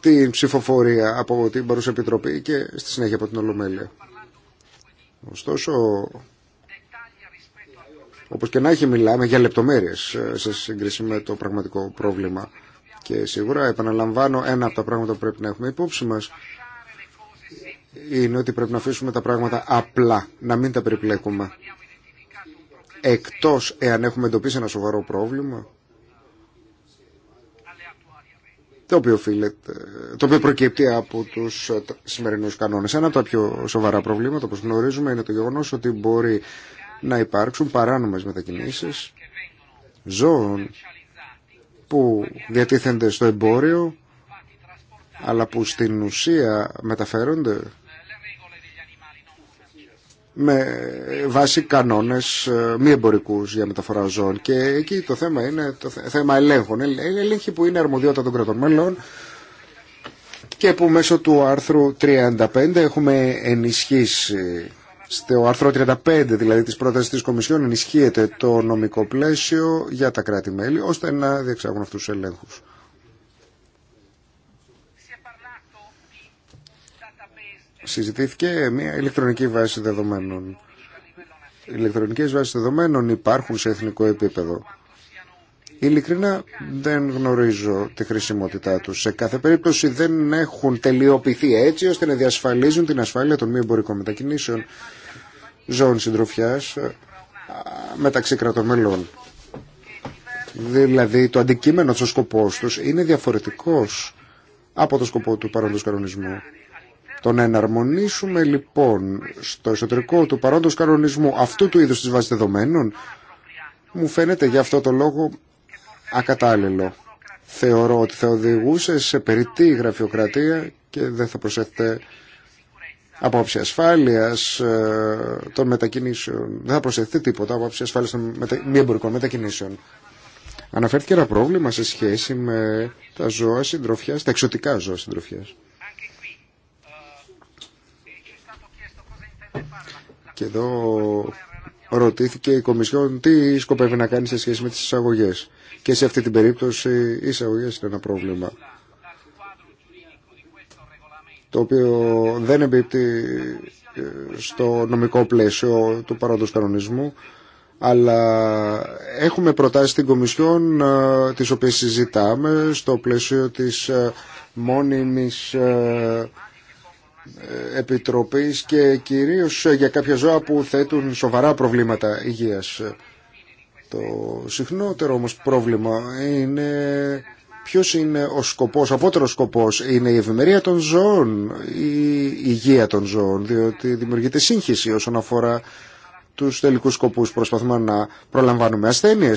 την ψηφοφορία από την παρούσα και στη συνέχεια από την Ολομέλεια. Ωστόσο, όπως και να έχει μιλάμε για λεπτομέρειες ε, σε σύγκριση με το πραγματικό πρόβλημα. Και σίγουρα επαναλαμβάνω ένα από τα πράγματα που πρέπει να έχουμε υπόψη μας είναι ότι πρέπει να αφήσουμε τα πράγματα απλά, να μην τα περιπλέκουμε. Εκτός εάν έχουμε εντοπίσει ένα σοβαρό πρόβλημα το οποίο, οφείλεται, το οποίο προκύπτει από τους ε, σημερινούς κανόνες. Ένα από τα πιο σοβαρά προβλήματα, όπω γνωρίζουμε, είναι το γεγονός ότι μπορεί να υπάρξουν παράνομες μετακινήσεις ζώων που διατίθενται στο εμπόριο αλλά που στην ουσία μεταφέρονται με βάση κανόνες ε, μη εμπορικούς για μεταφορά ζώων. Και εκεί το θέμα είναι το θέμα ελέγχων. Ε, ελέγχοι που είναι αρμοδιότητα των κρατών μέλων και που μέσω του άρθρου 35 έχουμε ενισχύσει στο άρθρο 35 δηλαδή της πρότασης της Κομισιόν ενισχύεται το νομικό πλαίσιο για τα κράτη-μέλη ώστε να διεξάγουν αυτούς τους ελέγχους. Συζητήθηκε μια ηλεκτρονική βάση δεδομένων. Ηλεκτρονικές βάσεις δεδομένων υπάρχουν σε εθνικό επίπεδο. Ειλικρινά δεν γνωρίζω τη χρησιμότητά τους. Σε κάθε περίπτωση δεν έχουν τελειοποιηθεί έτσι ώστε να διασφαλίζουν την ασφάλεια των μη εμπορικών μετακινήσεων ζώων συντροφιάς ε, μεταξύ κρατών μελών. Δηλαδή το αντικείμενο του σκοπός τους είναι διαφορετικός από το σκοπό του παρόντος κανονισμού. Το να εναρμονίσουμε λοιπόν στο εσωτερικό του παρόντος κανονισμού αυτού του είδους της βάσης δεδομένων μου φαίνεται για αυτό το λόγο ακατάλληλο. Θεωρώ ότι θα οδηγούσε σε περιττή γραφειοκρατία και δεν θα προσέχετε απόψη ασφάλεια ε, των μετακινήσεων. Δεν θα προσθεθεί τίποτα από άποψη ασφάλεια των μη εμπορικών μετακινήσεων. Αναφέρθηκε ένα πρόβλημα σε σχέση με τα ζώα συντροφιά, τα εξωτικά ζώα συντροφιά. Και εδώ ρωτήθηκε η Κομισιόν τι σκοπεύει να κάνει σε σχέση με τις εισαγωγές. Και σε αυτή την περίπτωση οι εισαγωγές είναι ένα πρόβλημα το οποίο δεν εμπίπτει ε, στο νομικό πλαίσιο του παρόντος κανονισμού αλλά έχουμε προτάσει στην Κομισιόν ε, τις οποίες συζητάμε στο πλαίσιο της ε, μόνιμης επιτροπής και κυρίως για κάποια ζώα που θέτουν σοβαρά προβλήματα υγείας. Το συχνότερο όμως πρόβλημα είναι Ποιο είναι ο σκοπό, ο απότερο σκοπό είναι η ευημερία των ζώων ή η υγεία των ζώων, διότι δημιουργείται σύγχυση όσον αφορά του τελικού σκοπού Προσπαθούμε να προλαμβάνουμε ασθένειε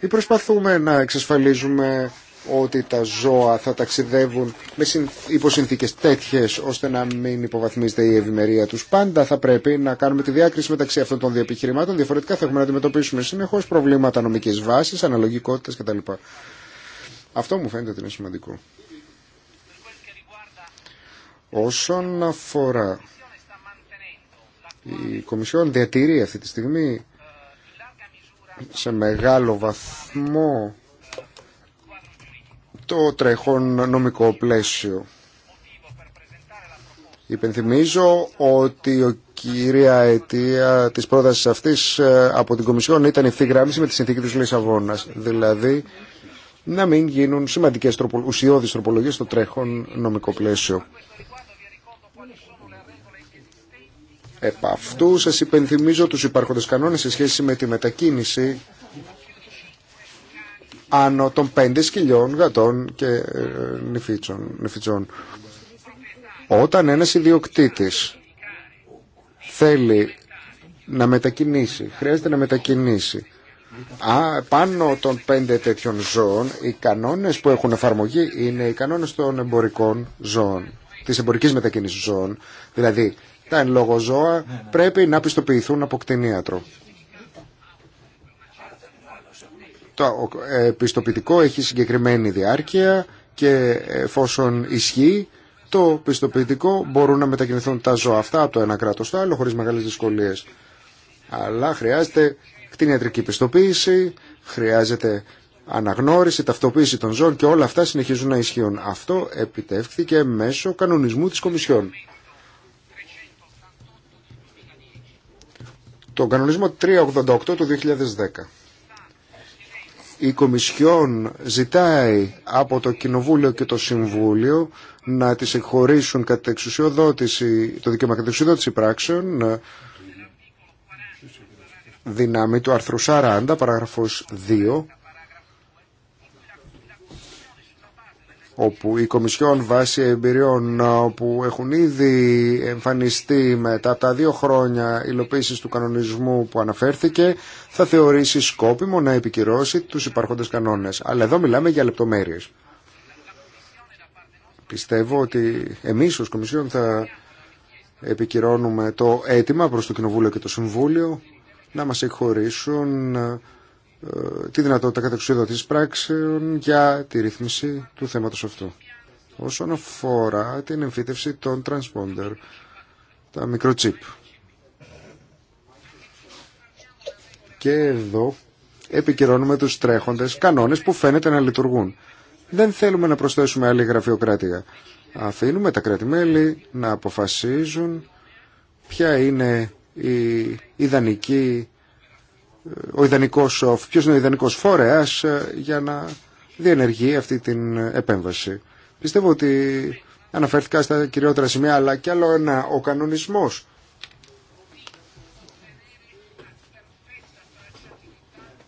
ή προσπαθούμε να εξασφαλίζουμε ότι τα ζώα θα ταξιδεύουν με υποσυνθήκες τέτοιες ώστε να μην υποβαθμίζεται η ευημερία τους. Πάντα θα πρέπει να κάνουμε τη διάκριση μεταξύ αυτών των διεπιχειρημάτων. Διαφορετικά θα έχουμε να αντιμετωπίσουμε συνεχώς προβλήματα νομικής βάσης, αναλογικότητας κτλ. Αυτό μου φαίνεται ότι είναι σημαντικό. Όσον αφορά η Κομισιόν διατηρεί αυτή τη στιγμή σε μεγάλο βαθμό το τρέχον νομικό πλαίσιο. Υπενθυμίζω ότι η κύρια αιτία της πρότασης αυτής ε, από την Κομισιόν ήταν η ευθυγράμμιση με τη συνθήκη της Λισαβόνας. Δηλαδή να μην γίνουν σημαντικέ τροπο, ουσιώδεις τροπολογίες στο τρέχον νομικό πλαίσιο. Επ' αυτού σας υπενθυμίζω τους υπάρχοντες κανόνες σε σχέση με τη μετακίνηση άνω των πέντε σκυλιών, γατών και ε, νηφίτσων, νηφιτσών. Όταν ένας ιδιοκτήτης θέλει να μετακινήσει, χρειάζεται να μετακινήσει Α, πάνω των πέντε τέτοιων ζώων οι κανόνες που έχουν εφαρμογή είναι οι κανόνες των εμπορικών ζώων της εμπορικής μετακίνησης ζώων δηλαδή τα εν λόγω ζώα ναι, ναι. πρέπει να πιστοποιηθούν από κτηνίατρο το ε, πιστοποιητικό έχει συγκεκριμένη διάρκεια και εφόσον ισχύει το πιστοποιητικό μπορούν να μετακινηθούν τα ζώα αυτά από το ένα κράτος στο άλλο χωρίς μεγάλες δυσκολίες αλλά χρειάζεται κτηνιατρική πιστοποίηση, χρειάζεται αναγνώριση, ταυτοποίηση των ζώων και όλα αυτά συνεχίζουν να ισχύουν. Αυτό επιτεύχθηκε μέσω κανονισμού της Κομισιόν. Το κανονισμό 388 του 2010. Η Κομισιόν ζητάει από το Κοινοβούλιο και το Συμβούλιο να τις εγχωρήσουν κατά το δικαίωμα κατά εξουσιοδότηση πράξεων δυνάμει του άρθρου 40, παράγραφος 2, όπου η Κομισιόν βάσει εμπειριών που έχουν ήδη εμφανιστεί μετά από τα δύο χρόνια υλοποίησης του κανονισμού που αναφέρθηκε θα θεωρήσει σκόπιμο να επικυρώσει τους υπαρχόντες κανόνες. Αλλά εδώ μιλάμε για λεπτομέρειες. Πιστεύω ότι εμείς ως Κομισιόν θα επικυρώνουμε το αίτημα προς το Κοινοβούλιο και το Συμβούλιο να μας εκχωρήσουν ε, τη δυνατότητα κατεξουδότησης πράξεων για τη ρύθμιση του θέματος αυτού. Όσον αφορά την εμφύτευση των transponder, τα microchip. Και εδώ επικυρώνουμε τους τρέχοντες κανόνες που φαίνεται να λειτουργούν. Δεν θέλουμε να προσθέσουμε άλλη γραφειοκράτεια. Αφήνουμε τα κράτη-μέλη να αποφασίζουν ποια είναι η ιδανική, ο ιδανικός, ποιος είναι ο ιδανικός φορέας ε, για να διενεργεί αυτή την επέμβαση. Πιστεύω ότι αναφέρθηκα στα κυριότερα σημεία, αλλά και άλλο ένα, ο κανονισμός.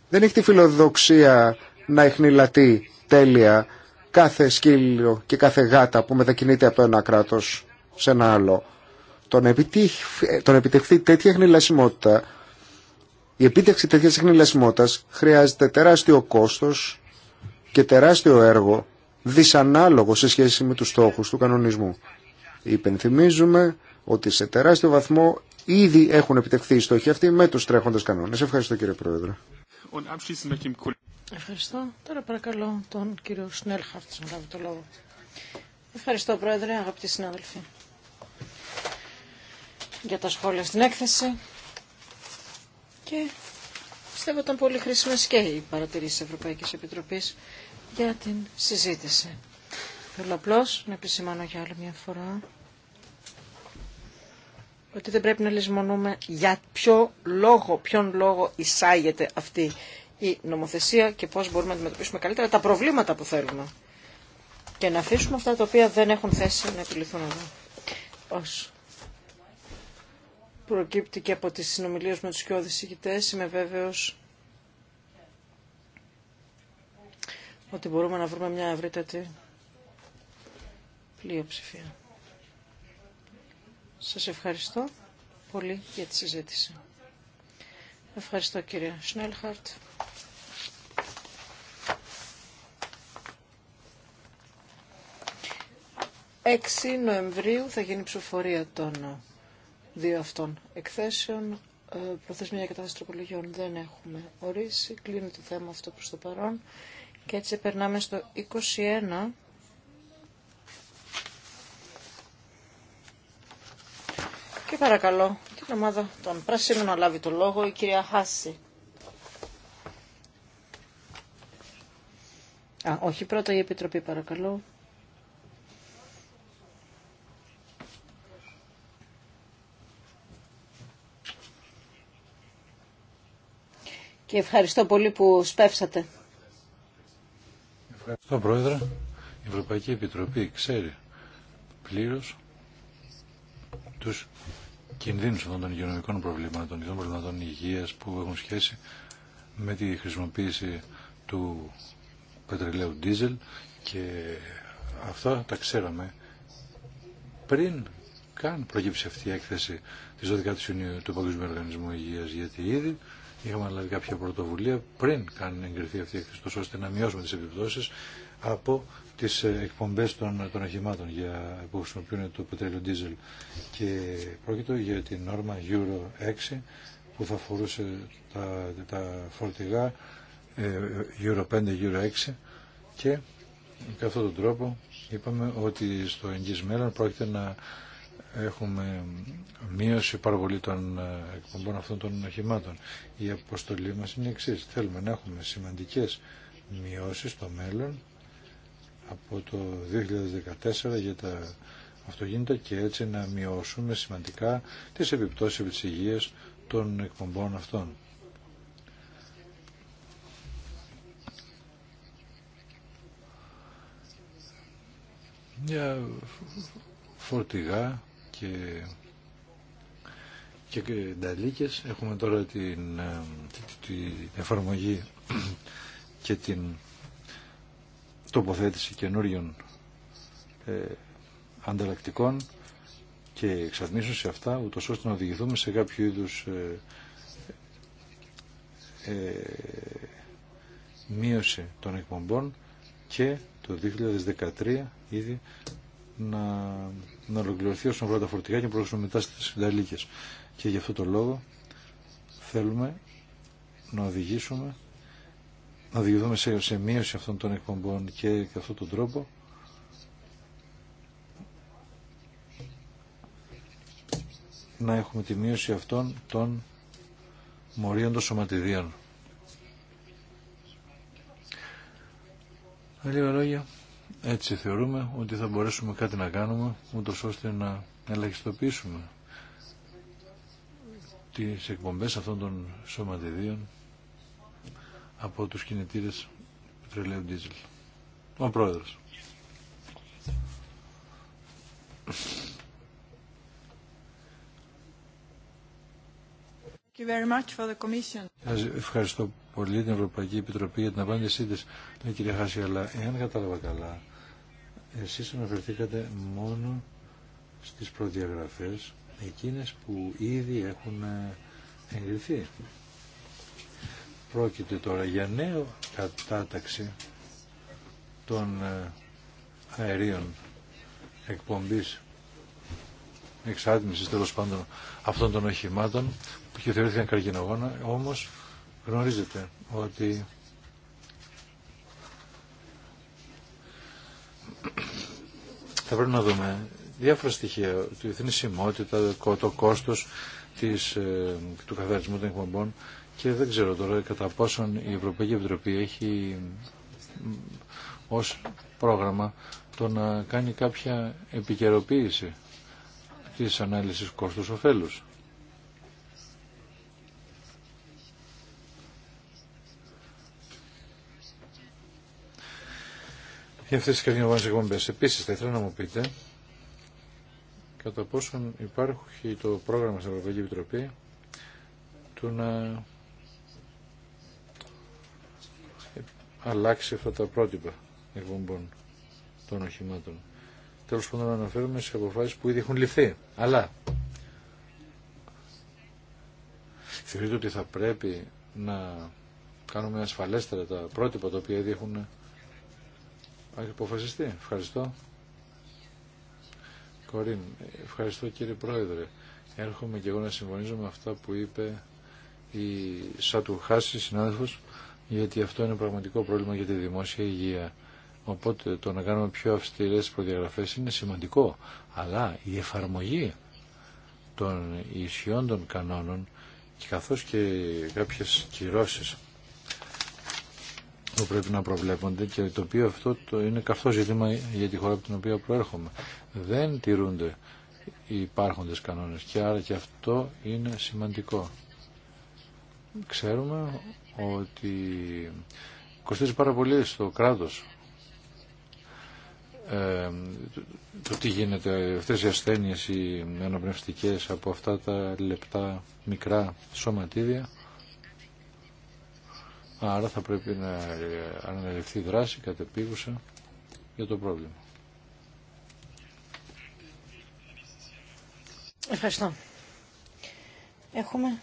Δεν έχει τη φιλοδοξία να εχνηλατεί τέλεια κάθε σκύλιο και κάθε γάτα που μετακινείται από ένα κράτος σε ένα άλλο. Το να, επιτευχθεί τέτοια χνηλασιμότητα, η επίτευξη τέτοια χνηλασιμότητας χρειάζεται τεράστιο κόστος και τεράστιο έργο δυσανάλογο σε σχέση με τους στόχους του κανονισμού. Υπενθυμίζουμε ότι σε τεράστιο βαθμό ήδη έχουν επιτευχθεί οι στόχοι αυτοί με τους τρέχοντες κανόνες. Ευχαριστώ κύριε Πρόεδρε. Ευχαριστώ. Τώρα παρακαλώ τον κύριο Σνέλχαρτ να λάβει το λόγο. Ευχαριστώ Πρόεδρε, αγαπητοί συνάδελφοι για τα σχόλια στην έκθεση και πιστεύω ήταν πολύ χρήσιμες και οι παρατηρήσεις της Ευρωπαϊκής Επιτροπής για την συζήτηση. Θέλω απλώ να επισημάνω για άλλη μια φορά ότι δεν πρέπει να λησμονούμε για ποιο λόγο, ποιον λόγο εισάγεται αυτή η νομοθεσία και πώς μπορούμε να αντιμετωπίσουμε καλύτερα τα προβλήματα που θέλουμε. Και να αφήσουμε αυτά τα οποία δεν έχουν θέση να επιληθούν εδώ προκύπτει και από τις συνομιλίες με τους κοιόδης ηγητές. Είμαι βέβαιος ότι μπορούμε να βρούμε μια ευρύτατη πλειοψηφία. Σας ευχαριστώ πολύ για τη συζήτηση. Ευχαριστώ κύριε Σνέλχαρτ. Έξι Νοεμβρίου θα γίνει ψηφοφορία των δύο αυτών εκθέσεων. Ε, προθεσμία για κατάσταση τροπολογιών δεν έχουμε ορίσει. Κλείνει το θέμα αυτό προς το παρόν. Και έτσι περνάμε στο 21. Και παρακαλώ την ομάδα των Πρασίνων να λάβει το λόγο η κυρία Χάση. Α, όχι, πρώτα η Επιτροπή παρακαλώ. και ευχαριστώ πολύ που σπεύσατε. Ευχαριστώ Πρόεδρε. Η Ευρωπαϊκή Επιτροπή ξέρει πλήρως τους κινδύνους αυτών των υγειονομικών προβλημάτων, των προβλημάτων υγείας που έχουν σχέση με τη χρησιμοποίηση του πετρελαίου ντίζελ και αυτά τα ξέραμε πριν καν προκύψει αυτή η έκθεση της 12 η Ιουνίου του Παγκοσμίου Οργανισμού Υγείας γιατί ήδη Είχαμε δηλαδή κάποια πρωτοβουλία πριν κάνει εγκριθεί αυτή η εκθέση, ώστε να μειώσουμε τι επιπτώσει από τι ε, εκπομπέ των, των για, που χρησιμοποιούν το πετρέλαιο diesel. Και πρόκειται για την νόρμα Euro 6 που θα αφορούσε τα, τα φορτηγά ε, Euro 5, Euro 6 και με αυτόν τον τρόπο είπαμε ότι στο εγγύς μέλλον πρόκειται να έχουμε μείωση πολύ των ε, εκπομπών αυτών των οχημάτων. Η αποστολή μας είναι εξή. Θέλουμε να έχουμε σημαντικές μειώσεις στο μέλλον από το 2014 για τα αυτογίνητα και έτσι να μειώσουμε σημαντικά τις επιπτώσεις της υγείας των εκπομπών αυτών. Για φορτηγά και, και νταλίκες. Έχουμε τώρα την, ε, την εφαρμογή και την τοποθέτηση καινούριων ε, ανταλλακτικών και εξαθμίσουν σε αυτά, ούτω ώστε να οδηγηθούμε σε κάποιο είδου ε, ε, μείωση των εκπομπών και το 2013 ήδη να, να ολοκληρωθεί όσον αφορά τα φορτηγά και να προχωρήσουμε μετά στις συνταλίκες. Και γι' αυτό το λόγο θέλουμε να οδηγήσουμε, να οδηγηθούμε σε, μείωση αυτών των εκπομπών και και αυτόν τον τρόπο να έχουμε τη μείωση αυτών των μορίων των σωματιδίων. Με λίγα λόγια, έτσι θεωρούμε ότι θα μπορέσουμε κάτι να κάνουμε ούτως ώστε να ελαχιστοποιήσουμε τις εκπομπές αυτών των σωματιδίων από τους κινητήρες πετρελαίου ντίζελ. Ο πρόεδρος. Ευχαριστώ πολύ την Ευρωπαϊκή Επιτροπή για την απάντησή της. κυρία Χάση, αλλά εάν κατάλαβα καλά, εσείς αναφερθήκατε μόνο στις προδιαγραφές εκείνες που ήδη έχουν ε, εγκριθεί. Πρόκειται τώρα για νέο κατάταξη των ε, αερίων εκπομπής εξάτμισης τέλος πάντων αυτών των οχημάτων που και θεωρήθηκαν καρκινογόνα όμως γνωρίζετε ότι θα πρέπει να δούμε διάφορα στοιχεία, τη εθνισμότητα, το κόστος της, ε, του καθαρισμού των εκπομπών και δεν ξέρω τώρα κατά πόσον η Ευρωπαϊκή Επιτροπή έχει ως πρόγραμμα το να κάνει κάποια επικαιροποίηση της ανάλυσης κόστους-οφέλους. για αυτές τις εκπομπές. Επίσης θα ήθελα να μου πείτε κατά πόσον υπάρχει το πρόγραμμα στην Ευρωπαϊκή Επιτροπή του να αλλάξει αυτά τα πρότυπα εκπομπών των οχημάτων. Τέλος πάντων αναφέρουμε σε αποφάσεις που ήδη έχουν ληφθεί. Αλλά θεωρείτε ότι θα πρέπει να κάνουμε ασφαλέστερα τα πρότυπα τα οποία ήδη έχουν έχει αποφασιστεί. Ευχαριστώ. Κορίν, ευχαριστώ κύριε Πρόεδρε. Έρχομαι και εγώ να συμφωνήσω με αυτά που είπε η σάτουχάση συνάδελφος, γιατί αυτό είναι πραγματικό πρόβλημα για τη δημόσια υγεία. Οπότε το να κάνουμε πιο αυστηρές προδιαγραφές είναι σημαντικό. Αλλά η εφαρμογή των ισιών των κανόνων και καθώς και κάποιες κυρώσεις που πρέπει να προβλέπονται και το οποίο αυτό το είναι καυτό ζήτημα για τη χώρα από την οποία προέρχομαι. Δεν τηρούνται οι υπάρχοντες κανόνες και άρα και αυτό είναι σημαντικό. Ξέρουμε ότι κοστίζει πάρα πολύ στο κράτος ε, το τι γίνεται, αυτές οι ασθένειες οι αναπνευστικές από αυτά τα λεπτά μικρά σωματίδια Άρα θα πρέπει να αναλυφθεί δράση κατεπίγουσα για το πρόβλημα. Ευχαριστώ. Έχουμε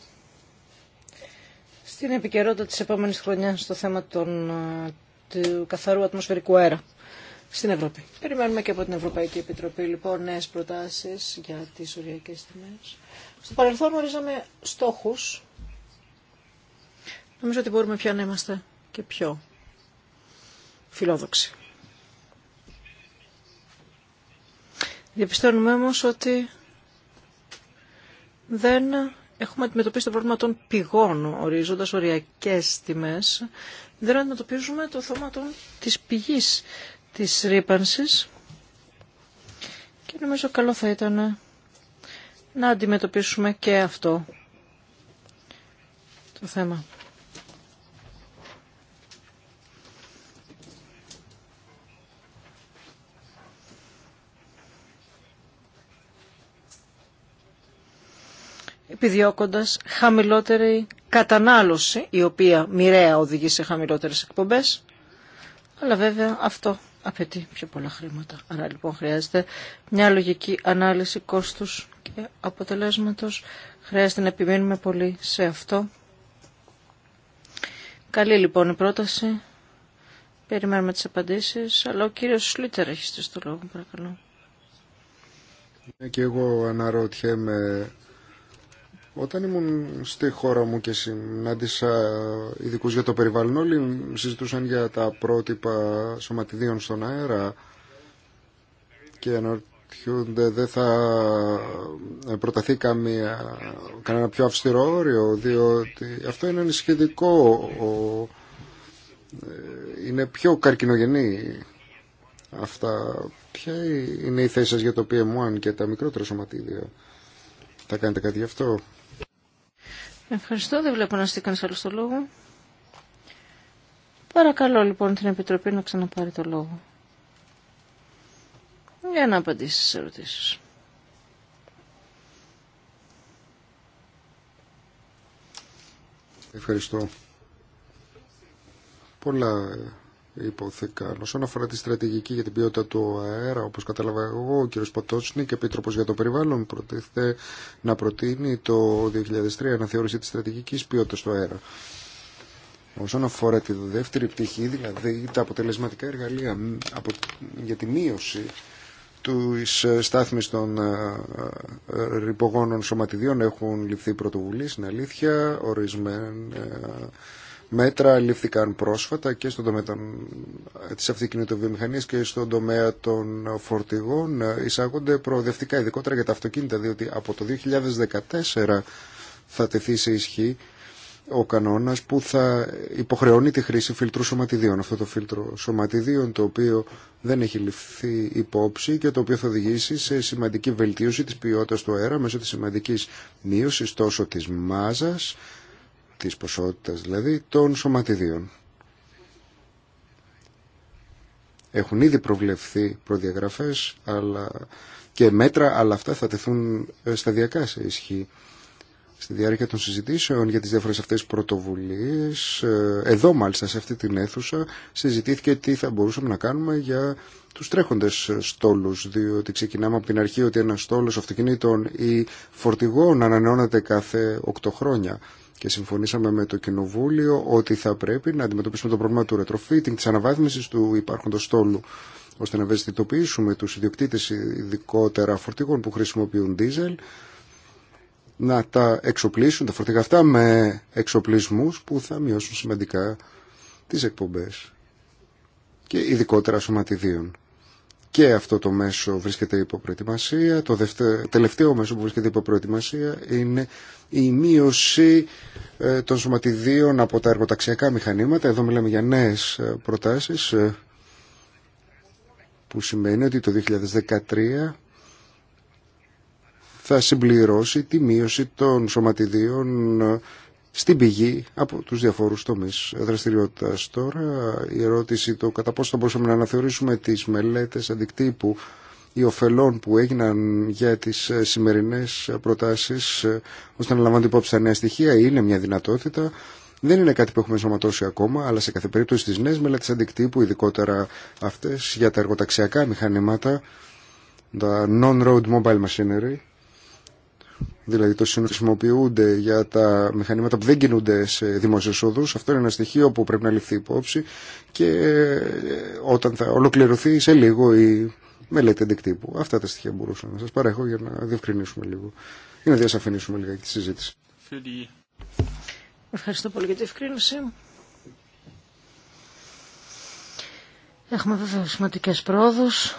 στην επικαιρότητα της επόμενης χρονιάς το θέμα των, ε, του καθαρού ατμοσφαιρικού αέρα στην Ευρώπη. Περιμένουμε και από την Ευρωπαϊκή Επιτροπή λοιπόν νέες προτάσεις για τις οριακές τιμές. Στο παρελθόν ορίζαμε στόχους Νομίζω ότι μπορούμε πια να είμαστε και πιο φιλόδοξοι. Διαπιστώνουμε όμως ότι δεν έχουμε αντιμετωπίσει το πρόβλημα των πηγών, ορίζοντας οριακές τιμές. Δεν αντιμετωπίζουμε το θέμα των, της πηγής της ρήπανσης και νομίζω καλό θα ήταν να αντιμετωπίσουμε και αυτό το θέμα. επιδιώκοντας χαμηλότερη κατανάλωση, η οποία μοιραία οδηγεί σε χαμηλότερες εκπομπές. Αλλά βέβαια αυτό απαιτεί πιο πολλά χρήματα. Άρα λοιπόν χρειάζεται μια λογική ανάλυση κόστους και αποτελέσματος. Χρειάζεται να επιμείνουμε πολύ σε αυτό. Καλή λοιπόν η πρόταση. Περιμένουμε τις απαντήσεις. Αλλά ο κύριος Σλίτερ έχει στο λόγο, παρακαλώ. Ναι, και εγώ αναρωτιέμαι όταν ήμουν στη χώρα μου και συνάντησα ειδικού για το περιβάλλον, όλοι συζητούσαν για τα πρότυπα σωματιδίων στον αέρα και αναρωτιούνται δεν θα προταθεί καμία, κανένα πιο αυστηρό όριο, διότι αυτό είναι ανησυχητικό. Ε, είναι πιο καρκινογενή αυτά. Ποια είναι η θέση σας για το PM1 και τα μικρότερα σωματίδια. Θα κάνετε κάτι γι' αυτό. Ευχαριστώ. Δεν βλέπω να στείλει άλλο το λόγο. Παρακαλώ λοιπόν την Επιτροπή να ξαναπάρει το λόγο. Για να απαντήσει στις ερωτήσεις. Ευχαριστώ. Πολλά υπόθηκαν. Όσον αφορά τη στρατηγική για την ποιότητα του αέρα, όπω κατάλαβα εγώ, ο κ. Ποτότσνικ, επίτροπο για το περιβάλλον, προτίθεται να προτείνει το 2003 αναθεώρηση τη στρατηγική ποιότητα του αέρα. Όσον αφορά τη δεύτερη πτυχή, δηλαδή τα αποτελεσματικά εργαλεία για τη μείωση τη ε, στάθμη των ε, ε, ρηπογόνων σωματιδίων έχουν ληφθεί πρωτοβουλίε, είναι αλήθεια, ορισμένα Μέτρα λήφθηκαν πρόσφατα και στον τομέα των, της αυτοκινητοβιομηχανίας και στον τομέα των φορτηγών. Ε, εισάγονται προοδευτικά, ειδικότερα για τα αυτοκίνητα, διότι από το 2014 θα τεθεί σε ισχύ ο κανόνας που θα υποχρεώνει τη χρήση φιλτρού σωματιδίων. Αυτό το φίλτρο σωματιδίων το οποίο δεν έχει ληφθεί υπόψη και το οποίο θα οδηγήσει σε σημαντική βελτίωση της ποιότητας του αέρα μέσω της σημαντικής μείωσης τόσο της μάζας της ποσότητας δηλαδή των σωματιδίων. Έχουν ήδη προβλεφθεί προδιαγραφές αλλά και μέτρα, αλλά αυτά θα τεθούν ε, σταδιακά σε ισχύ. Στη διάρκεια των συζητήσεων για τις διάφορες αυτές πρωτοβουλίες, ε, εδώ μάλιστα σε αυτή την αίθουσα συζητήθηκε τι θα μπορούσαμε να κάνουμε για τους τρέχοντες στόλους, διότι ξεκινάμε από την αρχή ότι ένας στόλος αυτοκινήτων ή φορτηγών ανανεώνεται κάθε 8 χρόνια και συμφωνήσαμε με το Κοινοβούλιο ότι θα πρέπει να αντιμετωπίσουμε το πρόβλημα του retrofitting, της αναβάθμισης του υπάρχοντος στόλου, ώστε να ευαισθητοποιήσουμε τους ιδιοκτήτες ειδικότερα φορτηγών που χρησιμοποιούν δίζελ, να τα εξοπλίσουν, τα φορτηγά αυτά, με εξοπλισμούς που θα μειώσουν σημαντικά τις εκπομπές και ειδικότερα σωματιδίων. Και αυτό το μέσο βρίσκεται υπό προετοιμασία. Το τελευταίο μέσο που βρίσκεται υπό προετοιμασία είναι η μείωση ε, των σωματιδίων από τα εργοταξιακά μηχανήματα. Εδώ μιλάμε για νέες ε, προτάσεις ε, που σημαίνει ότι το 2013 θα συμπληρώσει τη μείωση των σωματιδίων στην πηγή από τους διαφορούς τομείς δραστηριότητας. Τώρα η ερώτηση το κατά πόσο θα μπορούσαμε να αναθεωρήσουμε τις μελέτες αντικτύπου ή ωφελών που έγιναν για τις ε, σημερινές προτάσεις ε, ώστε να λαμβάνουν υπόψη τα νέα στοιχεία είναι μια δυνατότητα. Δεν είναι κάτι που έχουμε ενσωματώσει ακόμα, αλλά σε κάθε περίπτωση τις νέες μελέτες αντικτύπου, ειδικότερα αυτές για τα εργοταξιακά μηχανήματα, τα non-road mobile machinery, δηλαδή το σύνολο χρησιμοποιούνται για τα μηχανήματα που δεν κινούνται σε δημόσιες οδούς. Αυτό είναι ένα στοιχείο που πρέπει να ληφθεί υπόψη και ε, όταν θα ολοκληρωθεί σε λίγο η μελέτη αντικτύπου. Αυτά τα στοιχεία μπορούσα να σας παρέχω για να διευκρινίσουμε λίγο ή να διασαφηνίσουμε λίγα τη συζήτηση. Ευχαριστώ πολύ για τη ευκρίνηση. Έχουμε βέβαια σημαντικές πρόοδους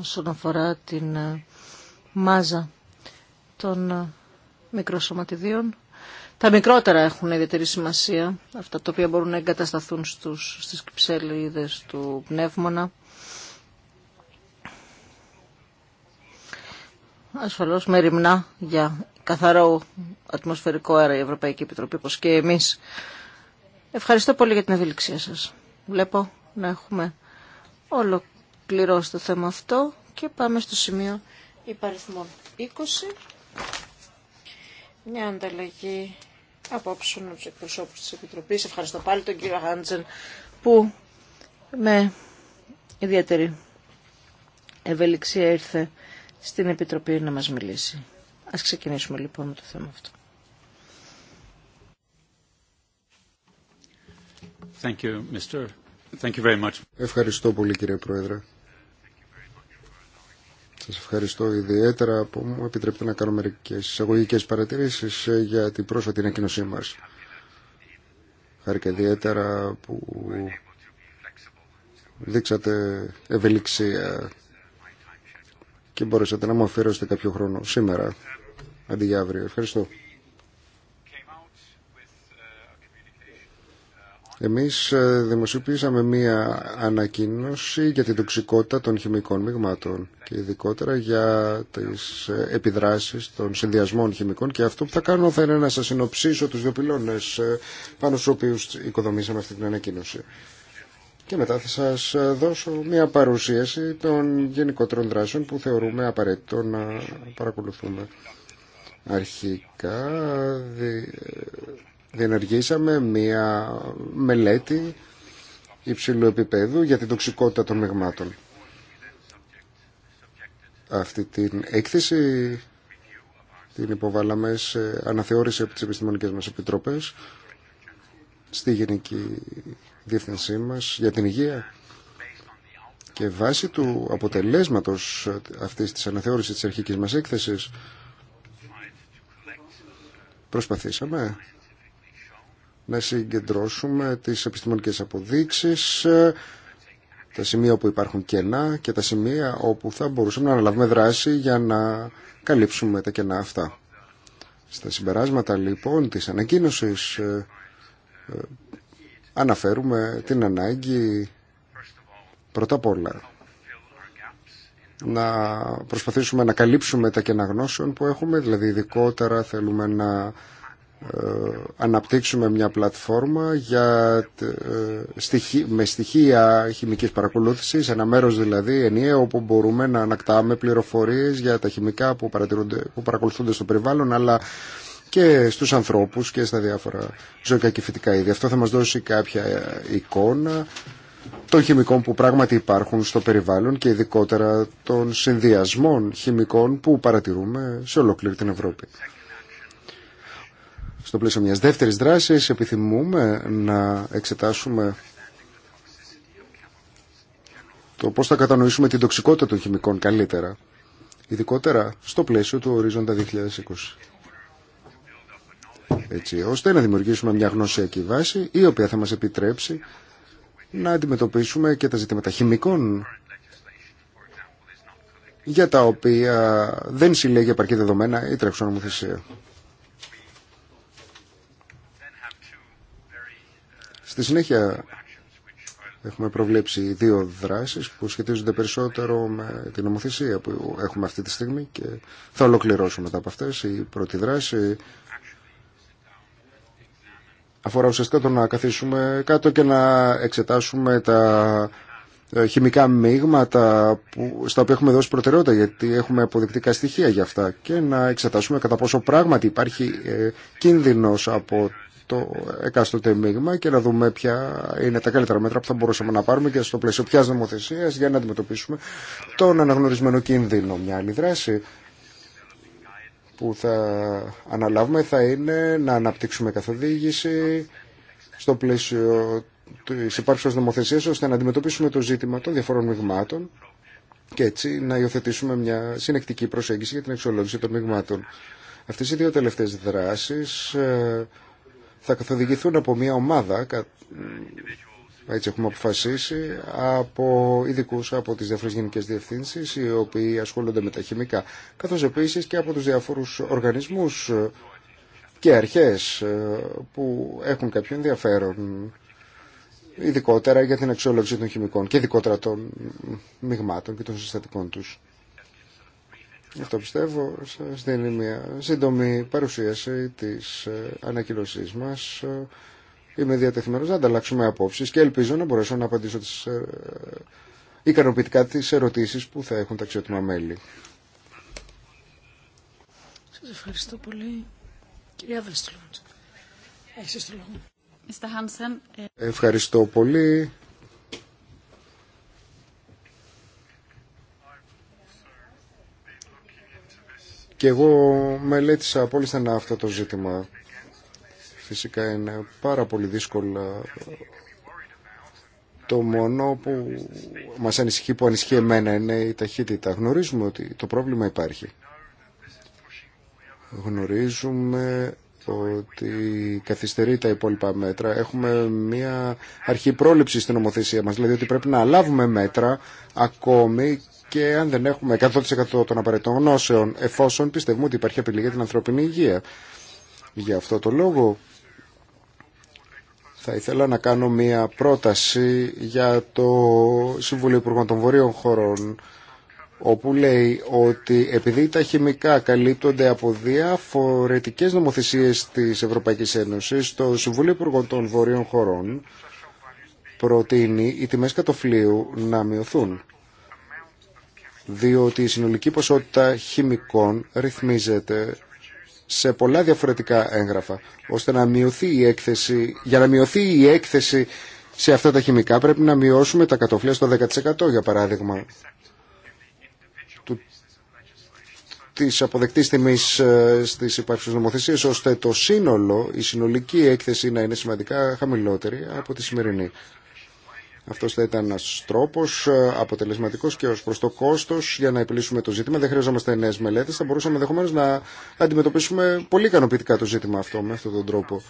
όσον αφορά την ε, μάζα των ε, μικροσωματιδίων. Τα μικρότερα έχουν ιδιαίτερη σημασία, αυτά τα οποία μπορούν να εγκατασταθούν στους, στις κυψέλιδες του πνεύμονα. Ασφαλώς με ρημνά για καθαρό ατμοσφαιρικό αέρα η Ευρωπαϊκή Επιτροπή, όπως και εμείς. Ευχαριστώ πολύ για την ευελιξία σας. Βλέπω να έχουμε ολοκληρώσει το θέμα αυτό και πάμε στο σημείο υπαριθμών 20. Μια ανταλλαγή απόψεων από τους εκπροσώπους της Επιτροπής. Ευχαριστώ πάλι τον κύριο Χάντζεν που με ιδιαίτερη ευελιξία ήρθε στην Επιτροπή να μας μιλήσει. Ας ξεκινήσουμε λοιπόν με το θέμα αυτό. Ευχαριστώ πολύ κύριε Πρόεδρε. Σας ευχαριστώ ιδιαίτερα που μου επιτρέπετε να κάνω μερικές εισαγωγικές παρατηρήσεις ε, για την πρόσφατη ανακοίνωσή μας. Χάρηκα ιδιαίτερα που δείξατε ευελιξία και μπορέσατε να μου αφιερώσετε κάποιο χρόνο σήμερα αντί για αύριο. Ευχαριστώ. Εμείς ε, δημοσιοποιήσαμε μία ανακοίνωση για την τοξικότητα των χημικών μειγμάτων και ειδικότερα για τις ε, επιδράσεις των συνδυασμών χημικών και αυτό που θα κάνω θα είναι να σας συνοψίσω τους δύο πυλώνες ε, πάνω στους οποίους οικοδομήσαμε αυτή την ανακοίνωση. Και μετά θα σας δώσω μία παρουσίαση των γενικότερων δράσεων που θεωρούμε απαραίτητο να παρακολουθούμε. Αρχικά διενεργήσαμε μία μελέτη υψηλού επίπεδου για την τοξικότητα των μεγμάτων. Αυτή την έκθεση την υποβάλαμε σε αναθεώρηση από τις επιστημονικές μας επιτροπές στη Γενική Διεύθυνσή μας για την Υγεία και βάσει του αποτελέσματος αυτής της αναθεώρησης της αρχικής μας έκθεσης προσπαθήσαμε να συγκεντρώσουμε τις επιστημονικές αποδείξεις, τα σημεία όπου υπάρχουν κενά και τα σημεία όπου θα μπορούσαμε να αναλάβουμε δράση για να καλύψουμε τα κενά αυτά. Στα συμπεράσματα λοιπόν της ανακοίνωσης ε, ε, αναφέρουμε την ανάγκη πρώτα απ' όλα να προσπαθήσουμε να καλύψουμε τα κενά γνώσεων που έχουμε, δηλαδή ειδικότερα θέλουμε να ε, αναπτύξουμε μια πλατφόρμα για, ε, με στοιχεία χημικής παρακολούθησης, ένα μέρος δηλαδή ενιαίο όπου μπορούμε να ανακτάμε πληροφορίες για τα χημικά που, παρακολουθούνται στο περιβάλλον αλλά και στους ανθρώπους και στα διάφορα ζωικά και φυτικά είδη. Αυτό θα μας δώσει κάποια εικόνα των χημικών που πράγματι υπάρχουν στο περιβάλλον και ειδικότερα των συνδυασμών χημικών που παρατηρούμε σε ολόκληρη την Ευρώπη στο πλαίσιο μιας δεύτερης δράσης επιθυμούμε να εξετάσουμε το πώς θα κατανοήσουμε την τοξικότητα των χημικών καλύτερα, ειδικότερα στο πλαίσιο του ορίζοντα 2020. Έτσι, ώστε να δημιουργήσουμε μια γνωσιακή βάση η οποία θα μας επιτρέψει να αντιμετωπίσουμε και τα ζητήματα χημικών για τα οποία δεν συλλέγει επαρκή δεδομένα η τρέχουσα νομοθεσία. Στη συνέχεια έχουμε προβλέψει δύο δράσεις που σχετίζονται περισσότερο με την νομοθεσία που έχουμε αυτή τη στιγμή και θα ολοκληρώσουμε μετά από αυτές. Η πρώτη δράση αφορά ουσιαστικά το να καθίσουμε κάτω και να εξετάσουμε τα ε, χημικά μείγματα που, στα οποία έχουμε δώσει προτεραιότητα γιατί έχουμε αποδεικτικά στοιχεία για αυτά και να εξετάσουμε κατά πόσο πράγματι υπάρχει ε, κίνδυνος από το εκάστοτε μείγμα και να δούμε ποια είναι τα καλύτερα μέτρα που θα μπορούσαμε να πάρουμε και στο πλαίσιο ποια νομοθεσία για να αντιμετωπίσουμε τον αναγνωρισμένο κίνδυνο. Μια άλλη δράση που θα αναλάβουμε θα είναι να αναπτύξουμε καθοδήγηση στο πλαίσιο της υπάρξης νομοθεσίας ώστε να αντιμετωπίσουμε το ζήτημα των διαφορών μειγμάτων και έτσι να υιοθετήσουμε μια συνεκτική προσέγγιση για την αξιολόγηση των μειγμάτων. Αυτές οι δύο τελευταίες δράσεις ε, θα καθοδηγηθούν από μια ομάδα, έτσι έχουμε αποφασίσει, από ειδικού από τις διάφορε γενικέ διευθύνσεις, οι οποίοι ασχολούνται με τα χημικά, καθώ επίσης και από τους διαφόρους οργανισμούς και αρχές ε, που έχουν κάποιο ενδιαφέρον ειδικότερα για την αξιολόγηση των χημικών και ειδικότερα των μειγμάτων και των συστατικών τους. Αυτό πιστεύω σας δίνει μια σύντομη παρουσίαση της ε, ανακοινωσή μας. Ε, είμαι διατεθειμένος να ανταλλάξουμε απόψεις και ελπίζω να μπορέσω να απαντήσω τις, ε, ικανοποιητικά τις ερωτήσεις που θα έχουν τα αξιότιμα μέλη. Σας ευχαριστώ πολύ. Κυρία έχεις το λόγο. Ε, ευχαριστώ πολύ. Και εγώ μελέτησα πολύ στενά αυτό το ζήτημα. Φυσικά είναι πάρα πολύ δύσκολο το μόνο που μας ανησυχεί, που ανησυχεί εμένα, είναι η ταχύτητα. Γνωρίζουμε ότι το πρόβλημα υπάρχει. Γνωρίζουμε ότι καθυστερεί τα υπόλοιπα μέτρα. Έχουμε μια αρχή πρόληψη στην νομοθεσία μας, δηλαδή ότι πρέπει να λάβουμε μέτρα ακόμη και αν δεν έχουμε 100% των απαραίτητων γνώσεων, εφόσον πιστεύουμε ότι υπάρχει απειλή για την ανθρώπινη υγεία. Για αυτό το λόγο θα ήθελα να κάνω μία πρόταση για το Συμβουλίο Υπουργών των Βορείων Χωρών όπου λέει ότι επειδή τα χημικά καλύπτονται από διαφορετικές νομοθεσίες της Ευρωπαϊκής Ένωσης, το Συμβούλιο Υπουργών των Βορείων Χωρών προτείνει οι τιμές κατοφλίου να μειωθούν διότι η συνολική ποσότητα χημικών ρυθμίζεται σε πολλά διαφορετικά έγγραφα, ώστε να μειωθεί η έκθεση, για να μειωθεί η έκθεση σε αυτά τα χημικά πρέπει να μειώσουμε τα κατοφλία στο 10% για παράδειγμα του, της αποδεκτής τιμής ε, στις υπάρξεις νομοθεσίες ώστε το σύνολο, η συνολική έκθεση να είναι σημαντικά χαμηλότερη από τη σημερινή. Αυτό θα ήταν ένα τρόπο ε, αποτελεσματικό και ω προ το κόστο για να επιλύσουμε το ζήτημα. Δεν χρειαζόμαστε νέε μελέτε. Θα μπορούσαμε ενδεχομένω να αντιμετωπίσουμε πολύ ικανοποιητικά το ζήτημα αυτό με αυτόν τον τρόπο.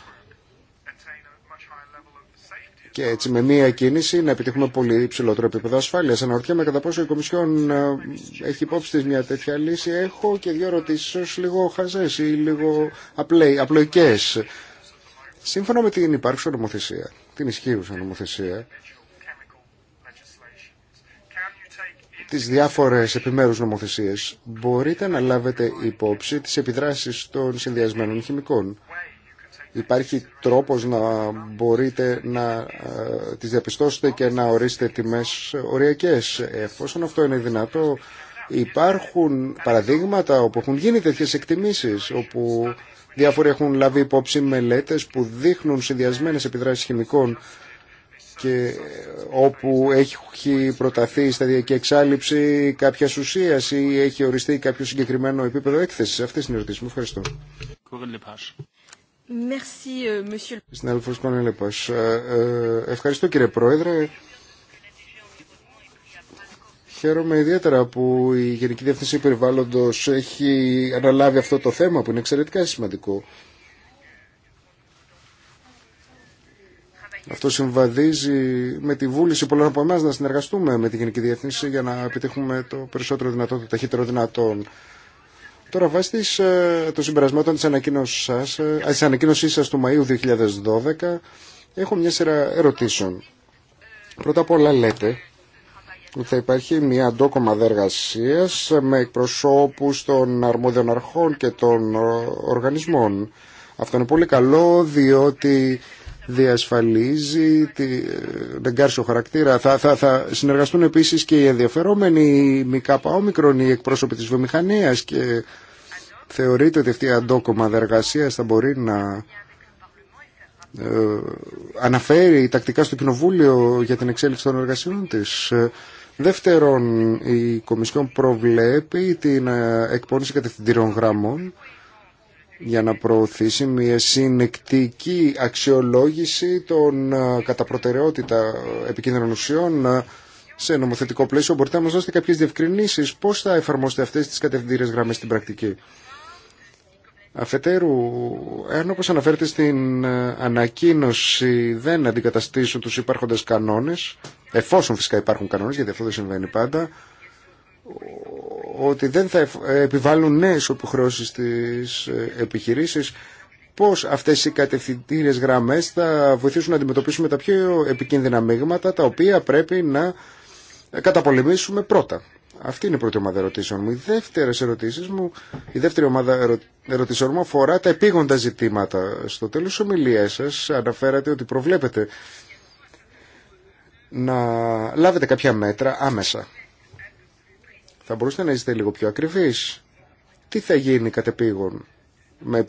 Και έτσι με μία κίνηση να επιτύχουμε πολύ υψηλότερο επίπεδο ασφάλεια. Αναρωτιέμαι κατά πόσο η Κομισιόν ε, έχει υπόψη τη μια τέτοια λύση. Έχω και δύο ερωτήσει, ίσω λίγο χαζέ ή λίγο απλοϊκέ. Σύμφωνα με την υπάρχουσα νομοθεσία, την ισχύουσα νομοθεσία, τις διάφορες επιμέρους νομοθεσίες, μπορείτε να λάβετε υπόψη τις επιδράσεις των συνδυασμένων χημικών. Υπάρχει τρόπος να μπορείτε να ε, τις διαπιστώσετε και να ορίσετε τιμές οριακές. Εφόσον αυτό είναι δυνατό, υπάρχουν παραδείγματα όπου έχουν γίνει τέτοιες εκτιμήσεις, όπου διάφοροι έχουν λάβει υπόψη μελέτες που δείχνουν συνδυασμένες επιδράσεις χημικών και όπου έχει προταθεί η σταδιακή εξάλληψη κάποια ουσία ή έχει οριστεί κάποιο συγκεκριμένο επίπεδο έκθεση. αυτη είναι η ερωτηση μου. Ευχαριστώ. Euh, ε, ε, ευχαριστώ κύριε Πρόεδρε. Χαίρομαι ιδιαίτερα που η Γενική Διεύθυνση Περιβάλλοντος έχει αναλάβει αυτό το θέμα που είναι εξαιρετικά σημαντικό. Αυτό συμβαδίζει με τη βούληση πολλών από εμά να συνεργαστούμε με τη Γενική Διεύθυνση για να επιτύχουμε το περισσότερο δυνατό, το ταχύτερο δυνατόν. Τώρα, βάσει της, ε, των συμπερασμάτων τη ανακοίνωσή σα του Μαΐου 2012, έχω μια σειρά ερωτήσεων. Πρώτα απ' όλα, λέτε ότι θα υπάρχει μια αντόκομα εργασία με εκπροσώπου των αρμόδιων αρχών και των ε, οργανισμών. Αυτό είναι πολύ καλό, διότι διασφαλίζει την ε, εγκάρσιο χαρακτήρα. Θα, θα, θα συνεργαστούν επίσης και οι ενδιαφερόμενοι, μη κάπα οι εκπρόσωποι της βιομηχανίας και θεωρείται ότι αυτή η αντόκομα δεργασία θα μπορεί να ε, αναφέρει τακτικά στο Κοινοβούλιο για την εξέλιξη των εργασιών της. Δεύτερον, η Κομισιόν προβλέπει την ε, εκπόνηση κατευθυντήριων γραμμών για να προωθήσει μια συνεκτική αξιολόγηση των κατά προτεραιότητα επικίνδυνων ουσιών σε νομοθετικό πλαίσιο. Μπορείτε να μας δώσετε κάποιες διευκρινήσεις πώς θα εφαρμόσετε αυτές τις κατευθυντήρες γραμμές στην πρακτική. Αφετέρου, εάν όπως αναφέρεται στην ανακοίνωση δεν αντικαταστήσουν τους υπάρχοντες κανόνες, εφόσον φυσικά υπάρχουν κανόνες, γιατί αυτό δεν συμβαίνει πάντα, ότι δεν θα ε, επιβάλλουν νέες υποχρεώσεις στις ε, επιχειρήσεις πώς αυτές οι κατευθυντήριες γραμμές θα βοηθήσουν να αντιμετωπίσουμε τα πιο επικίνδυνα μείγματα τα οποία πρέπει να καταπολεμήσουμε πρώτα. Αυτή είναι η πρώτη ομάδα ερωτήσεων μου. Οι δεύτερε ερωτήσει μου, η δεύτερη ομάδα ερωτήσεων μου αφορά τα επίγοντα ζητήματα. Στο τέλο της ομιλία σα αναφέρατε ότι προβλέπετε να λάβετε κάποια μέτρα άμεσα θα μπορούσατε να είστε λίγο πιο ακριβείς. Τι θα γίνει κατ' επίγον, με,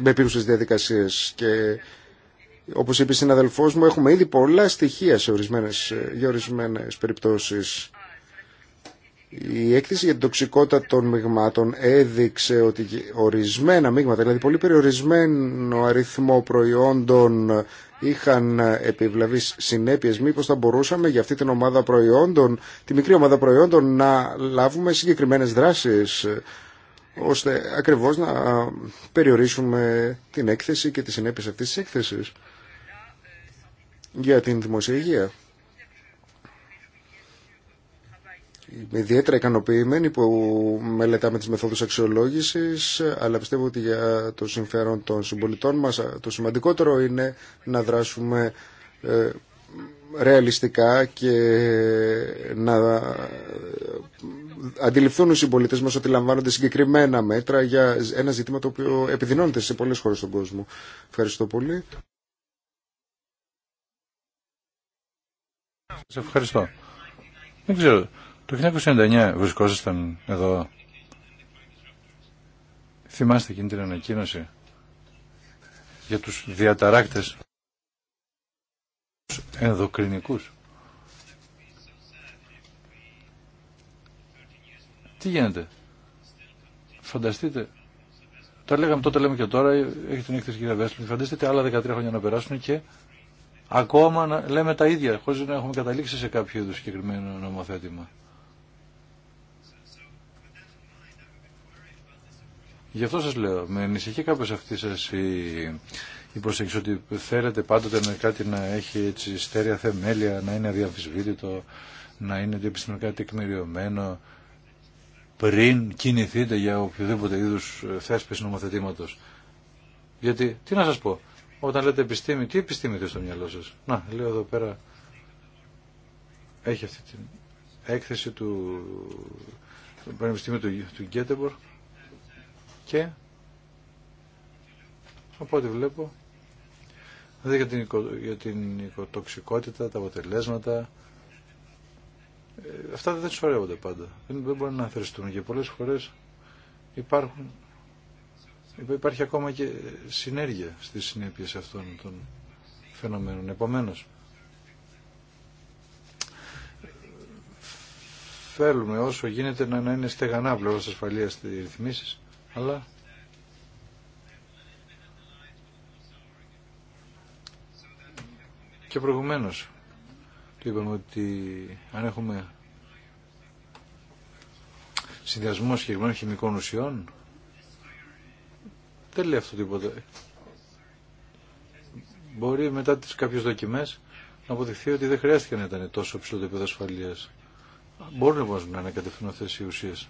με επίγουσες διαδικασίες και όπως είπε η συναδελφός μου έχουμε ήδη πολλά στοιχεία σε ορισμένες, ε, για ορισμένες περιπτώσεις. Η έκθεση για την τοξικότητα των μειγμάτων έδειξε ότι ορισμένα μείγματα, δηλαδή πολύ περιορισμένο αριθμό προϊόντων είχαν ε, επιβλαβεί συνέπειες. Μήπως θα μπορούσαμε για αυτή την ομάδα προϊόντων, τη μικρή ομάδα προϊόντων, να λάβουμε συγκεκριμένες δράσεις ώστε ακριβώς να ε, περιορίσουμε την έκθεση και τις συνέπειες αυτής της έκθεσης για την δημοσιογεία. Είμαι ιδιαίτερα ικανοποιημένη που μελετάμε τις μεθόδους αξιολόγησης, αλλά πιστεύω ότι για το συμφέρον των συμπολιτών μας το σημαντικότερο είναι να δράσουμε ε, ρεαλιστικά και να ε, αντιληφθούν οι συμπολίτε μας ότι λαμβάνονται συγκεκριμένα μέτρα για ένα ζήτημα το οποίο επιδεινώνεται σε πολλές χώρες στον κόσμο. Ευχαριστώ πολύ. Σας ευχαριστώ. Το 1999 βρισκόσασταν εδώ. Θυμάστε εκείνη την ανακοίνωση για τους διαταράκτες ενδοκρινικούς. Τι γίνεται. Φανταστείτε. Τα λέγαμε τότε, λέμε και τώρα, έχει την έκθεση κυρία Βέσλη. Φανταστείτε άλλα 13 χρόνια να περάσουν και ακόμα να λέμε τα ίδια, χωρίς να έχουμε καταλήξει σε κάποιο είδου συγκεκριμένο νομοθέτημα. Γι' αυτό σας λέω, με ανησυχεί κάπως αυτή σας η, η προσέγγιση ότι θέλετε πάντοτε να κάτι να έχει έτσι στέρεα θεμέλια, να είναι αδιαμφισβήτητο, να είναι επιστημονικά τεκμηριωμένο πριν κινηθείτε για οποιοδήποτε είδους ε, θέσπιση νομοθετήματος. Γιατί, τι να σας πω, όταν λέτε επιστήμη, τι επιστήμη στο μυαλό σας. Να, λέω εδώ πέρα, έχει αυτή την έκθεση του Πανεπιστήμιου του, του Γκέτεμπορ, και ό,τι βλέπω δηλαδή για την, για την οικοτοξικότητα, τα αποτελέσματα ε, αυτά δεν σωρεύονται πάντα δεν, δεν μπορούν να θεριστούν και πολλές φορές υπάρχουν υπάρχει ακόμα και συνέργεια στις συνέπειες αυτών των φαινομένων επομένως θέλουμε όσο γίνεται να, είναι στεγανά πλευρά ασφαλεία στις ρυθμίσει αλλά και προηγουμένως του είπαμε ότι αν έχουμε συνδυασμό συγκεκριμένων χημικών ουσιών δεν λέει αυτό τίποτα μπορεί μετά τις κάποιες δοκιμές να αποδειχθεί ότι δεν χρειάστηκε να ήταν τόσο ψηλό το επίπεδο ασφαλείας. Μπορούν λοιπόν να ανακατευθούν αυτές οι ουσίες.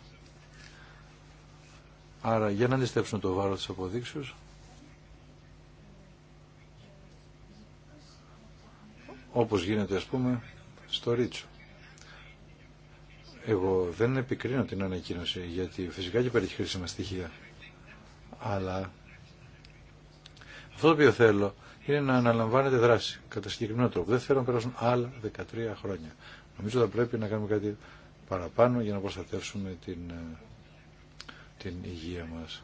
Άρα για να αντιστρέψουμε το βάρος της αποδείξεως όπως γίνεται ας πούμε στο Ρίτσο. Εγώ δεν επικρίνω την ανακοίνωση γιατί φυσικά και υπάρχει χρήσιμα στοιχεία. Αλλά αυτό το οποίο θέλω είναι να αναλαμβάνεται δράση κατά συγκεκριμένο τρόπο. Δεν θέλω να περάσουν άλλα 13 χρόνια. Νομίζω θα πρέπει να κάνουμε κάτι παραπάνω για να προστατεύσουμε την ε, την υγεία μας.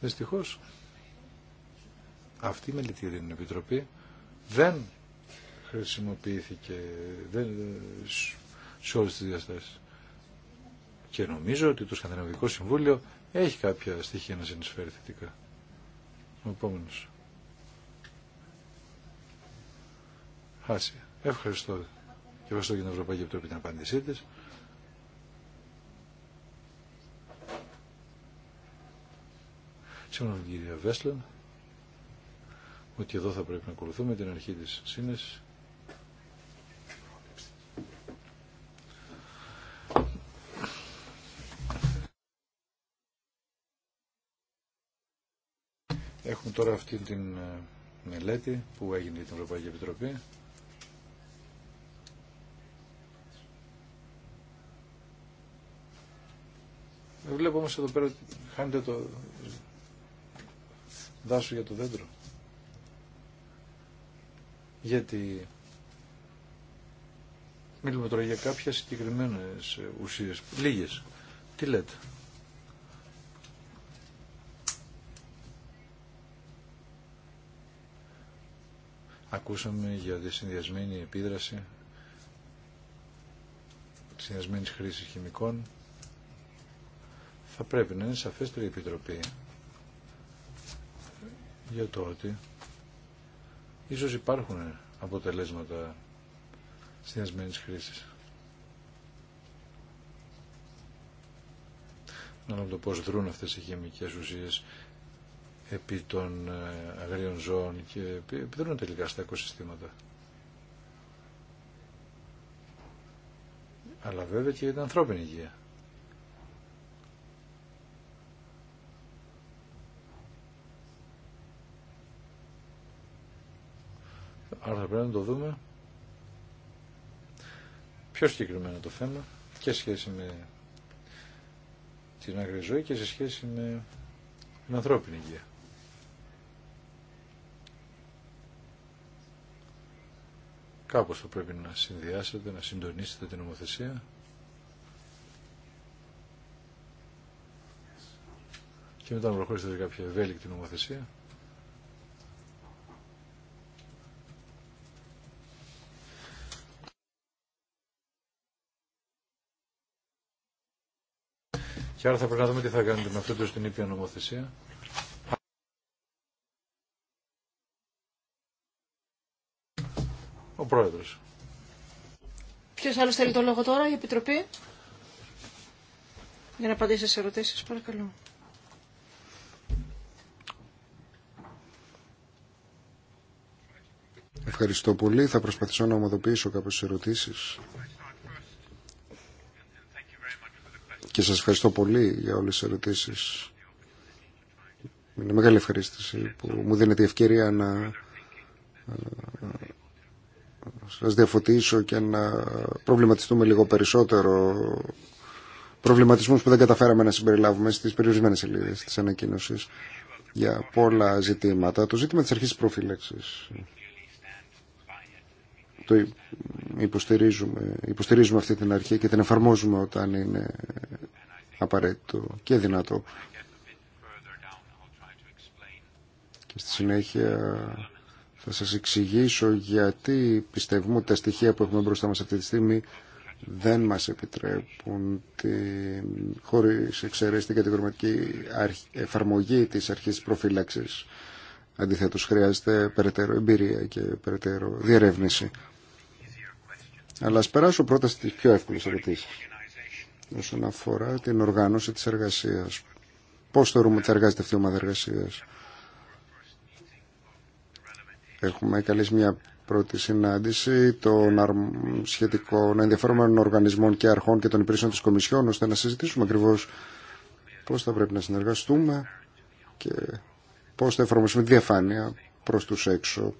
Δυστυχώς, αυτή η μελετή Επιτροπή δεν χρησιμοποιήθηκε δεν, σε όλες τις διαστάσεις. Και νομίζω ότι το Σκανδιναβικό Συμβούλιο έχει κάποια στοιχεία να συνεισφέρει θετικά. Ο επόμενος. Ευχαριστώ. Και ευχαριστώ για την Ευρωπαϊκή Επιτροπή την απάντησή της. Σύμφωνα με την ότι εδώ θα πρέπει να ακολουθούμε την αρχή της σύνεσης. Έχουμε τώρα αυτή την ε, μελέτη που έγινε για την Ευρωπαϊκή Επιτροπή. Βλέπω όμως εδώ πέρα ότι χάνεται το δάσου για το δέντρο. Γιατί μιλούμε τώρα για κάποιες συγκεκριμένες ουσίες, λίγες. Τι λέτε. Ακούσαμε για τη συνδυασμένη επίδραση τη συνδυασμένη χρήση χημικών. Θα πρέπει να είναι σαφέστερη η Επιτροπή για το ότι ίσως υπάρχουν αποτελέσματα συνδυασμένης χρήσης. Να δούμε το πώς δρούν αυτές οι χημικές ουσίες επί των ε, αγρίων ζώων και επιδρούν τελικά στα οικοσυστήματα. Αλλά βέβαια και για την ανθρώπινη υγεία. Άρα θα πρέπει να το δούμε πιο συγκεκριμένα το θέμα και σχέση με την άγρια ζωή και σε σχέση με την ανθρώπινη υγεία. Κάπως θα πρέπει να συνδυάσετε, να συντονίσετε την ομοθεσία; Και μετά να προχωρήσετε κάποια ευέλικτη νομοθεσία. Και άρα θα πρέπει να δούμε τι θα κάνετε με αυτό το στην ήπια νομοθεσία. Ο Πρόεδρος. Ποιος άλλος θέλει το λόγο τώρα, η Επιτροπή. Για να απαντήσει σε ερωτήσεις, παρακαλώ. Ευχαριστώ πολύ. Θα προσπαθήσω να ομοδοποιήσω κάποιες ερωτήσεις. και σας ευχαριστώ πολύ για όλες τις ερωτήσεις. Είναι μεγάλη ευχαρίστηση που μου δίνεται η ευκαιρία να σας διαφωτίσω και να προβληματιστούμε λίγο περισσότερο προβληματισμούς που δεν καταφέραμε να συμπεριλάβουμε στις περιορισμένες σελίδες της ανακοίνωσης για πολλά ζητήματα. Το ζήτημα της αρχής προφύλαξης το υποστηρίζουμε, υποστηρίζουμε αυτή την αρχή και την εφαρμόζουμε όταν είναι απαραίτητο και δυνατό. Και στη συνέχεια θα σας εξηγήσω γιατί πιστεύουμε ότι τα στοιχεία που έχουμε μπροστά μας αυτή τη στιγμή δεν μας επιτρέπουν την, χωρίς εξαιρέσει την κατηγορηματική εφαρμογή της αρχής προφύλαξης. Αντιθέτως χρειάζεται περαιτέρω εμπειρία και περαιτέρω διερεύνηση. Αλλά ας περάσω πρώτα στις πιο εύκολη ερωτήσεις όσον αφορά την οργάνωση της εργασίας. Πώς θεωρούμε ότι θα εργάζεται αυτή η ομάδα εργασίας. Έχουμε καλέσει μια πρώτη συνάντηση των σχετικών ενδιαφέρομενων οργανισμών και αρχών και των υπηρεσιών της Κομισιόν ώστε να συζητήσουμε ακριβώς πώς θα πρέπει να συνεργαστούμε και πώς θα εφαρμοσουμε τη διαφάνεια προς τους έξω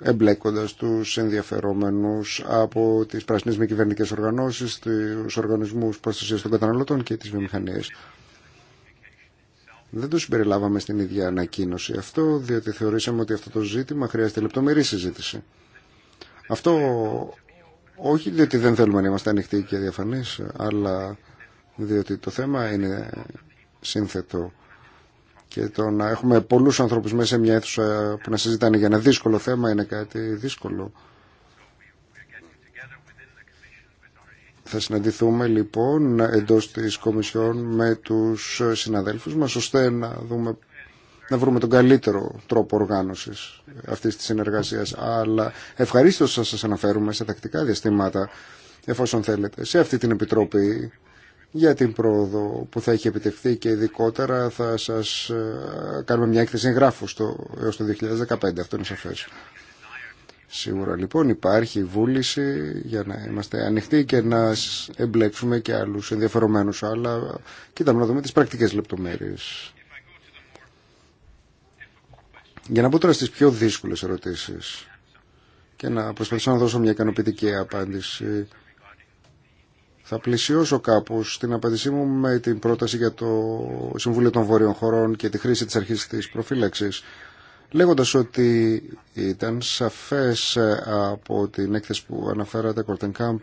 εμπλέκοντας τους ενδιαφερόμενους από τις πράσινες μη κυβερνικές οργανώσεις, τους οργανισμούς προστασίας των καταναλωτών και τις βιομηχανίες. Δεν το συμπεριλάβαμε στην ίδια ανακοίνωση αυτό, διότι θεωρήσαμε ότι αυτό το ζήτημα χρειάζεται λεπτομερή συζήτηση. Αυτό όχι διότι δεν θέλουμε να είμαστε ανοιχτοί και διαφανείς, αλλά διότι το θέμα είναι σύνθετο. Και το να έχουμε πολλούς ανθρώπους μέσα σε μια αίθουσα που να συζητάνε για ένα δύσκολο θέμα είναι κάτι δύσκολο. Θα συναντηθούμε λοιπόν εντό τη Κομισιόν με τους συναδέλφους μα, ώστε να, δούμε, να βρούμε τον καλύτερο τρόπο οργάνωσης αυτής της συνεργασίας. Αλλά ευχαρίστω σα σας αναφέρουμε σε τακτικά διαστήματα εφόσον θέλετε σε αυτή την Επιτροπή για την πρόοδο που θα έχει επιτευχθεί και ειδικότερα θα σας ε, κάνουμε μια έκθεση εγγράφου στο, έως το 2015, αυτό είναι σαφές. Σίγουρα λοιπόν υπάρχει βούληση για να είμαστε ανοιχτοί και να εμπλέξουμε και άλλους ενδιαφερομένους, αλλά κοίταμε να δούμε τις πρακτικές λεπτομέρειες. Για να πω τώρα στις πιο δύσκολες ερωτήσεις και να προσπαθήσω να δώσω μια ικανοποιητική απάντηση. Θα πλησιώσω κάπως στην απάντησή μου με την πρόταση για το Συμβούλιο των Βόρειων Χωρών και τη χρήση της αρχής της προφύλαξης λέγοντας ότι ήταν σαφές ε, από την έκθεση που αναφέρατε, Κορτεν Κάμπ,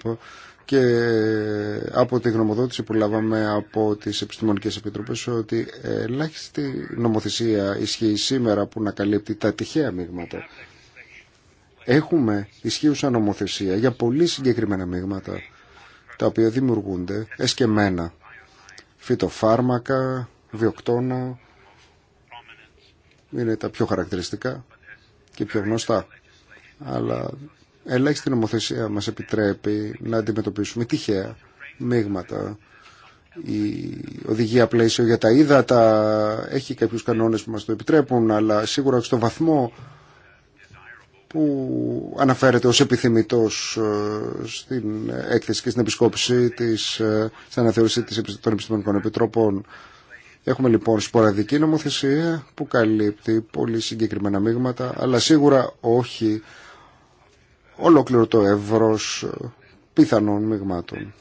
και ε, από τη γνωμοδότηση που λάβαμε από τις επιστημονικές επιτροπές ότι ελάχιστη νομοθεσία ισχύει σήμερα που να καλύπτει τα τυχαία μείγματα. Έχουμε ισχύουσα νομοθεσία για πολύ συγκεκριμένα μείγματα τα οποία δημιουργούνται εσκεμένα. Φυτοφάρμακα, βιοκτόνα, είναι τα πιο χαρακτηριστικά και πιο γνωστά. Αλλά ελάχιστη νομοθεσία μας επιτρέπει να αντιμετωπίσουμε τυχαία μείγματα. Η οδηγία πλαίσιο για τα ύδατα έχει κάποιους κανόνες που μας το επιτρέπουν, αλλά σίγουρα στο βαθμό που αναφέρεται ως επιθυμητός ε, στην έκθεση και στην επισκόπηση της, ε, στην αναθεώρηση της, των επιστημονικών επιτροπών. Έχουμε λοιπόν σποραδική νομοθεσία που καλύπτει πολύ συγκεκριμένα μείγματα, αλλά σίγουρα όχι ολόκληρο το εύρος ε, πιθανών μειγμάτων.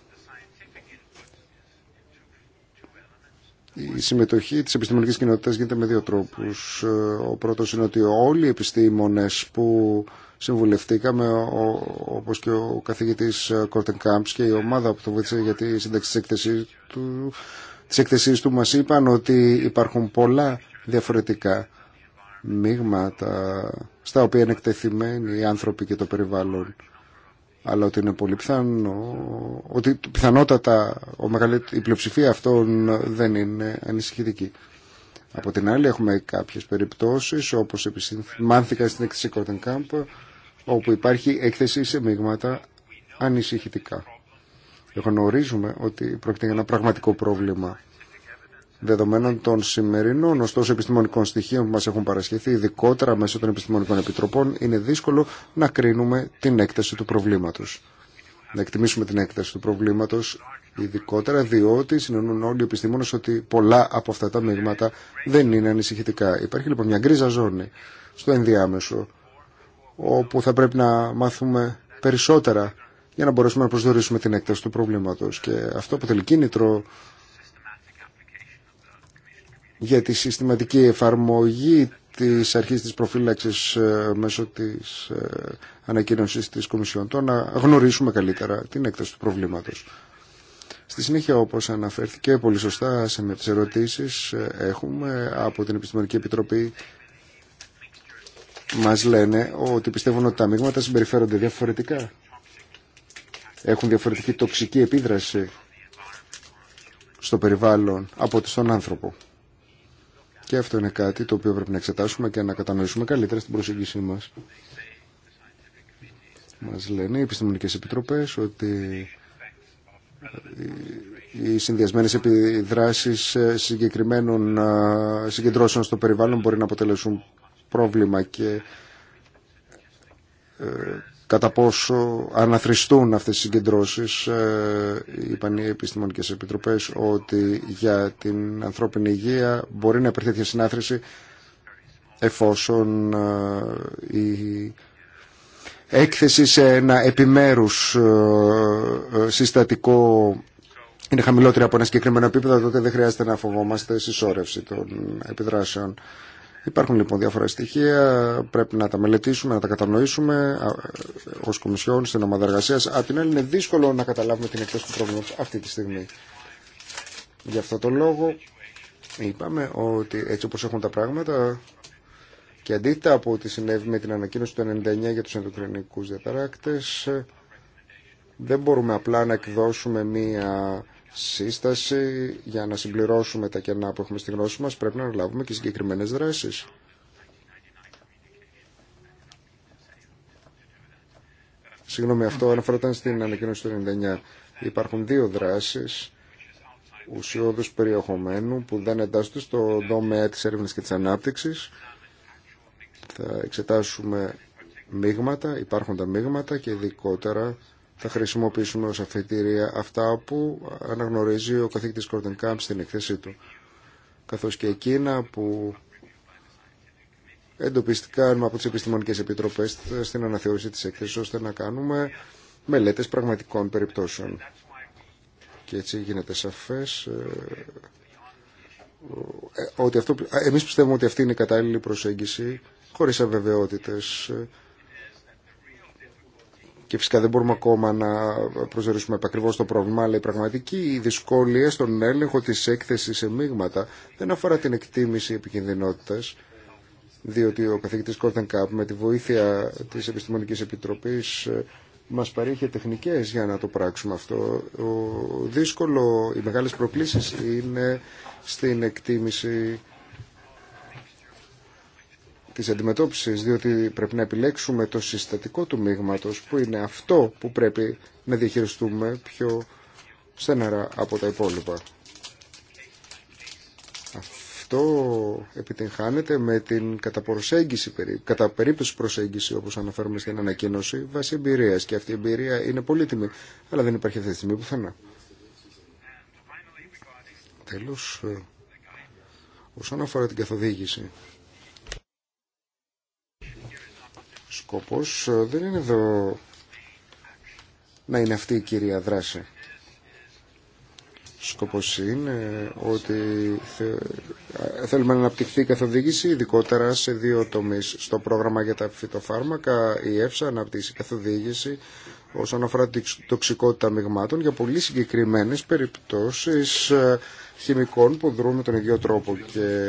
Η συμμετοχή της επιστημονικής κοινότητας γίνεται με δύο τρόπους. Ε, ο πρώτος είναι ότι όλοι οι επιστήμονες που συμβουλευτήκαμε, όπως και ο καθηγητής ε, Κόρτεν Κάμπς και η ομάδα που το βοήθησε για τη σύνταξη της έκθεσής του, της μας είπαν ότι υπάρχουν πολλά διαφορετικά μείγματα στα οποία είναι εκτεθειμένοι οι άνθρωποι και το περιβάλλον αλλά ότι είναι πολύ πιθανό, ότι πιθανότατα ο η πλειοψηφία αυτών δεν είναι ανησυχητική. Από την άλλη έχουμε κάποιες περιπτώσεις όπως επισημάνθηκαν στην έκθεση Cotton Κάμπ, όπου υπάρχει έκθεση σε μείγματα ανησυχητικά. Γνωρίζουμε ότι πρόκειται για ένα πραγματικό πρόβλημα δεδομένων των σημερινών ωστόσο επιστημονικών στοιχείων που μας έχουν παρασχεθεί, ειδικότερα μέσω των επιστημονικών επιτροπών, είναι δύσκολο να κρίνουμε την έκταση του προβλήματος. Να εκτιμήσουμε την έκταση του προβλήματος ειδικότερα διότι συνεννούν όλοι οι επιστήμονες ότι πολλά από αυτά τα μείγματα δεν είναι ανησυχητικά. Υπάρχει λοιπόν μια γκρίζα ζώνη στο ενδιάμεσο όπου θα πρέπει να μάθουμε περισσότερα για να μπορέσουμε να προσδιορίσουμε την έκταση του προβλήματος και αυτό αποτελεί κίνητρο για τη συστηματική εφαρμογή της αρχής της προφύλαξης ε, μέσω της ε, ανακοίνωσης της Κομισιόν να γνωρίσουμε καλύτερα την έκταση του προβλήματος. Στη συνέχεια, όπως αναφέρθηκε πολύ σωστά σε μια ερωτήσεις, ε, έχουμε από την Επιστημονική Επιτροπή μας λένε ότι πιστεύουν ότι τα μείγματα συμπεριφέρονται διαφορετικά. Έχουν διαφορετική τοξική επίδραση στο περιβάλλον από τον στον άνθρωπο. Και αυτό είναι κάτι το οποίο πρέπει να εξετάσουμε και να κατανοήσουμε καλύτερα στην προσέγγιση μας. Μας λένε οι επιστημονικές επιτροπές ότι οι συνδυασμένες επιδράσεις συγκεκριμένων συγκεντρώσεων στο περιβάλλον μπορεί να αποτελέσουν πρόβλημα και ε, κατά πόσο αναθριστούν αυτές οι συγκεντρώσεις ε, είπαν οι επιστημονικές επιτροπές ότι για την ανθρώπινη υγεία μπορεί να υπάρχει τέτοια συνάθρηση εφόσον ε, η έκθεση σε ένα επιμέρους ε, συστατικό είναι χαμηλότερη από ένα συγκεκριμένο επίπεδο τότε δεν χρειάζεται να φοβόμαστε συσσόρευση των επιδράσεων. Υπάρχουν λοιπόν διάφορα στοιχεία, πρέπει να τα μελετήσουμε, να τα κατανοήσουμε ω Κομισιόν στην ομάδα εργασία. Απ' την άλλη, είναι δύσκολο να καταλάβουμε την εκτέλεση του πρόβληματο αυτή τη στιγμή. Γι' αυτό το λόγο είπαμε ότι έτσι όπω έχουν τα πράγματα και αντίθετα από ό,τι συνέβη με την ανακοίνωση του 99 για του ενδοκρινικούς διαταράκτε, δεν μπορούμε απλά να εκδώσουμε μία σύσταση για να συμπληρώσουμε τα κενά που έχουμε στη γνώση μας πρέπει να λάβουμε και συγκεκριμένες δράσεις. Συγγνώμη, αυτό αναφέρονταν στην ανακοίνωση του 99. Υπάρχουν δύο δράσεις ουσιώδους περιεχομένου που δεν εντάσσονται στο τομέα της έρευνας και της ανάπτυξης. Θα εξετάσουμε μείγματα, υπάρχουν τα μείγματα και ειδικότερα θα χρησιμοποιήσουμε ως αφετηρία αυτά που αναγνωρίζει ο καθηγητής Κόρτεν Κάμπ στην εκθέσή του καθώς και εκείνα που εντοπίστηκαν από τις επιστημονικές επιτροπές στην αναθεώρηση της έκθεσης ώστε να κάνουμε μελέτες πραγματικών περιπτώσεων. Και έτσι γίνεται σαφές ε, ε, ότι αυτό, ε, εμείς πιστεύουμε ότι αυτή είναι η κατάλληλη προσέγγιση χωρίς αβεβαιότητες και φυσικά δεν μπορούμε ακόμα να προσδιορίσουμε ακριβώς το πρόβλημα, αλλά η οι δυσκολία στον έλεγχο τη έκθεση σε μείγματα δεν αφορά την εκτίμηση επικινδυνότητα, διότι ο καθηγητή Κόρτεν Κάπ με τη βοήθεια τη Επιστημονική Επιτροπή ε, μας παρήχε τεχνικές για να το πράξουμε αυτό. Ο δύσκολο, οι μεγάλε προκλήσει είναι στην εκτίμηση της αντιμετώπισης, διότι πρέπει να επιλέξουμε το συστατικό του μείγματος, που είναι αυτό που πρέπει να διαχειριστούμε πιο στεναρά από τα υπόλοιπα. Αυτό επιτυγχάνεται με την κατά, κατά περίπτωση προσέγγιση, όπως αναφέρουμε στην ανακοίνωση, βάσει εμπειρία. Και αυτή η εμπειρία είναι πολύτιμη, αλλά δεν υπάρχει αυτή τη στιγμή πουθενά. Τέλος, ε, όσον αφορά την καθοδήγηση, Σκοπός ε, δεν είναι εδώ να είναι αυτή η κυρία δράση. Σκοπός είναι ότι θέλουμε να αναπτυχθεί η καθοδήγηση ειδικότερα σε δύο τομείς. Στο πρόγραμμα για τα φυτοφάρμακα η ΕΦΣΑ αναπτύσσει καθοδήγηση όσον αφορά την τοξικότητα μειγμάτων για πολύ συγκεκριμένες περιπτώσεις ε, χημικών που δρούν με τον ίδιο τρόπο και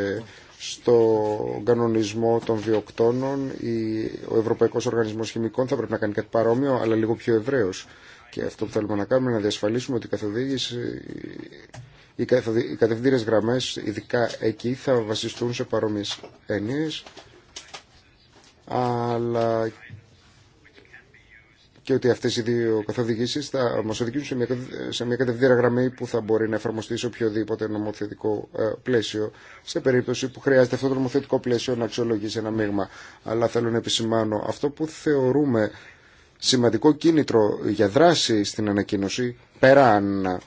στο κανονισμό των βιοκτώνων ή ο Ευρωπαϊκός Οργανισμός Χημικών θα πρέπει να κάνει κάτι παρόμοιο αλλά λίγο πιο ευρέως. Και αυτό που θέλουμε να κάνουμε είναι να διασφαλίσουμε ότι η καθοδήγηση, οι κατευθυντήρε γραμμέ, ειδικά εκεί, θα πρεπει να κανει κατι παρομοιο αλλα λιγο πιο ευρεως και αυτο που θελουμε να κανουμε ειναι να διασφαλισουμε οτι η οι κατευθυντηρε γραμμε ειδικα εκει θα βασιστουν σε παρόμοιε έννοιε, αλλά και ότι αυτέ οι δύο καθοδηγήσει θα μα οδηγήσουν σε μια, σε γραμμή που θα μπορεί να εφαρμοστεί σε οποιοδήποτε νομοθετικό ε, πλαίσιο σε περίπτωση που χρειάζεται αυτό το νομοθετικό πλαίσιο να αξιολογήσει ένα μείγμα. Αλλά θέλω να επισημάνω αυτό που θεωρούμε σημαντικό κίνητρο για δράση στην ανακοίνωση πέραν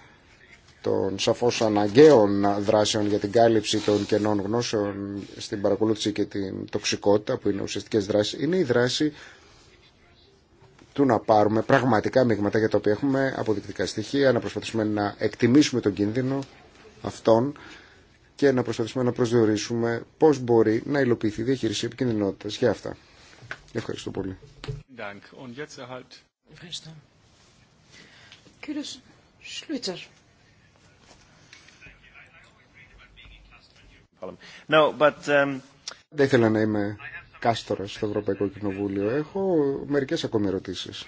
των σαφώ αναγκαίων δράσεων για την κάλυψη των κενών γνώσεων στην παρακολούθηση και την τοξικότητα που είναι ουσιαστικέ δράσει, είναι η δράση του να πάρουμε πραγματικά μείγματα για τα οποία έχουμε αποδεικτικά στοιχεία, να προσπαθήσουμε να εκτιμήσουμε τον κίνδυνο αυτών και να προσπαθήσουμε να προσδιορίσουμε πώς μπορεί να υλοποιηθεί η διαχείριση επικίνδυνότητα για αυτά. Ευχαριστώ πολύ. Um, Δεν ήθελα να είμαι κάστορα στο Ευρωπαϊκό Κοινοβούλιο. Έχω μερικές ακόμη ερωτήσεις.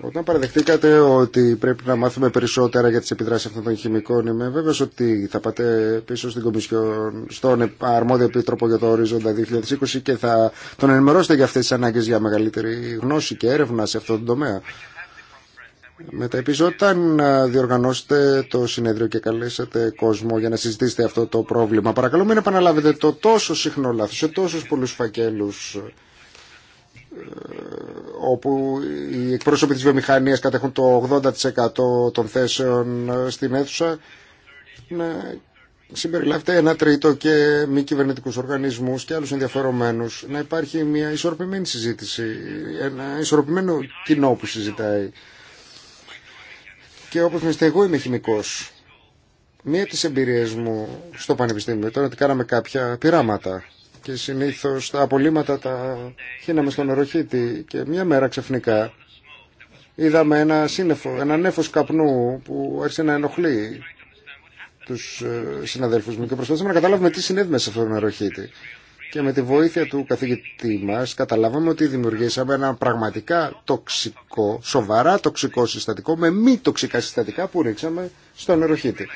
Όταν παραδεχτήκατε ότι πρέπει να μάθουμε περισσότερα για τις επιδράσεις αυτών των χημικών, είμαι βέβαιος ότι θα πάτε πίσω στην Κομισιόν, στον αρμόδιο επίτροπο για το ορίζοντα 2020 και θα τον ενημερώσετε για αυτές τις ανάγκες για μεγαλύτερη γνώση και έρευνα σε αυτό το τομέα με τα επίσης όταν διοργανώσετε το συνέδριο και καλέσατε κόσμο για να συζητήσετε αυτό το πρόβλημα παρακαλώ μην επαναλάβετε το τόσο συχνό λάθο, σε τόσους πολλούς φακέλους ε, όπου οι εκπρόσωποι της βιομηχανίας κατέχουν το 80% των θέσεων ε, στην αίθουσα να συμπεριλάβετε ένα τρίτο και μη κυβερνητικούς οργανισμούς και άλλους ενδιαφερομένους να υπάρχει μια ισορροπημένη συζήτηση ένα ισορροπημένο κοινό που συζητάει και όπως γνωρίζετε εγώ είμαι χημικός. Μία από τις εμπειρίες μου στο πανεπιστήμιο ήταν ότι κάναμε κάποια πειράματα και συνήθως τα απολύματα τα χύναμε στον νεροχύτη και μια μέρα ξαφνικά είδαμε ένα σύννεφο, ένα νέφος καπνού που άρχισε να ενοχλεί τους ε, συναδέλφους μου και προσπαθήσαμε να καταλάβουμε τι συνέβη μέσα σε αυτόν τον νεροχύτη και με τη βοήθεια του καθηγητή μας καταλάβαμε ότι δημιουργήσαμε ένα πραγματικά τοξικό, σοβαρά τοξικό συστατικό με μη τοξικά συστατικά που ρίξαμε στο νεροχύτη.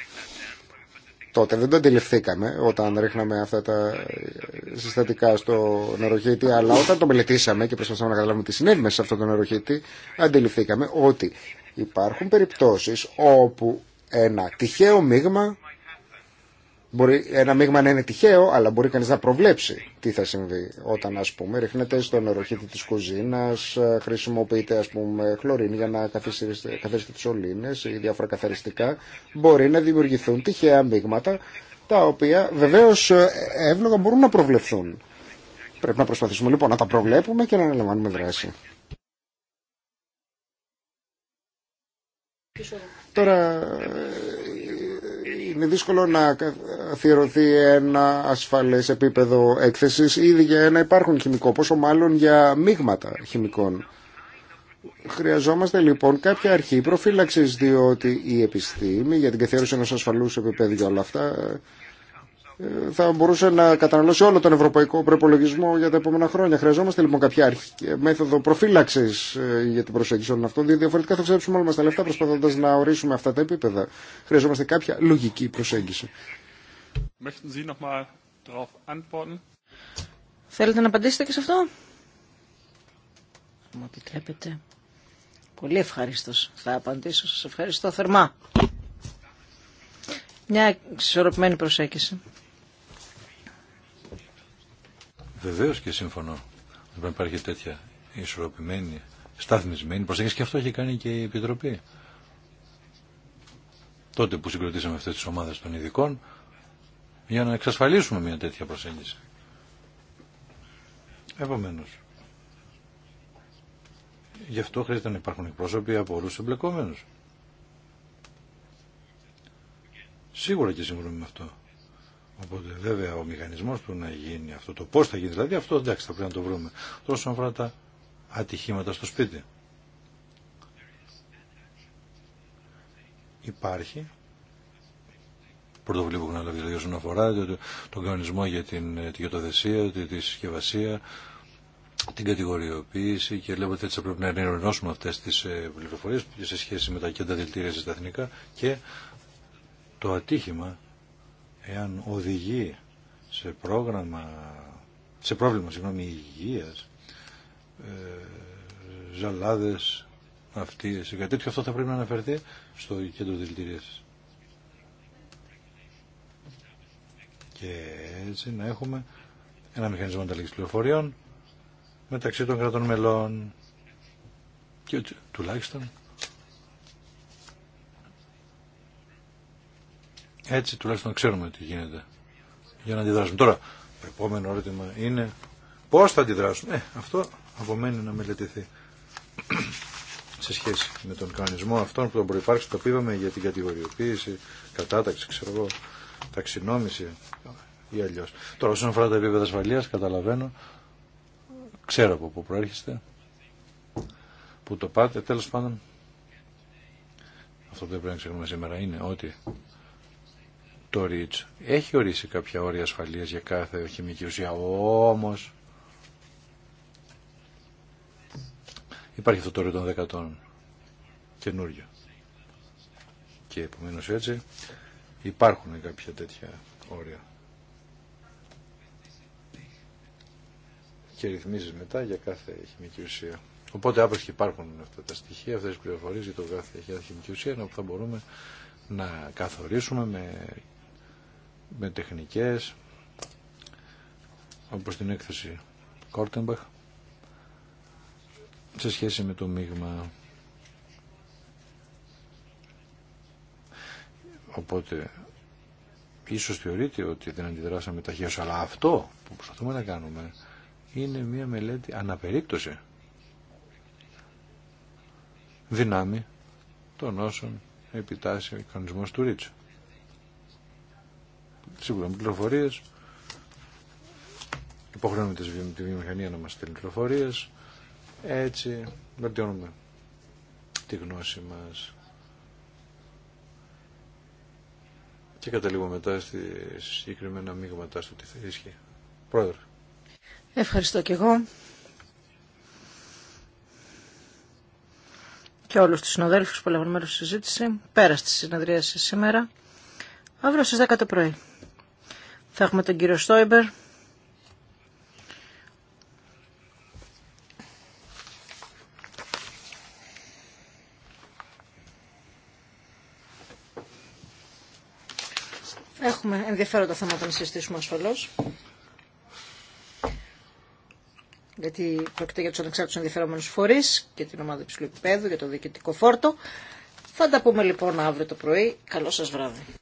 Τότε δεν το αντιληφθήκαμε όταν ρίχναμε αυτά τα συστατικά στο νεροχύτη, αλλά όταν το μελετήσαμε και προσπαθήσαμε να καταλάβουμε τι συνέβη μέσα σε αυτό το νεροχύτη, αντιληφθήκαμε ότι υπάρχουν περιπτώσεις όπου ένα τυχαίο μείγμα Μπορεί ένα μείγμα να είναι τυχαίο, αλλά μπορεί κανείς να προβλέψει τι θα συμβεί όταν, ας πούμε, ρίχνεται στο νεροχύτη της κουζίνας, ε, χρησιμοποιείται, ας πούμε, χλωρίνη για να καθαρίσετε τις ολίνες ή διάφορα καθαριστικά. Μπορεί να δημιουργηθούν τυχαία μείγματα, τα οποία βεβαίως ε, εύλογα μπορούν να προβλεφθούν. Πρέπει να προσπαθήσουμε λοιπόν να τα προβλέπουμε και να αναλαμβάνουμε δράση. Τώρα είναι δύσκολο να θυρωθεί ένα ασφαλές επίπεδο έκθεσης ήδη για ένα υπάρχουν χημικό, πόσο μάλλον για μείγματα χημικών. Χρειαζόμαστε λοιπόν κάποια αρχή προφύλαξης, διότι η επιστήμη για την καθιέρωση ενός ασφαλούς επίπεδου για όλα αυτά θα μπορούσε να καταναλώσει όλο τον ευρωπαϊκό προπολογισμό για τα επόμενα χρόνια. Χρειαζόμαστε λοιπόν κάποια μέθοδο προφύλαξη ε, για την προσέγγιση όλων αυτών, διότι διαφορετικά θα ξέψουμε όλα μα τα λεφτά προσπαθώντα να ορίσουμε αυτά τα επίπεδα. Χρειαζόμαστε κάποια λογική προσέγγιση. Θέλετε να απαντήσετε και σε αυτό. Μου επιτρέπετε. Πολύ ευχαριστώ. Θα απαντήσω. σα ευχαριστώ θερμά. Μια εξισορροπημένη προσέγγιση. Βεβαίως και συμφωνώ ότι υπάρχει τέτοια ισορροπημένη, σταθμισμένη προσέγγιση και αυτό έχει κάνει και η Επιτροπή. Τότε που συγκροτήσαμε αυτές τις ομάδες των ειδικών για να εξασφαλίσουμε μια τέτοια προσέγγιση. Επομένως, γι' αυτό χρειάζεται να υπάρχουν εκπρόσωποι από όλους τους εμπλεκόμενους. Σίγουρα και συμφωνούμε με αυτό. Οπότε βέβαια ο μηχανισμός του να γίνει αυτό, το πώς θα γίνει δηλαδή, αυτό εντάξει θα πρέπει να το βρούμε. Τόσο αφορά τα ατυχήματα στο σπίτι. Υπάρχει πρωτοβουλία που έχουν αναλάβει δηλαδή όσον αφορά τον κανονισμό για την ε, γεωτοδεσία, τη, τη συσκευασία, την κατηγοριοποίηση και λέω ότι έτσι θα πρέπει να ενημερώσουμε αυτέ τι ε, πληροφορίε σε σχέση με τα κέντρα δηλητήρια στα εθνικά και το ατύχημα εάν οδηγεί σε πρόγραμμα, σε πρόβλημα συγγνώμη, υγείας, ε, ζαλάδες, αυτοί σε κάτι τέτοιο, αυτό θα πρέπει να αναφερθεί στο κέντρο δηλητηρίας. Και έτσι να έχουμε ένα μηχανισμό ανταλλαγής πληροφοριών μεταξύ των κρατών μελών και τουλάχιστον Έτσι τουλάχιστον ξέρουμε τι γίνεται για να αντιδράσουμε. Τώρα, το επόμενο ερώτημα είναι πώς θα αντιδράσουμε. Ε, αυτό απομένει να μελετηθεί σε σχέση με τον κανονισμό αυτών που τον προϋπάρξει, το είπαμε για την κατηγοριοποίηση, κατάταξη, ξέρω εγώ, ταξινόμηση ή αλλιώ. Τώρα, όσον αφορά τα επίπεδα ασφαλεία, καταλαβαίνω, ξέρω από πού προέρχεστε, που το πάτε, τέλος πάντων, αυτό που δεν πρέπει να ξεχνούμε σήμερα είναι ότι το ΡΙΤΣ έχει ορίσει κάποια όρια ασφαλείας για κάθε χημική ουσία, όμως υπάρχει αυτό το όριο των δεκατών καινούριο. Και επομένως έτσι υπάρχουν κάποια τέτοια όρια. Και ρυθμίζεις μετά για κάθε χημική ουσία. Οπότε άπρος και υπάρχουν αυτά τα στοιχεία, αυτές τις πληροφορίες για το κάθε χημική ουσία, που θα μπορούμε να καθορίσουμε με με τεχνικές όπως την έκθεση Κόρτεμπαχ σε σχέση με το μείγμα οπότε ίσως θεωρείται ότι δεν αντιδράσαμε ταχύως αλλά αυτό που προσπαθούμε να κάνουμε είναι μια μελέτη αναπερίπτωση δυνάμει των όσων επιτάσσει ο κανονισμός του Ρίτσου σίγουρα με πληροφορίε. Υποχρεώνουμε τη βιομηχανία να μα στέλνει πληροφορίε. Έτσι βελτιώνουμε τη γνώση μας. Και καταλήγουμε μετά στη συγκεκριμένα μείγματα στο τι θα ίσχυε. Πρόεδρε. Ευχαριστώ και εγώ. Και όλους τους συνοδέλφους που λαμβανούν μέρος στη συζήτηση. Πέρα στη συνεδρίαση σήμερα. Αύριο στις 10 το πρωί. Θα έχουμε τον κύριο Στόιμπερ. Έχουμε ενδιαφέροντα θέματα να συζητήσουμε ασφαλώς. Γιατί πρόκειται για του ανεξάρτητου ενδιαφερόμενου φορεί και την ομάδα υψηλού επίπεδου για το διοικητικό φόρτο. Θα τα πούμε λοιπόν αύριο το πρωί. Καλό σα βράδυ.